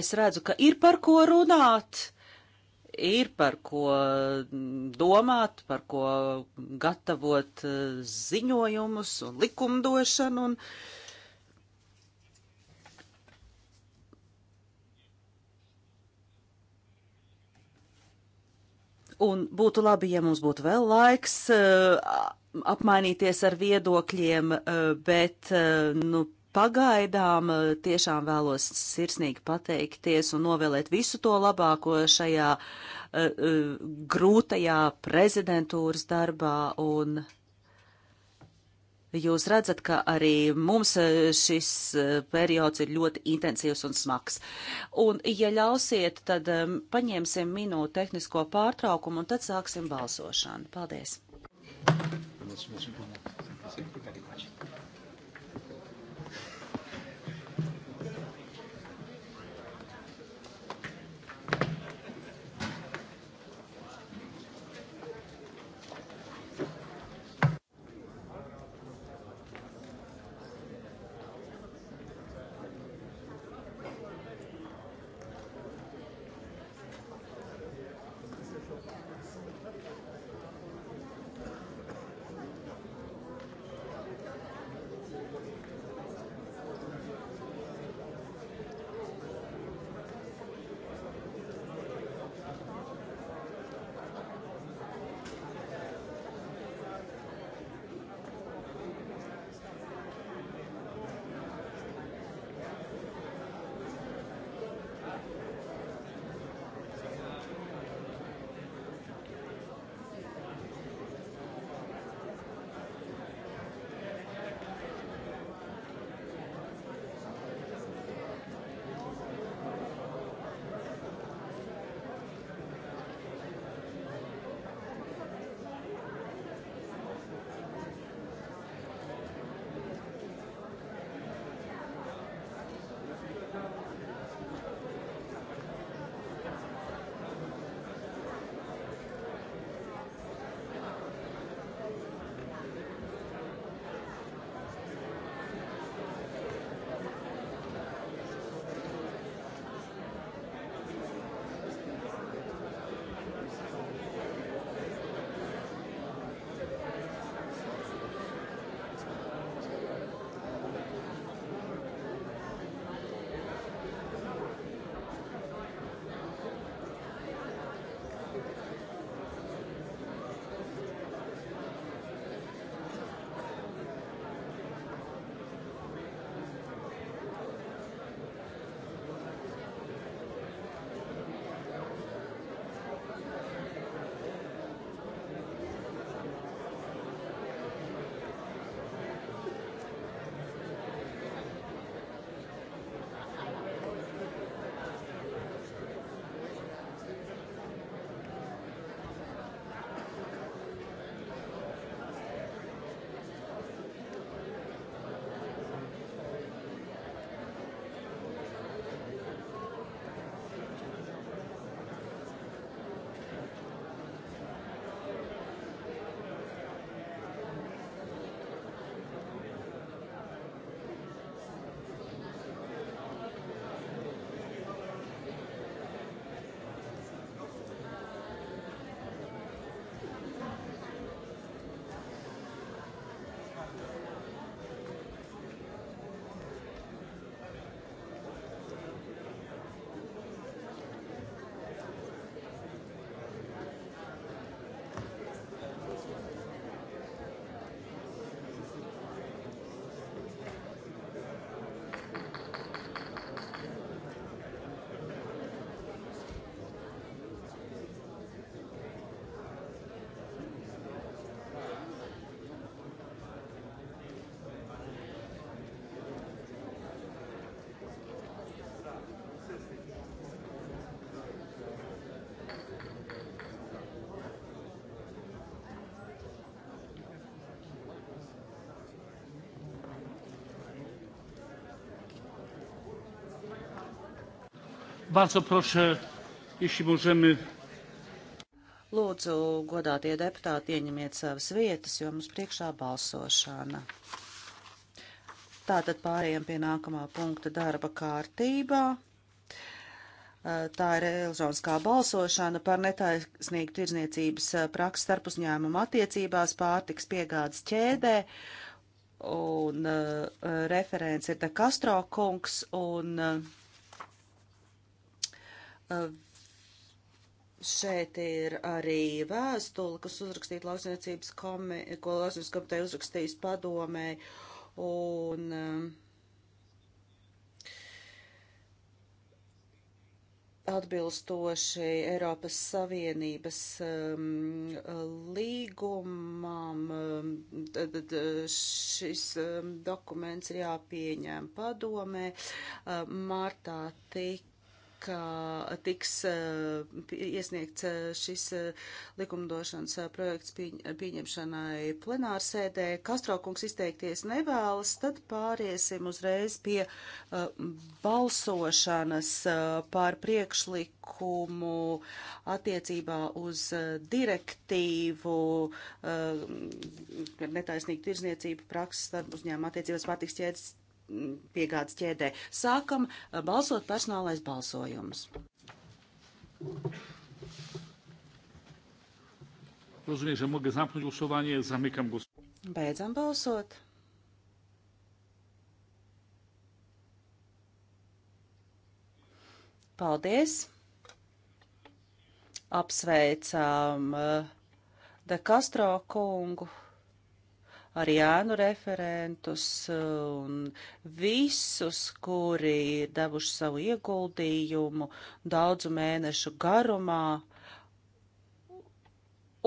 es redzu, ka ir par ko runāt ir par ko mm, domāt, par ko gatavot ziņojumus un likumdošanu. Un Un būtu labi, ja mums būtu vēl laiks eh, apmainīties ar viedokļiem, eh, bet, eh, nu, pagaidām tiešām vēlos sirsnīgi pateikties un novēlēt visu to labāko šajā uh, grūtajā prezidentūras darbā un Jūs redzat, ka arī mums šis periods ir ļoti intensīvs un smags. Un, ja ļausiet, tad paņemsim minūtu tehnisko pārtraukumu un tad sāksim balsošanu. Paldies! Mēs, mēs, mēs, mēs, mēs, mēs, mēs, mēs, mēs. Bardzo proszę, jeśli możemy. Lūdzu, godātie deputāti, ieņemiet savas vietas, jo mums priekšā balsošana. Tātad pārējiem pie nākamā punkta darba kārtībā. Tā ir elektroniskā balsošana par netaisnīgu tirzniecības praksi starp uzņēmumu attiecībās pārtiks piegādes ķēdē. Un uh, referents ir De Castro kungs, un uh, Ehm, šeit ir arī vēstule, kas uzrakstīta lauksaimniecības komiteja, ko lauksaimniecības komiteja uzrakstījis padomē, un ehm, atbilstoši Eiropas Savienības um, līgumam, tad, tad šis um, dokuments ir jāpieņem padomē. Um, martā tik ka tiks eh, iesniegts eh, šis eh, likumdošanas projekts pieņemšanai plenārsēdē. Kastraukungs izteikties nevēlas, tad pāriesim uzreiz pie balsošanas par priekšlikumu attiecībā uz direktīvu netaisnīgu tirzniecību prakses starp uzņēmumu attiecības pārtiks ķēdes piegādes ķēdē. Sākam eh, balsot personālais balsojums. Rozumiem, że mogę zamknąć głosowanie. Zamykam głosowanie. Beidzam balsot. Paldies. Apsveicam eh, De Castro kungu arī ēnu referentus un visus, kuri ir devuši savu ieguldījumu daudzu mēnešu garumā.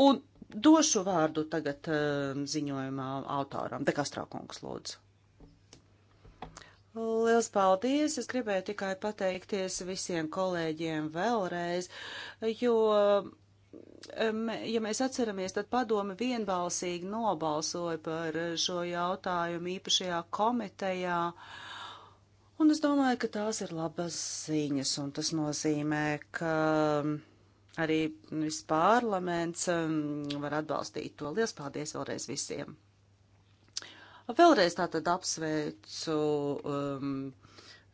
Un došu vārdu tagad um, ziņojumā autoram. Dekastraukungs lūdzu. Liels paldies! Es gribēju tikai pateikties visiem kolēģiem vēlreiz, jo ja mēs atceramies, tad padome vienbalsīgi nobalsoja par šo jautājumu īpašajā komitejā. Un es domāju, ka tās ir labas ziņas, un tas nozīmē, ka arī viss parlaments var atbalstīt to. Lielas paldies vēlreiz visiem! Vēlreiz tātad apsveicu um,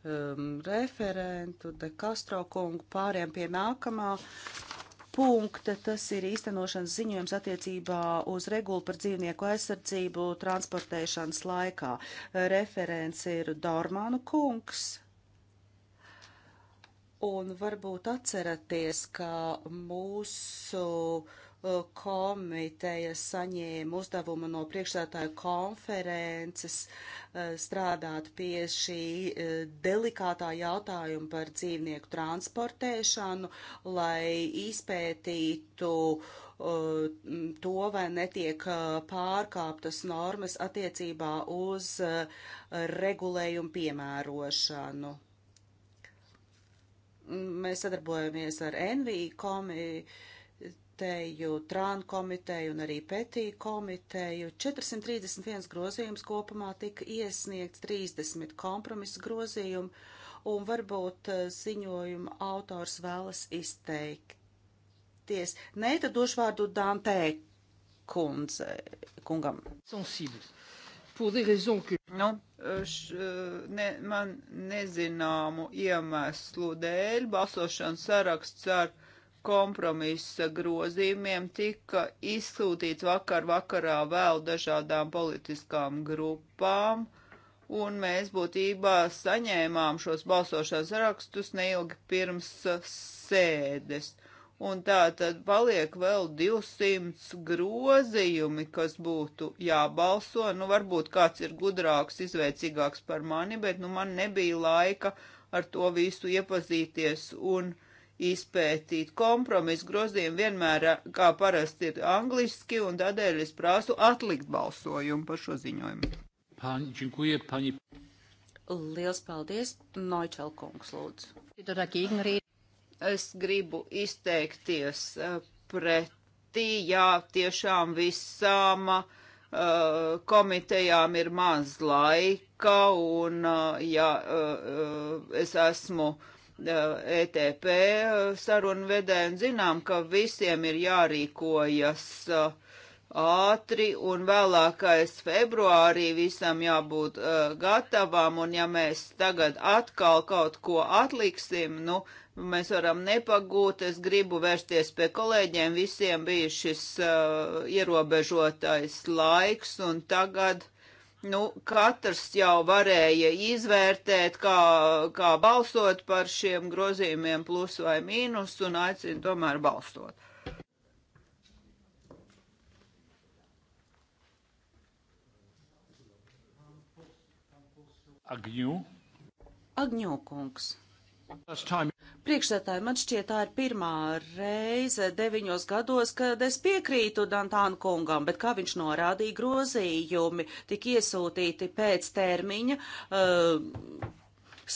um, referentu De Castro kungu pāriem pie nākamā punkta. Tas ir īstenošanas ziņojums attiecībā uz regulu par dzīvnieku aizsardzību transportēšanas laikā. Referents ir Dormānu kungs. Un varbūt atceraties, ka mūsu uh, komiteja saņēma uzdevumu no priekšstādātāju konferences eh, strādāt pie šī eh, delikātā jautājuma par dzīvnieku transportēšanu, lai izpētītu eh, to, vai netiek pārkāptas normas attiecībā uz regulējumu piemērošanu mēs sadarbojamies ar NVI komiju komiteju, Trānu komiteju un arī Petī komiteju. 431 grozījums kopumā tika iesniegts, 30 kompromisu grozījumu, un varbūt eh, ziņojuma autors vēlas izteikties. Nē, tad došu vārdu Dantē kundze, kungam. Sensibles pour des raisons que... Nu, š, ne, man nezināmu iemeslu dēļ balsošanas saraksts ar uh, kompromisa grozījumiem tika izsūtīts vakar vakarā vēl dažādām politiskām grupām, un mēs būtībā saņēmām šos balsošanas rakstus neilgi pirms sēdes. Un tā tad paliek vēl 200 grozījumi, kas būtu jābalso. Nu, varbūt kāds ir gudrāks, izveicīgāks par mani, bet nu man nebija laika ar to visu iepazīties un uh, izpētīt. Kompromisu grozījumi vienmēr, kā parasti, ir angliski, un tādēļ es prāstu atlikt balsojumu par šo ziņojumu. Pani, činkuje, pani. Liels paldies, Noičel kungs, lūdzu. Es gribu izteikties pretī, jā, tiešām visām uh, komitejām ir maz laika, un, uh, jā, uh, es esmu uh, ETP sarunu vedēju un zinām, ka visiem ir jārīkojas ātri un vēlākais februārī visam jābūt uh, gatavam un ja mēs tagad atkal kaut ko atliksim, nu, mēs varam nepagūt. Es gribu vērsties pie kolēģiem, visiem bija šis uh, ierobežotais laiks un tagad nu, katrs jau varēja izvērtēt, kā, kā balsot par šiem grozījumiem plus vai mīnus, un aicinu tomēr balsot. Agņū. Agņū kungs. Priekšsētāji, man šķiet, tā ir pirmā reize deviņos gados, kad es piekrītu Dantānu kungam, bet kā viņš norādīja, grozījumi tika iesūtīti pēc termiņa. Uh,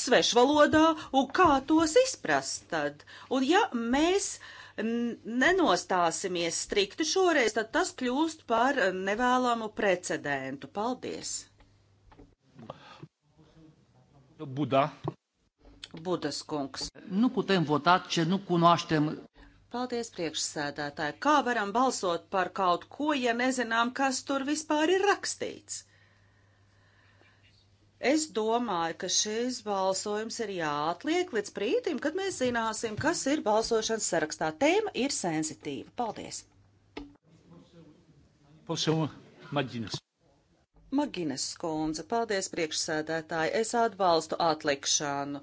svešvalodā, un kā tos izprast tad? Un ja mēs nenostāsimies strikti šoreiz, tad tas kļūst par nevēlamu precedentu. Paldies! Buda. Budas kungs. Nu, putem votāt, ja nu kunoaštem. Paldies, priekšsēdētāji. Kā varam balsot par kaut ko, ja nezinām, kas tur vispār ir rakstīts? Es domāju, ka šis balsojums ir jāatliek līdz brīdim, kad mēs zināsim, kas ir balsošanas sarakstā. Tēma ir sensitīva. Paldies! Maginas skundze, paldies priekšsēdētāji, es atbalstu atlikšanu.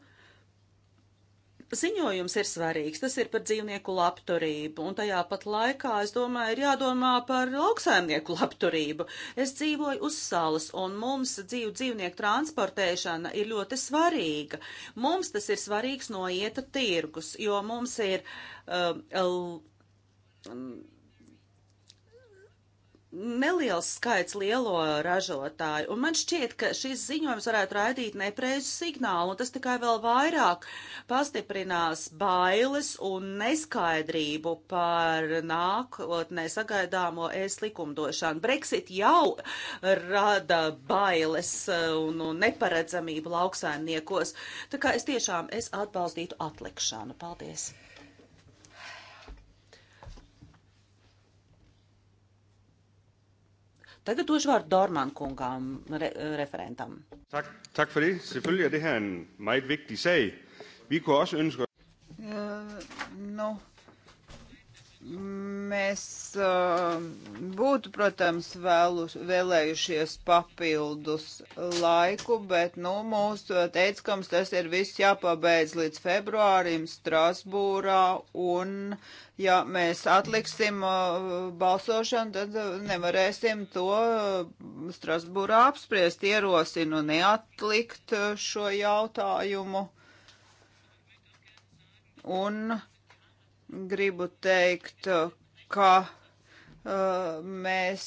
Ziņojums ir svarīgs, tas ir par dzīvnieku labturību, un tajā pat laikā, es domāju, ir jādomā par lauksaimnieku labturību. Es dzīvoju uz salas, un mums dzīvu dzīvnieku transportēšana ir ļoti svarīga. Mums tas ir svarīgs noieta tirgus, jo mums ir. Um, um, neliels skaits lielo ražotāju, un man šķiet, ka šis ziņojums varētu raidīt nepreizu signālu, un tas tikai vēl vairāk pastiprinās bailes un neskaidrību par nākotnē sagaidāmo es likumdošanu. Brexit jau rada bailes uh, un, un neparedzamību lauksaimniekos, tā kā es tiešām es atbalstītu atlikšanu. Paldies! Tagad došu vārdu Dorman kungām, re, referentam. Tak, tak for det. Selvfølgelig er det her en meget vigtig sag. Vi kunne også ønske... Uh, nu, Mēs uh, būtu, protams, vēlus, vēlējušies papildus laiku, bet, nu, mūsu teickams, tas ir viss jāpabeidz līdz februārim Strasbūrā, un, ja mēs atliksim uh, balsošanu, tad nevarēsim to uh, Strasbūrā apspriest, ierosinu neatlikt šo jautājumu. Un gribu teikt, ka Uh, mēs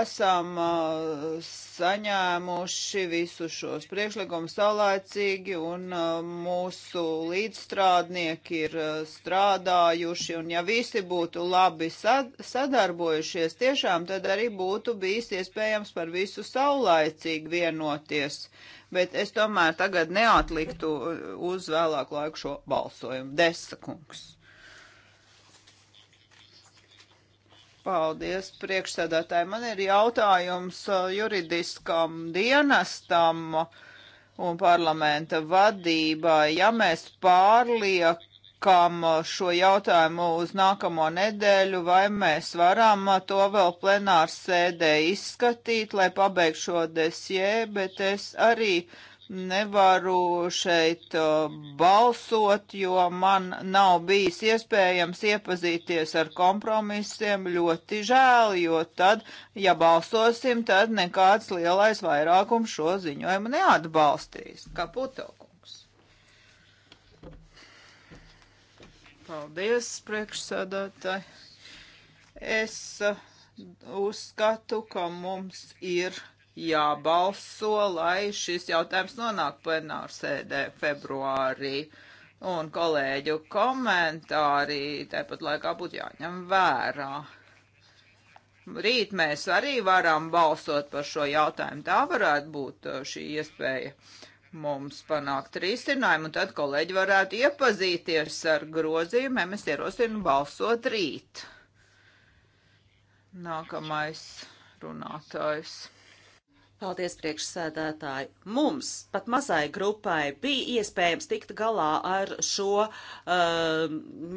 esam uh, saņēmuši visus šos priekšlikumus saulēcīgi un uh, mūsu līdzstrādnieki ir uh, strādājuši un ja visi būtu labi sad sadarbojušies tiešām, tad arī būtu bijis iespējams par visu saulēcīgi vienoties. Bet es tomēr tagad neatliktu uh, uz vēlāku laiku šo balsojumu. Desakungs. Paldies, priekšsēdētāji. Man ir jautājums uh, juridiskam dienestam un parlamenta vadībai. Ja mēs pārliekam uh, šo jautājumu uz nākamo nedēļu, vai mēs varam uh, to vēl plenārs sēdē izskatīt, lai pabeigtu šo desjē, bet es arī uh, nevaru šeit uh, balsot, jo man nav bijis iespējams iepazīties ar kompromisiem. Ļoti žēl, jo tad, ja balsosim, tad nekāds lielais vairākums šo ziņojumu neatbalstīs. Kā putokungs. Paldies, priekšsēdētāji. Es uh, uzskatu, ka mums ir jābalso, lai šis jautājums nonāk plenārsēdē februārī. Un kolēģu komentāri tāpat laikā būtu jāņem vērā. Rīt mēs arī varam balsot par šo jautājumu. Tā varētu būt uh, šī iespēja mums panākt risinājumu, un tad kolēģi varētu iepazīties ar grozījumiem. Es ierosinu balsot rīt. Nākamais runātājs. Paldies, priekšsēdētāji. Mums, pat mazai grupai, bija iespējams tikt galā ar šo uh,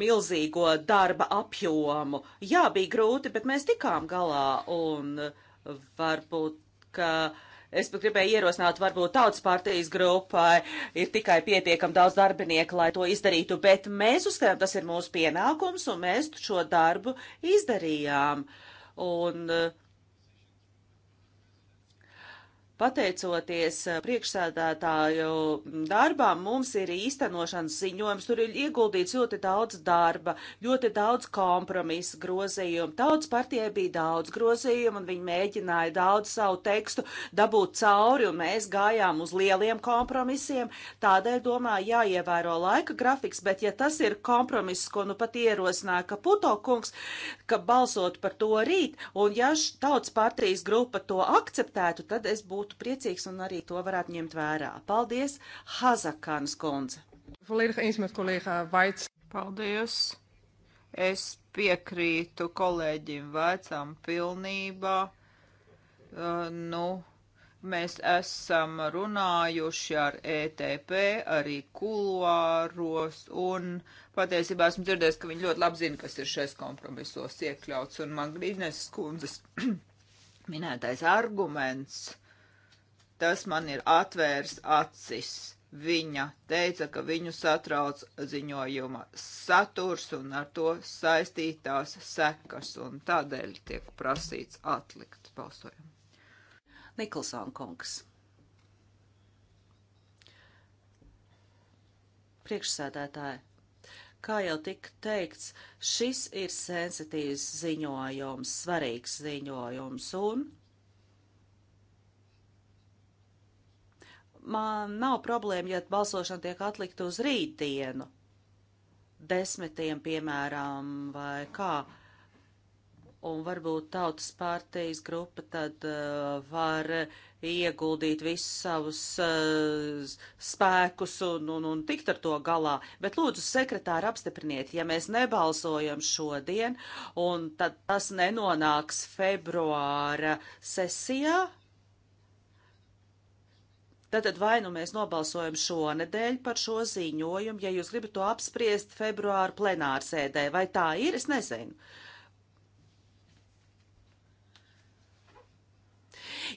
milzīgo darba apjomu. Jā, bija grūti, bet mēs tikām galā un varbūt, ka. Es pat gribēju ierosināt, varbūt tautas partijas grupai ir tikai pietiekam daudz darbinieku, lai to izdarītu, bet mēs uzskatām, tas ir mūsu pienākums, un mēs šo darbu izdarījām. Un uh, Pateicoties eh, priekšsēdētāju darbām, mums ir īstenošanas ziņojums, tur ir ieguldīts ļoti daudz darba, ļoti daudz kompromisu grozījumu. Tautas partijai bija daudz grozījumu, un viņi mēģināja daudz savu tekstu dabūt cauri, un mēs gājām uz lieliem kompromisiem. Tādēļ, domāju, jāievēro laika grafiks, bet ja tas ir kompromiss, ko nu pat ierosināja Kaputo kungs, ka balsot par to rīt, un ja tautas partijas grupa to akceptētu, tad es būtu būtu priecīgs un arī to varētu ņemt vērā. Paldies, Hazakans kundze! Paldies! Es piekrītu kolēģim Vaicam pilnībā. Uh, nu, mēs esam runājuši ar ETP, arī kuluāros, un patiesībā esmu dzirdējis, ka viņi ļoti labi zina, kas ir šais kompromisos iekļauts, un man Grīnes skundzes minētais arguments tas man ir atvērs acis. Viņa teica, ka viņu satrauc ziņojuma saturs un ar to saistītās sekas, un tādēļ tiek prasīts atlikt balsojumu. Niklsāna kungs. Priekšsēdētāji, kā jau tika teikts, šis ir sensitīvs ziņojums, svarīgs ziņojums, un man nav problēma, ja balsošana tiek atlikta uz rītdienu, desmitiem, piemēram, vai kā. Un varbūt tautas pārtīs grupa tad uh, var ieguldīt visus savus uh, spēkus un, un, un tikt ar to galā. Bet lūdzu, sekretāri, apstipriniet, ja mēs nebalsojam šodien, un tad tas nenonāks februāra sesijā, uh, Tātad vai nu mēs nobalsojam šonedēļ par šo ziņojumu, ja jūs gribat to apspriest februāru plenārsēdē, vai tā ir, es nezinu.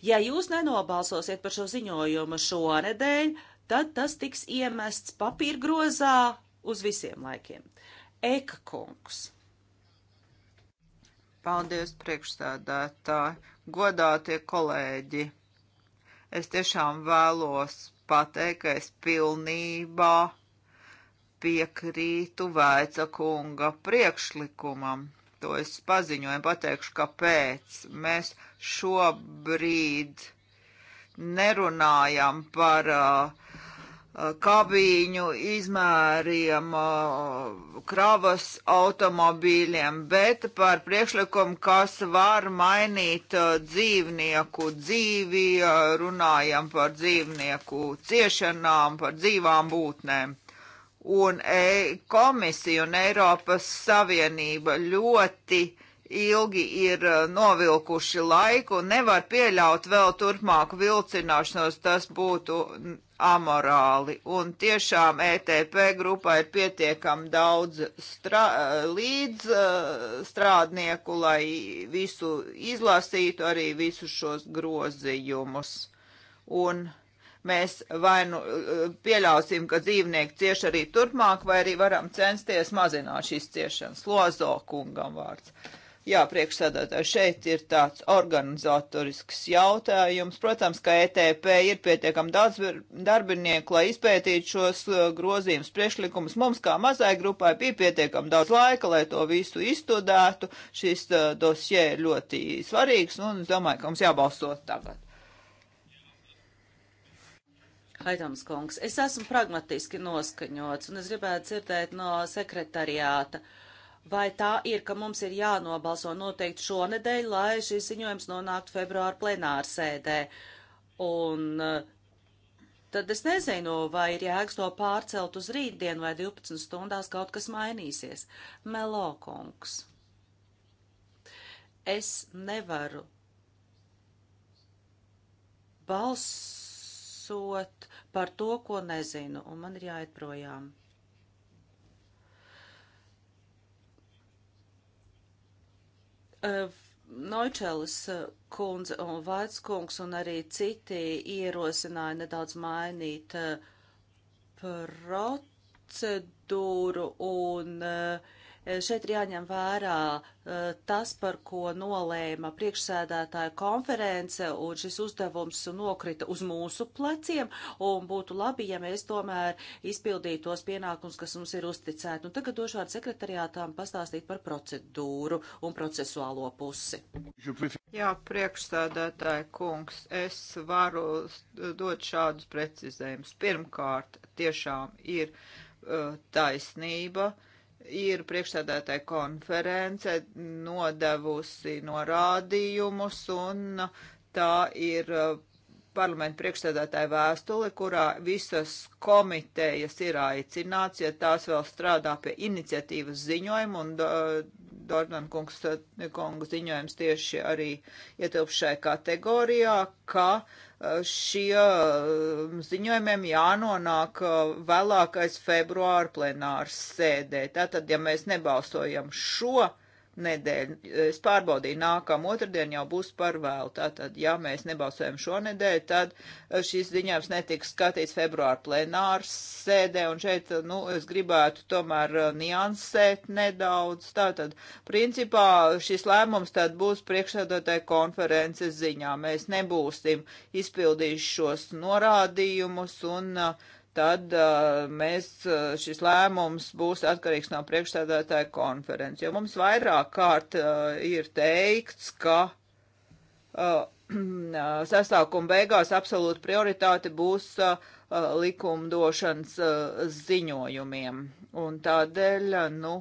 Ja jūs nenobalsosiet par šo ziņojumu šonedēļ, tad tas tiks iemests papīra grozā uz visiem laikiem. Eka kungs. Paldies, priekšstādātāji, godātie kolēģi! Es tiešām vēlos pateikt, ka es pilnībā piekrītu Vēca kunga priekšlikumam. To es paziņoju, pateikšu, kāpēc mēs šobrīd nerunājam par uh, kabīņu izmēriem kravas automobīļiem, bet par priekšlikumu, kas var mainīt dzīvnieku dzīvi, runājam par dzīvnieku ciešanām, par dzīvām būtnēm. Un e komisija un Eiropas Savienība ļoti ilgi ir novilkuši laiku un nevar pieļaut vēl turpmāku vilcināšanos, tas būtu amorāli. Un tiešām ETP grupā ir pietiekam daudz strā, līdz eh, strādnieku, lai visu izlasītu, arī visus šos grozījumus. Un mēs vai nu eh, pieļausim, ka dzīvnieki cieši arī turpmāk, vai arī varam censties mazināt šīs ciešanas. Lozo kungam vārds. Uh, Jā, priekšsēdētāji, šeit ir tāds organizatorisks jautājums. Protams, ka ETP ir pietiekami daudz darbinieku, lai izpētītu šos uh, grozījumus priekšlikumus. Mums, kā mazai grupai, bija pietiekami daudz laika, lai to visu izstudētu. Šis uh, dosie ir ļoti svarīgs, un es domāju, ka mums jābalso tagad. Haidams kungs, es esmu pragmatiski noskaņots, un es gribētu dzirdēt no sekretariāta. Uh, vai tā ir, ka mums ir jānobalso noteikti šonedēļ, lai šis ziņojums nonāktu februāra plenāra sēdē. Un eh, tad es nezinu, vai ir jēgas to pārcelt uz rītdienu vai 12 stundās kaut kas mainīsies. Melokungs. Es nevaru balsot par to, ko nezinu, un man ir jāiet projām. Eh, Noičelis eh, kundze un Vaitskungs un arī citi ierosināja nedaudz mainīt eh, procedūru un uh, Šeit ir jāņem vērā e, tas, par ko nolēma priekšsēdētāja konference, un šis uzdevums nokrita uz mūsu pleciem, un būtu labi, ja mēs tomēr izpildītu tos pienākums, kas mums ir uzticēti. Un nu, tagad došu vārdu sekretariātām pastāstīt par procedūru un procesuālo pusi. Jā, priekšsēdētāja kungs, es varu dot šādus precizējumus. Pirmkārt, tiešām ir uh, taisnība. Uh, ir priekšsēdētāja konference nodevusi norādījumus un tā ir uh, parlamenta priekšsēdētāja vēstule, kurā visas komitejas ir aicināts, ja tās vēl strādā pie iniciatīvas ziņojuma un uh, Dornan kungs, eh, kungs ziņojums tieši arī ietilpšai kategorijā, ka eh, šie eh, ziņojumiem jānonāk vēlākais februāra plenārs sēdē. Tātad, ja mēs nebalsojam šo, nedēļu. Es pārbaudīju, nākamā otrdien jau būs par vēlu. Tātad, ja mēs nebalsojam šonedēļ, tad eh, šis ziņojums netiks skatīts februāra plenārs sēdē, un šeit, eh, nu, es gribētu tomēr eh, niansēt nedaudz. Tātad, principā, šis lēmums tad būs priekšsēdotāja konferences ziņā. Mēs nebūsim izpildījuši šos norādījumus un uh, tad uh, mēs, uh, šis lēmums būs atkarīgs no priekšsēdētāja konferences, jo mums vairāk kārt uh, ir teikts, ka uh, uh sastākuma beigās absolūta prioritāte būs uh, likumdošanas ziņojumiem. Un tādēļ, nu,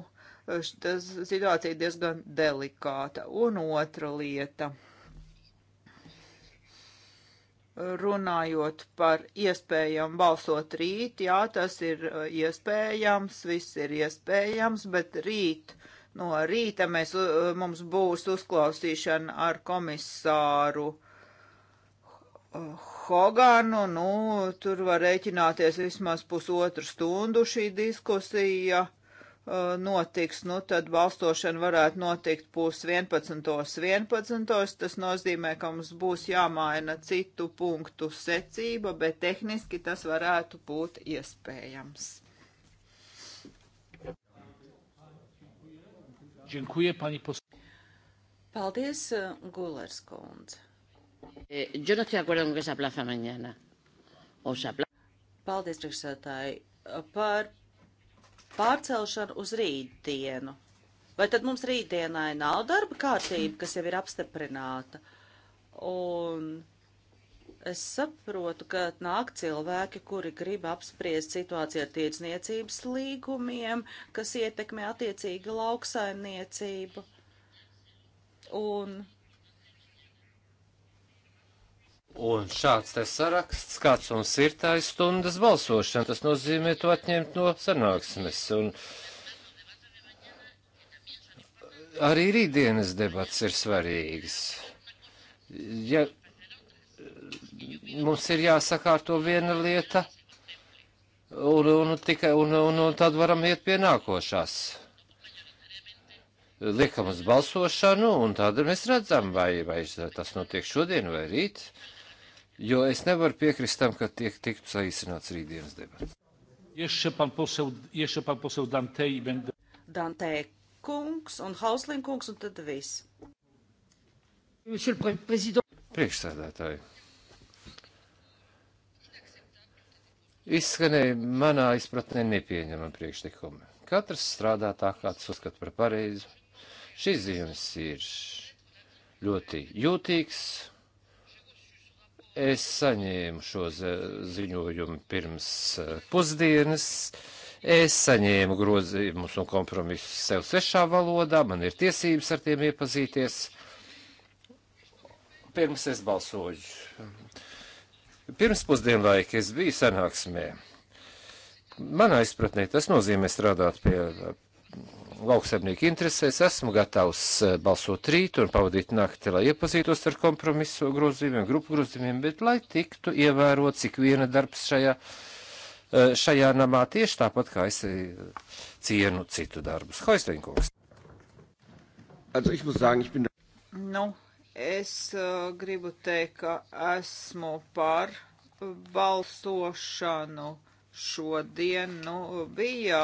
tas situācija diezgan delikāta. Un otra lieta runājot par iespējamu balsot rīt, jā, tas ir uh, iespējams, viss ir iespējams, bet rīt no rīta mēs, uh, mums būs uzklausīšana ar komisāru uh, Hoganu, nu, tur var rēķināties vismaz pusotru stundu šī diskusija Uh, notiks, nu tad balstošana varētu notikt pūs 11. 11. Tas nozīmē, ka mums būs jāmaina citu punktu secība, bet tehniski tas varētu būt iespējams. Paldies, uh, Gulers kundze. Eh, Paldies, priekšsētāji, par pārcelšanu uz rītdienu. Vai tad mums rītdienai nav darba kārtība, kas jau ir apstiprināta? Un es saprotu, ka nāk cilvēki, kuri grib apspriest situāciju ar tiecniecības līgumiem, kas ietekmē attiecīgi lauksaimniecību. Un Un šāds te saraksts, kāds mums ir tā ir stundas balsošana, tas nozīmē to atņemt no sanāksmes. Un arī rītdienas debats ir svarīgs. Ja mums ir jāsakārto viena lieta, un, un, tikai, un, un, un tad varam iet pie nākošās liekam uz balsošanu, un tad mēs redzam, vai, vai tas notiek šodien vai rīt jo es nevaru piekrist tam, ka tiek tiktu saīsināts rītdienas debats. Dantē kungs un Hauslin kungs un tad viss. Priekšsēdētāji. Izskanēja manā izpratnē nepieņemama priekšlikuma. Katrs strādā tā, kāds uzskata par pareizi. Šis ziņas ir ļoti jūtīgs, Es saņēmu šo ziņojumu pirms eh, pusdienas. Es saņēmu grozījumus un kompromisus sev svešā valodā. Man ir tiesības ar tiem iepazīties. Pirms es balsoju. Pirms pusdienlaika es biju sanāksmē. Manā izpratnē tas nozīmē strādāt pie lauksaimnieku interesēs. Esmu gatavs eh, balsot rīt un pavadīt nakti, lai iepazītos ar kompromisu grozījumiem, grupu grozījumiem, bet lai tiktu ievērots ik viena darbs šajā, eh, šajā namā tieši tāpat, kā es eh, cienu citu darbus. Hoistenkungs. Also ich muss sagen, ich bin... Nu, es uh, gribu teikt, ka esmu par balsošanu šodien. Nu, bija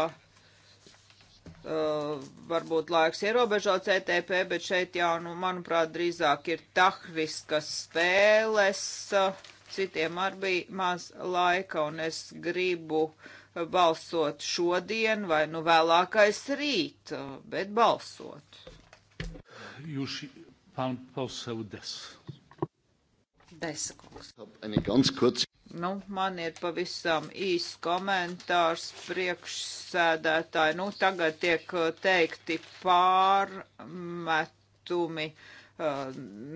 Uh, varbūt laiks ierobežots ETP, bet šeit jau, nu, manuprāt, drīzāk ir tahviskas spēles. Uh, citiem arī bija maz laika, un es gribu balsot šodien vai, nu, vēlākais rīt, uh, bet balsot. Jūs, pan Pausev, des. Desa kungs. Nu, man ir pavisam īs komentārs priekšsēdētāji. Nu, tagad tiek uh, teikti pārmetumi, uh,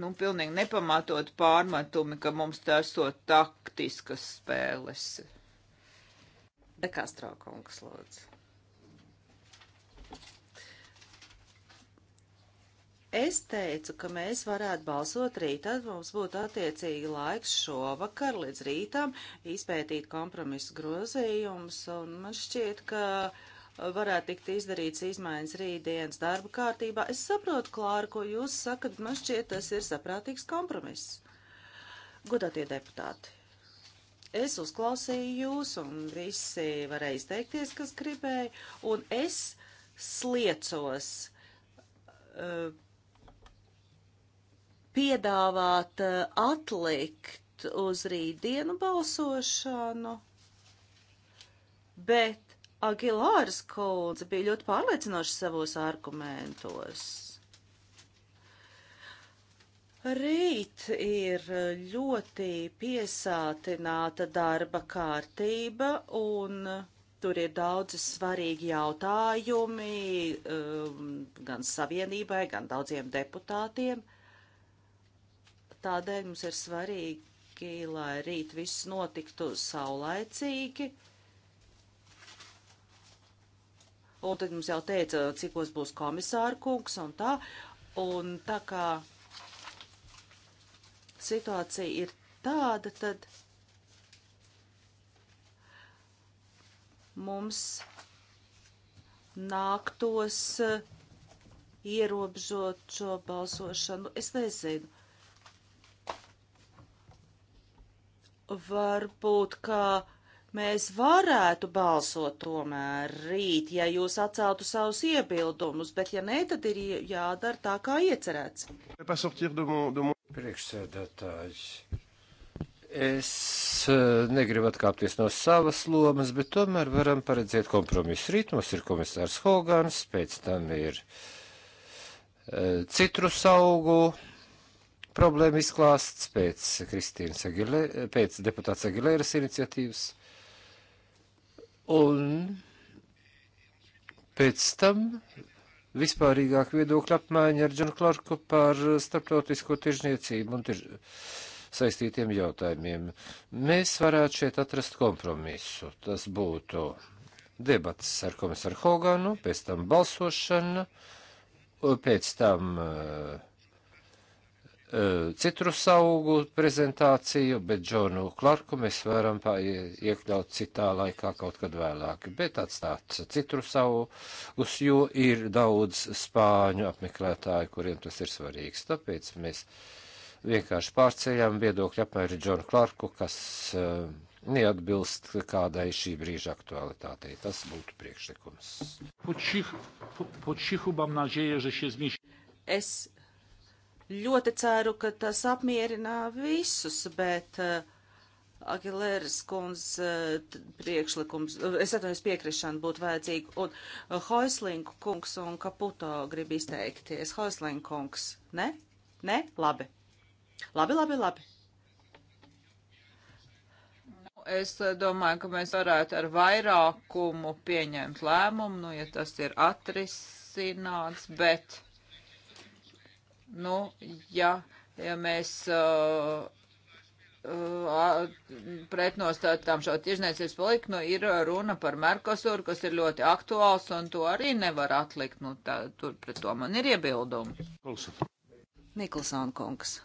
nu, pilnīgi nepamatot pārmetumi, ka mums tēsot taktiskas spēles. Dekāstraukungs, lūdzu. Es teicu, ka mēs varētu balsot rīt, tad mums būtu attiecīgi laiks šovakar līdz rītam izpētīt kompromisu grozījumus, un man šķiet, ka varētu tikt izdarīts izmaiņas rītdienas darba kārtībā. Es saprotu, Klāra, ko jūs sakat, man šķiet, tas ir saprātīgs kompromiss. Godātie deputāti, es uzklausīju jūs, un visi varēja izteikties, kas gribēja, un es sliecos. Uh, piedāvāt eh, atlikt uz rītdienu balsošanu, bet Agilāras kundze bija ļoti pārliecinoša savos argumentos. Rīt ir ļoti piesātināta darba kārtība un Tur ir daudz svarīgi jautājumi um, gan savienībai, gan daudziem deputātiem. Tādēļ mums ir svarīgi, lai rīt viss notiktu saulaicīgi. Un tad mums jau teica, cikos būs komisāra kungs un tā. Un tā kā situācija ir tāda, tad mums nāktos eh, ierobežot šo balsošanu. Es nezinu, varbūt, ka mēs varētu balsot tomēr rīt, ja jūs atceltu savus iebildumus, bet ja nē, tad ir jādara tā, kā iecerēts. Priekšsēdētājs. Es eh, negribu atkāpties no savas lomas, bet tomēr varam paredzēt kompromisu. Rīt mums ir komisārs Hogans, pēc tam ir eh, citrus augu problēma izklāsts pēc, Kristīnas Agilē, pēc deputāts Agilēras iniciatīvas. Un pēc tam vispārīgāk viedokļa apmaiņa ar Džanu Klarku par starptautisko tirzniecību un tirž... saistītiem jautājumiem. Mēs varētu šeit atrast kompromisu. Tas būtu debats ar komisaru Hoganu, pēc tam balsošana, pēc tam uh, E, citrus augu prezentāciju, bet Džonu Klarku mēs varam iekļaut citā laikā kaut kad vēlāk. Bet atstāt citrus augus, jo ir daudz spāņu apmeklētāju, kuriem tas ir svarīgs. Tāpēc mēs vienkārši pārceļām viedokļu apmēri Džonu Klarku, kas uh, neatbilst kādai šī brīža aktualitātei. Tas būtu priekšlikums. Es ļoti ceru, ka tas apmierinā visus, bet uh, eh, Agilēras kundze uh, eh, priekšlikums, uh, es atvainojos piekrišanu būtu vajadzīga, un uh, Hoislinku kungs un Kaputo grib izteikties. Hoislink kungs, ne? Ne? Labi. Labi, labi, labi. Nu, es domāju, ka mēs varētu ar vairākumu pieņemt lēmumu, nu, ja tas ir atrisināts, bet Nu, ja, ja mēs uh, uh pretnostatām šo tirzniecības politiku, nu, ir runa par Merkosuru, kas ir ļoti aktuāls, un to arī nevar atlikt. Nu, tā, tur pret to man ir iebildumi. Niklsona kungs.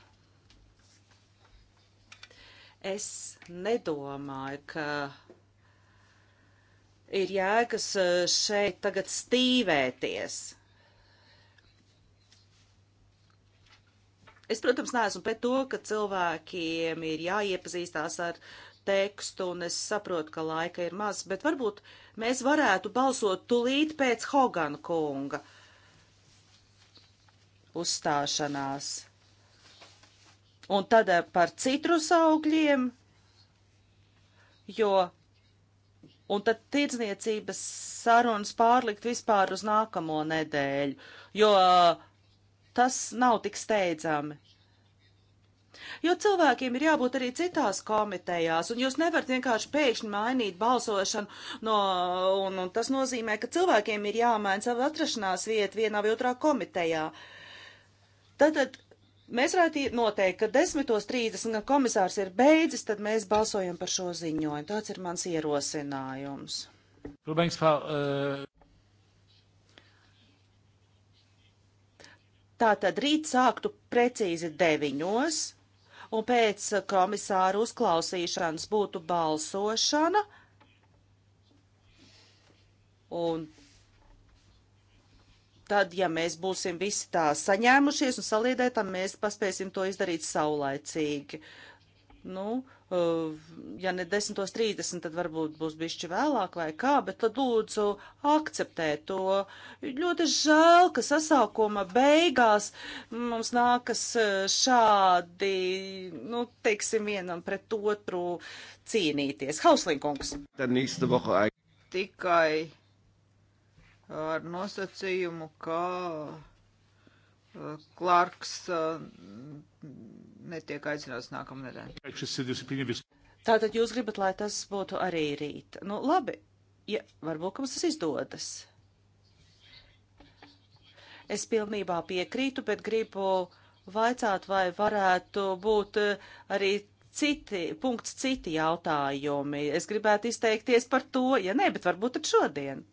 Es nedomāju, ka ir jēgas uh, šeit tagad stīvēties Es, protams, neesmu pret to, ka cilvēkiem ir jāiepazīstās ar tekstu, un es saprotu, ka laika ir maz, bet varbūt mēs varētu balsot tulīt pēc Hogana kunga uzstāšanās. Un tad eh, par citrus augļiem, jo un tad tirdzniecības sarunas pārlikt vispār uz nākamo nedēļu, jo uh, tas nav tik steidzami. Jo cilvēkiem ir jābūt arī citās komitejās, un jūs nevarat vienkārši pēkšņi mainīt balsošanu, no, un, un tas nozīmē, ka cilvēkiem ir jāmaina savu atrašanās vietu vienā vai otrā komitejā. Tātad mēs varētu noteikt, ka 10.30, kad komisārs ir beidzis, tad mēs balsojam par šo ziņojumu. Tāds ir mans ierosinājums. Rūbeņs, uh... Tātad rīt sāktu precīzi deviņos, un pēc komisāra uzklausīšanas būtu balsošana. Un tad, ja mēs būsim visi tā saņēmušies un saliedētam, mēs paspēsim to izdarīt saulaicīgi. Nu, uh, ja ne 10.30, tad varbūt būs bišķi vēlāk vai kā, bet tad lūdzu akceptē to. Ļoti žēl, ka sasaukuma beigās mums nākas e, šādi, nu, teiksim, vienam pret otru cīnīties. Hauslinkungs. Tikai ar nosacījumu, ka Klarks e, e, netiek aicināts nākamnedēļ. Tātad jūs gribat, lai tas būtu arī rīt. Nu, labi, ja, varbūt, ka mums tas izdodas. Es pilnībā piekrītu, bet gribu vaicāt, vai varētu būt eh, arī citi, punkts citi jautājumi. Es gribētu izteikties par to, ja nē, bet varbūt tad šodien.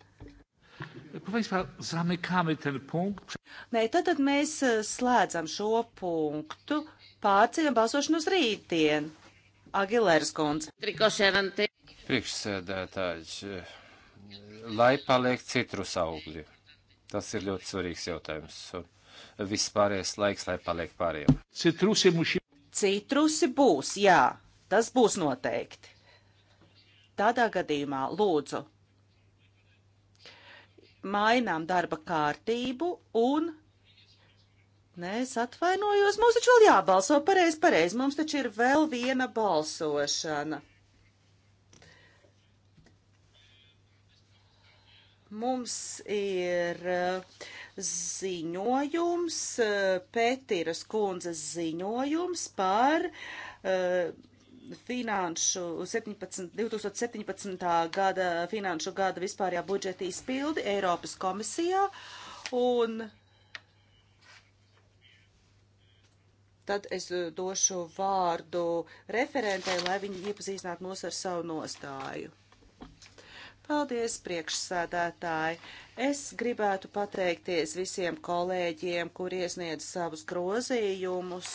Nē, tad, tad mēs eh, slēdzam šo punktu. Pārceļam balsošanu uz rītdien. Agilēras kundze. Priekšsēdētājs, eh, lai paliek citrus augļi. Tas ir ļoti svarīgs jautājums. Un viss pārējais laiks, lai paliek pārējiem. Citrusi muši. Citrusi būs, jā. Tas būs noteikti. Tādā gadījumā lūdzu mainām darba kārtību un Nē, es atvainojos, mums taču vēl jābalso pareizi, pareizi, mums taču ir vēl viena balsošana. Mums ir eh, ziņojums, eh, Pētīras kundzes ziņojums par uh, finanšu 17, 2017. gada finanšu gada vispārējā budžeta izpildi Eiropas komisijā. Un tad es uh, došu vārdu referentei, lai viņi iepazīstinātu mūs ar savu nostāju. Paldies, priekšsēdētāji! Es gribētu pateikties visiem kolēģiem, kur iesniedz savus grozījumus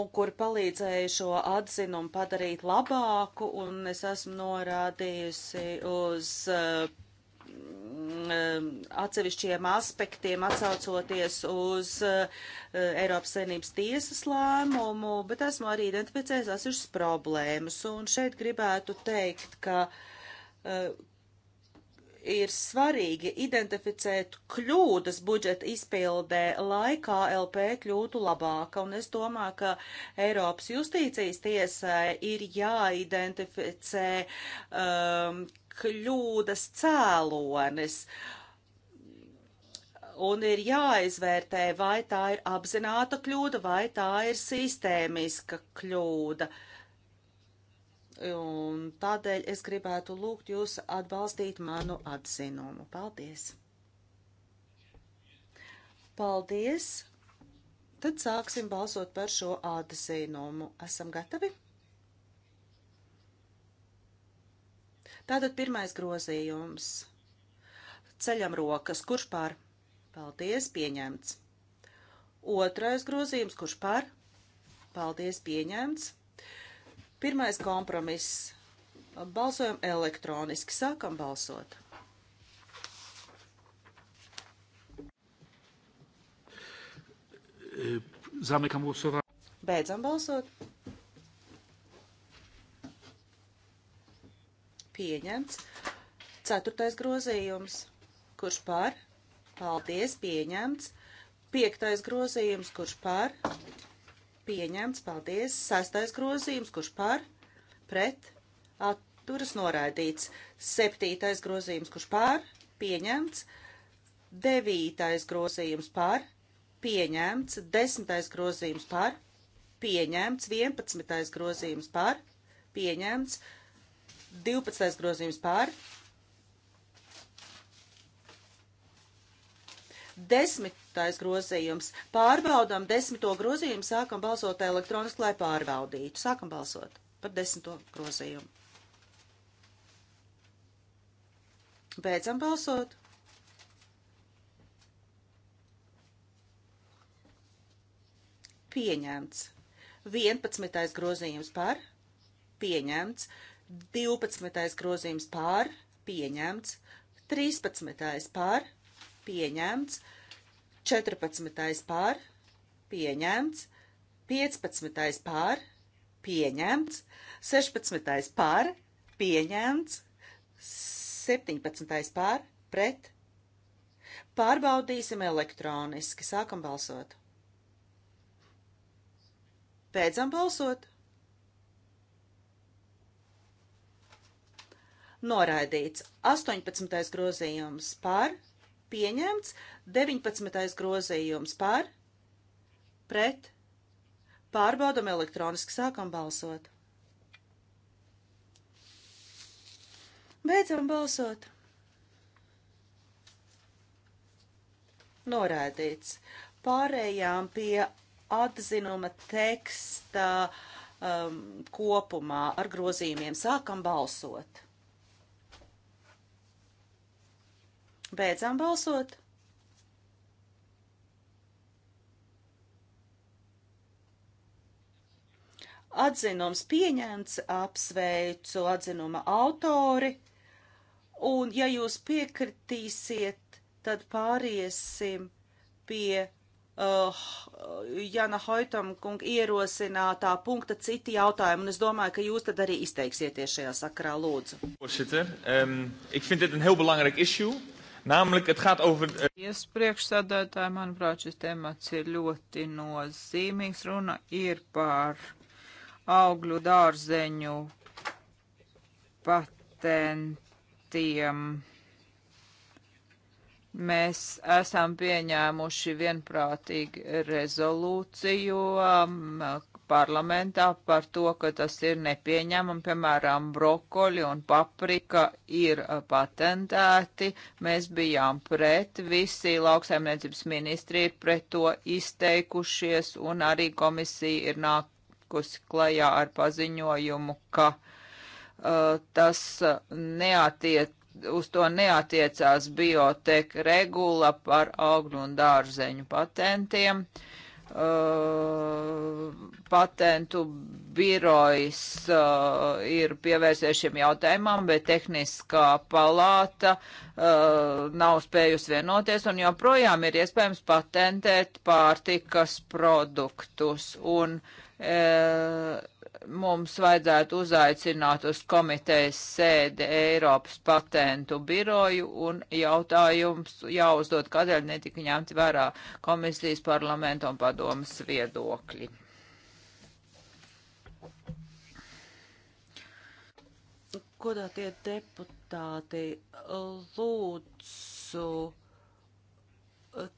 un kur palīdzēja šo atzinumu padarīt labāku, un es esmu norādījusi uz uh, Um, atsevišķiem aspektiem atsaucoties uz uh, Eiropas Savienības tiesas lēmumu, bet esmu arī identificējis atsevišķas problēmas. Un šeit gribētu teikt, ka uh, ir svarīgi identificēt kļūdas budžeta izpildē, lai KLP kļūtu labāka. Un es domāju, ka Eiropas justīcijas tiesai ir jāidentificē, um, kļūdas cēlonis. Un ir jāizvērtē, vai tā ir apzināta kļūda, vai tā ir sistēmiska kļūda. Un tādēļ es gribētu lūgt jūs atbalstīt manu atzinumu. Paldies! Paldies! Tad sāksim balsot par šo atzinumu. Esam gatavi? Tātad pirmais grozījums. Ceļam rokas, kurš par? Paldies, pieņemts. Otrais grozījums, kurš par? Paldies, pieņemts. Pirmais kompromiss. Balsojam elektroniski. Sākam balsot. Zamykam głosowanie. Beidzam balsot. pieņemts. Ceturtais grozījums, kurš par, paldies, pieņemts. Piektais grozījums, kurš par, pieņemts, paldies. Sestais grozījums, kurš par, pret, atturas noraidīts. Septītais grozījums, kurš par, pieņemts. Devītais grozījums par, pieņemts. Desmitais grozījums par, pieņemts. Vienpadsmitais grozījums par, pieņemts. 12. grozījums pār. Desmitais grozījums. Pārbaudām desmito grozījumu, sākam balsot elektroniski, lai pārbaudītu. Sākam balsot par desmito grozījumu. Beidzam balsot. Pieņemts. 11. grozījums par pieņemts. 12. grozījums pār, pieņemts. 13. pār, pieņemts. 14. pār, pieņemts. 15. pār, pieņemts. 16. pār, pieņemts. 17. pār, pret. Pārbaudīsim elektroniski. Sākam balsot. Beidzam balsot. noraidīts. 18. grozījums par, pieņemts. 19. grozījums par, pret, pārbaudam elektroniski, sākam balsot. Beidzam balsot. Norādīts. Pārējām pie atzinuma teksta um, kopumā ar grozījumiem. Sākam balsot. Beidzam balsot. Atzinums pieņemts, apsveicu atzinuma autori, un ja jūs piekritīsiet, tad pāriesim pie uh, Jana Hoitamkunga ierosinātā punkta citi jautājumi, un es domāju, ka jūs tad arī izteiksieties šajā sakrā, lūdzu. Voorzitter, um, ik vind dit een heel belangrijk issue. Namelijk, het gaat over... Ies eh, priekšsādātāji, manuprāt, šis temats ir ļoti nozīmīgs. Runa ir par augļu dārzeņu patentiem. Mēs esam pieņēmuši vienprātīgi rezolūciju, um, parlamentā par to, ka tas ir nepieņemami, piemēram, brokoļi un paprika ir uh, patentēti. Mēs bijām pret, visi lauksaimniecības ministri ir pret to izteikušies, un arī komisija ir nākusi klajā ar paziņojumu, ka uh, tas uh, neatiet uz to neatiecās bioteka regula par augļu un dārzeņu patentiem. Uh, Uh, patentu birojs uh, ir pievērsies šiem jautājumam, bet tehniskā palāta uh, nav spējusi vienoties un joprojām ir iespējams patentēt pārtikas produktus. Un, uh, mums vajadzētu uzaicināt uz komitejas sēdi Eiropas patentu biroju un jautājums jāuzdod, kādēļ netika ņemti vērā komisijas parlamenta un padomas viedokļi. Godātie deputāti, lūdzu,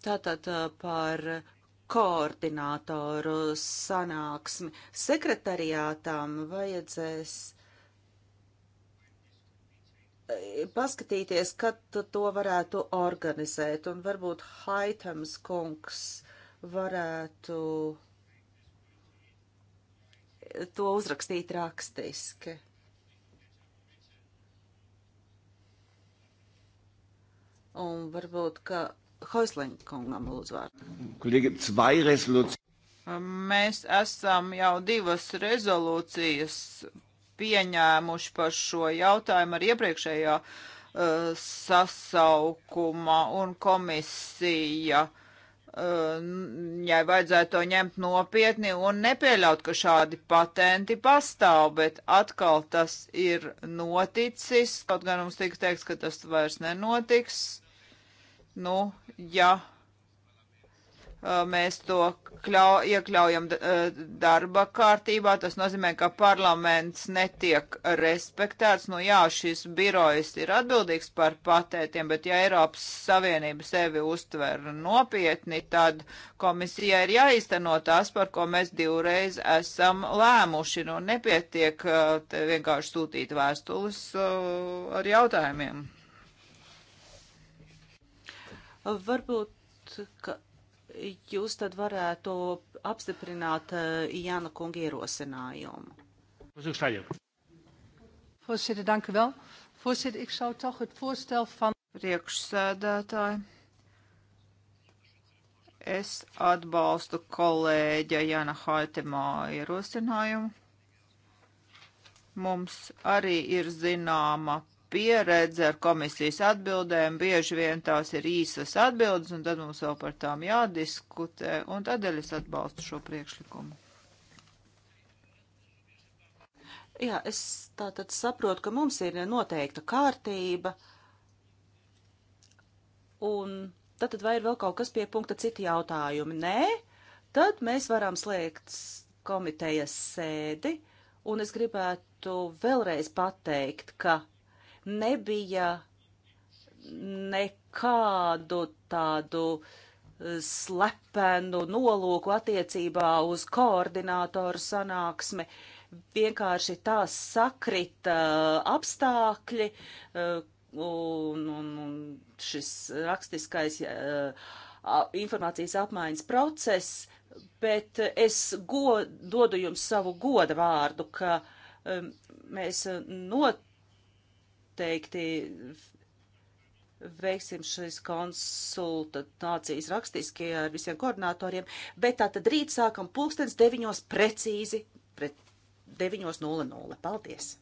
tātad uh, par koordinātoru sanāksmi. Sekretariātām vajadzēs e, paskatīties, kad to varētu organizēt, un varbūt Haitams kungs varētu to uzrakstīt rakstiski. Un varbūt, ka Hoislinkungam lūdzu vārdu. Kolēģi, zwei rezolūcijas. Mēs esam jau divas rezolūcijas pieņēmuši par šo jautājumu ar iepriekšējā uh, eh, sasaukuma un komisija. Uh, eh, ja vajadzētu to ņemt nopietni un nepieļaut, ka šādi patenti pastāv, bet atkal tas ir noticis, kaut gan mums tika teikts, ka tas vairs nenotiks Nu, ja uh, mēs to kļau, iekļaujam uh, darba kārtībā. Tas nozīmē, ka parlaments netiek respektēts. Nu jā, šis birojs ir atbildīgs par patētiem, bet ja Eiropas Savienība sevi uztver nopietni, tad komisijai ir jāizteno tās, par ko mēs divreiz esam lēmuši. Nu nepietiek uh, vienkārši sūtīt vēstules ar jautājumiem. Varbūt, ka jūs tad varētu apstiprināt eh, Jāna kunga ierosinājumu. Voorzitter, dank u wel. Voorzitter, ik zou toch het voorstel van priekšsēdētāji. Es atbalstu kolēģa Jana Haitemā ierosinājumu. Mums arī ir zināma pieredze ar komisijas atbildēm, bieži vien tās ir īsas atbildes, un tad mums vēl par tām jādiskutē, un tādēļ es atbalstu šo priekšlikumu. Jā, es tātad saprotu, ka mums ir noteikta kārtība, un tātad vai ir vēl kaut kas pie punkta citi jautājumi? Nē, tad mēs varam slēgt komitejas sēdi, un es gribētu vēlreiz pateikt, ka nebija nekādu tādu eh, slepenu nolūku attiecībā uz koordinātoru sanāksmi. Vienkārši tā sakrita eh, apstākļi, eh, un, un, un šis rakstiskais uh, informācijas apmaiņas process, bet es god, dodu jums savu godu vārdu, ka um, mēs not noteikti veiksim šīs konsultācijas rakstiski ar visiem koordinatoriem, bet tā tad rīt sākam pulkstens deviņos precīzi pret 9.00. Paldies!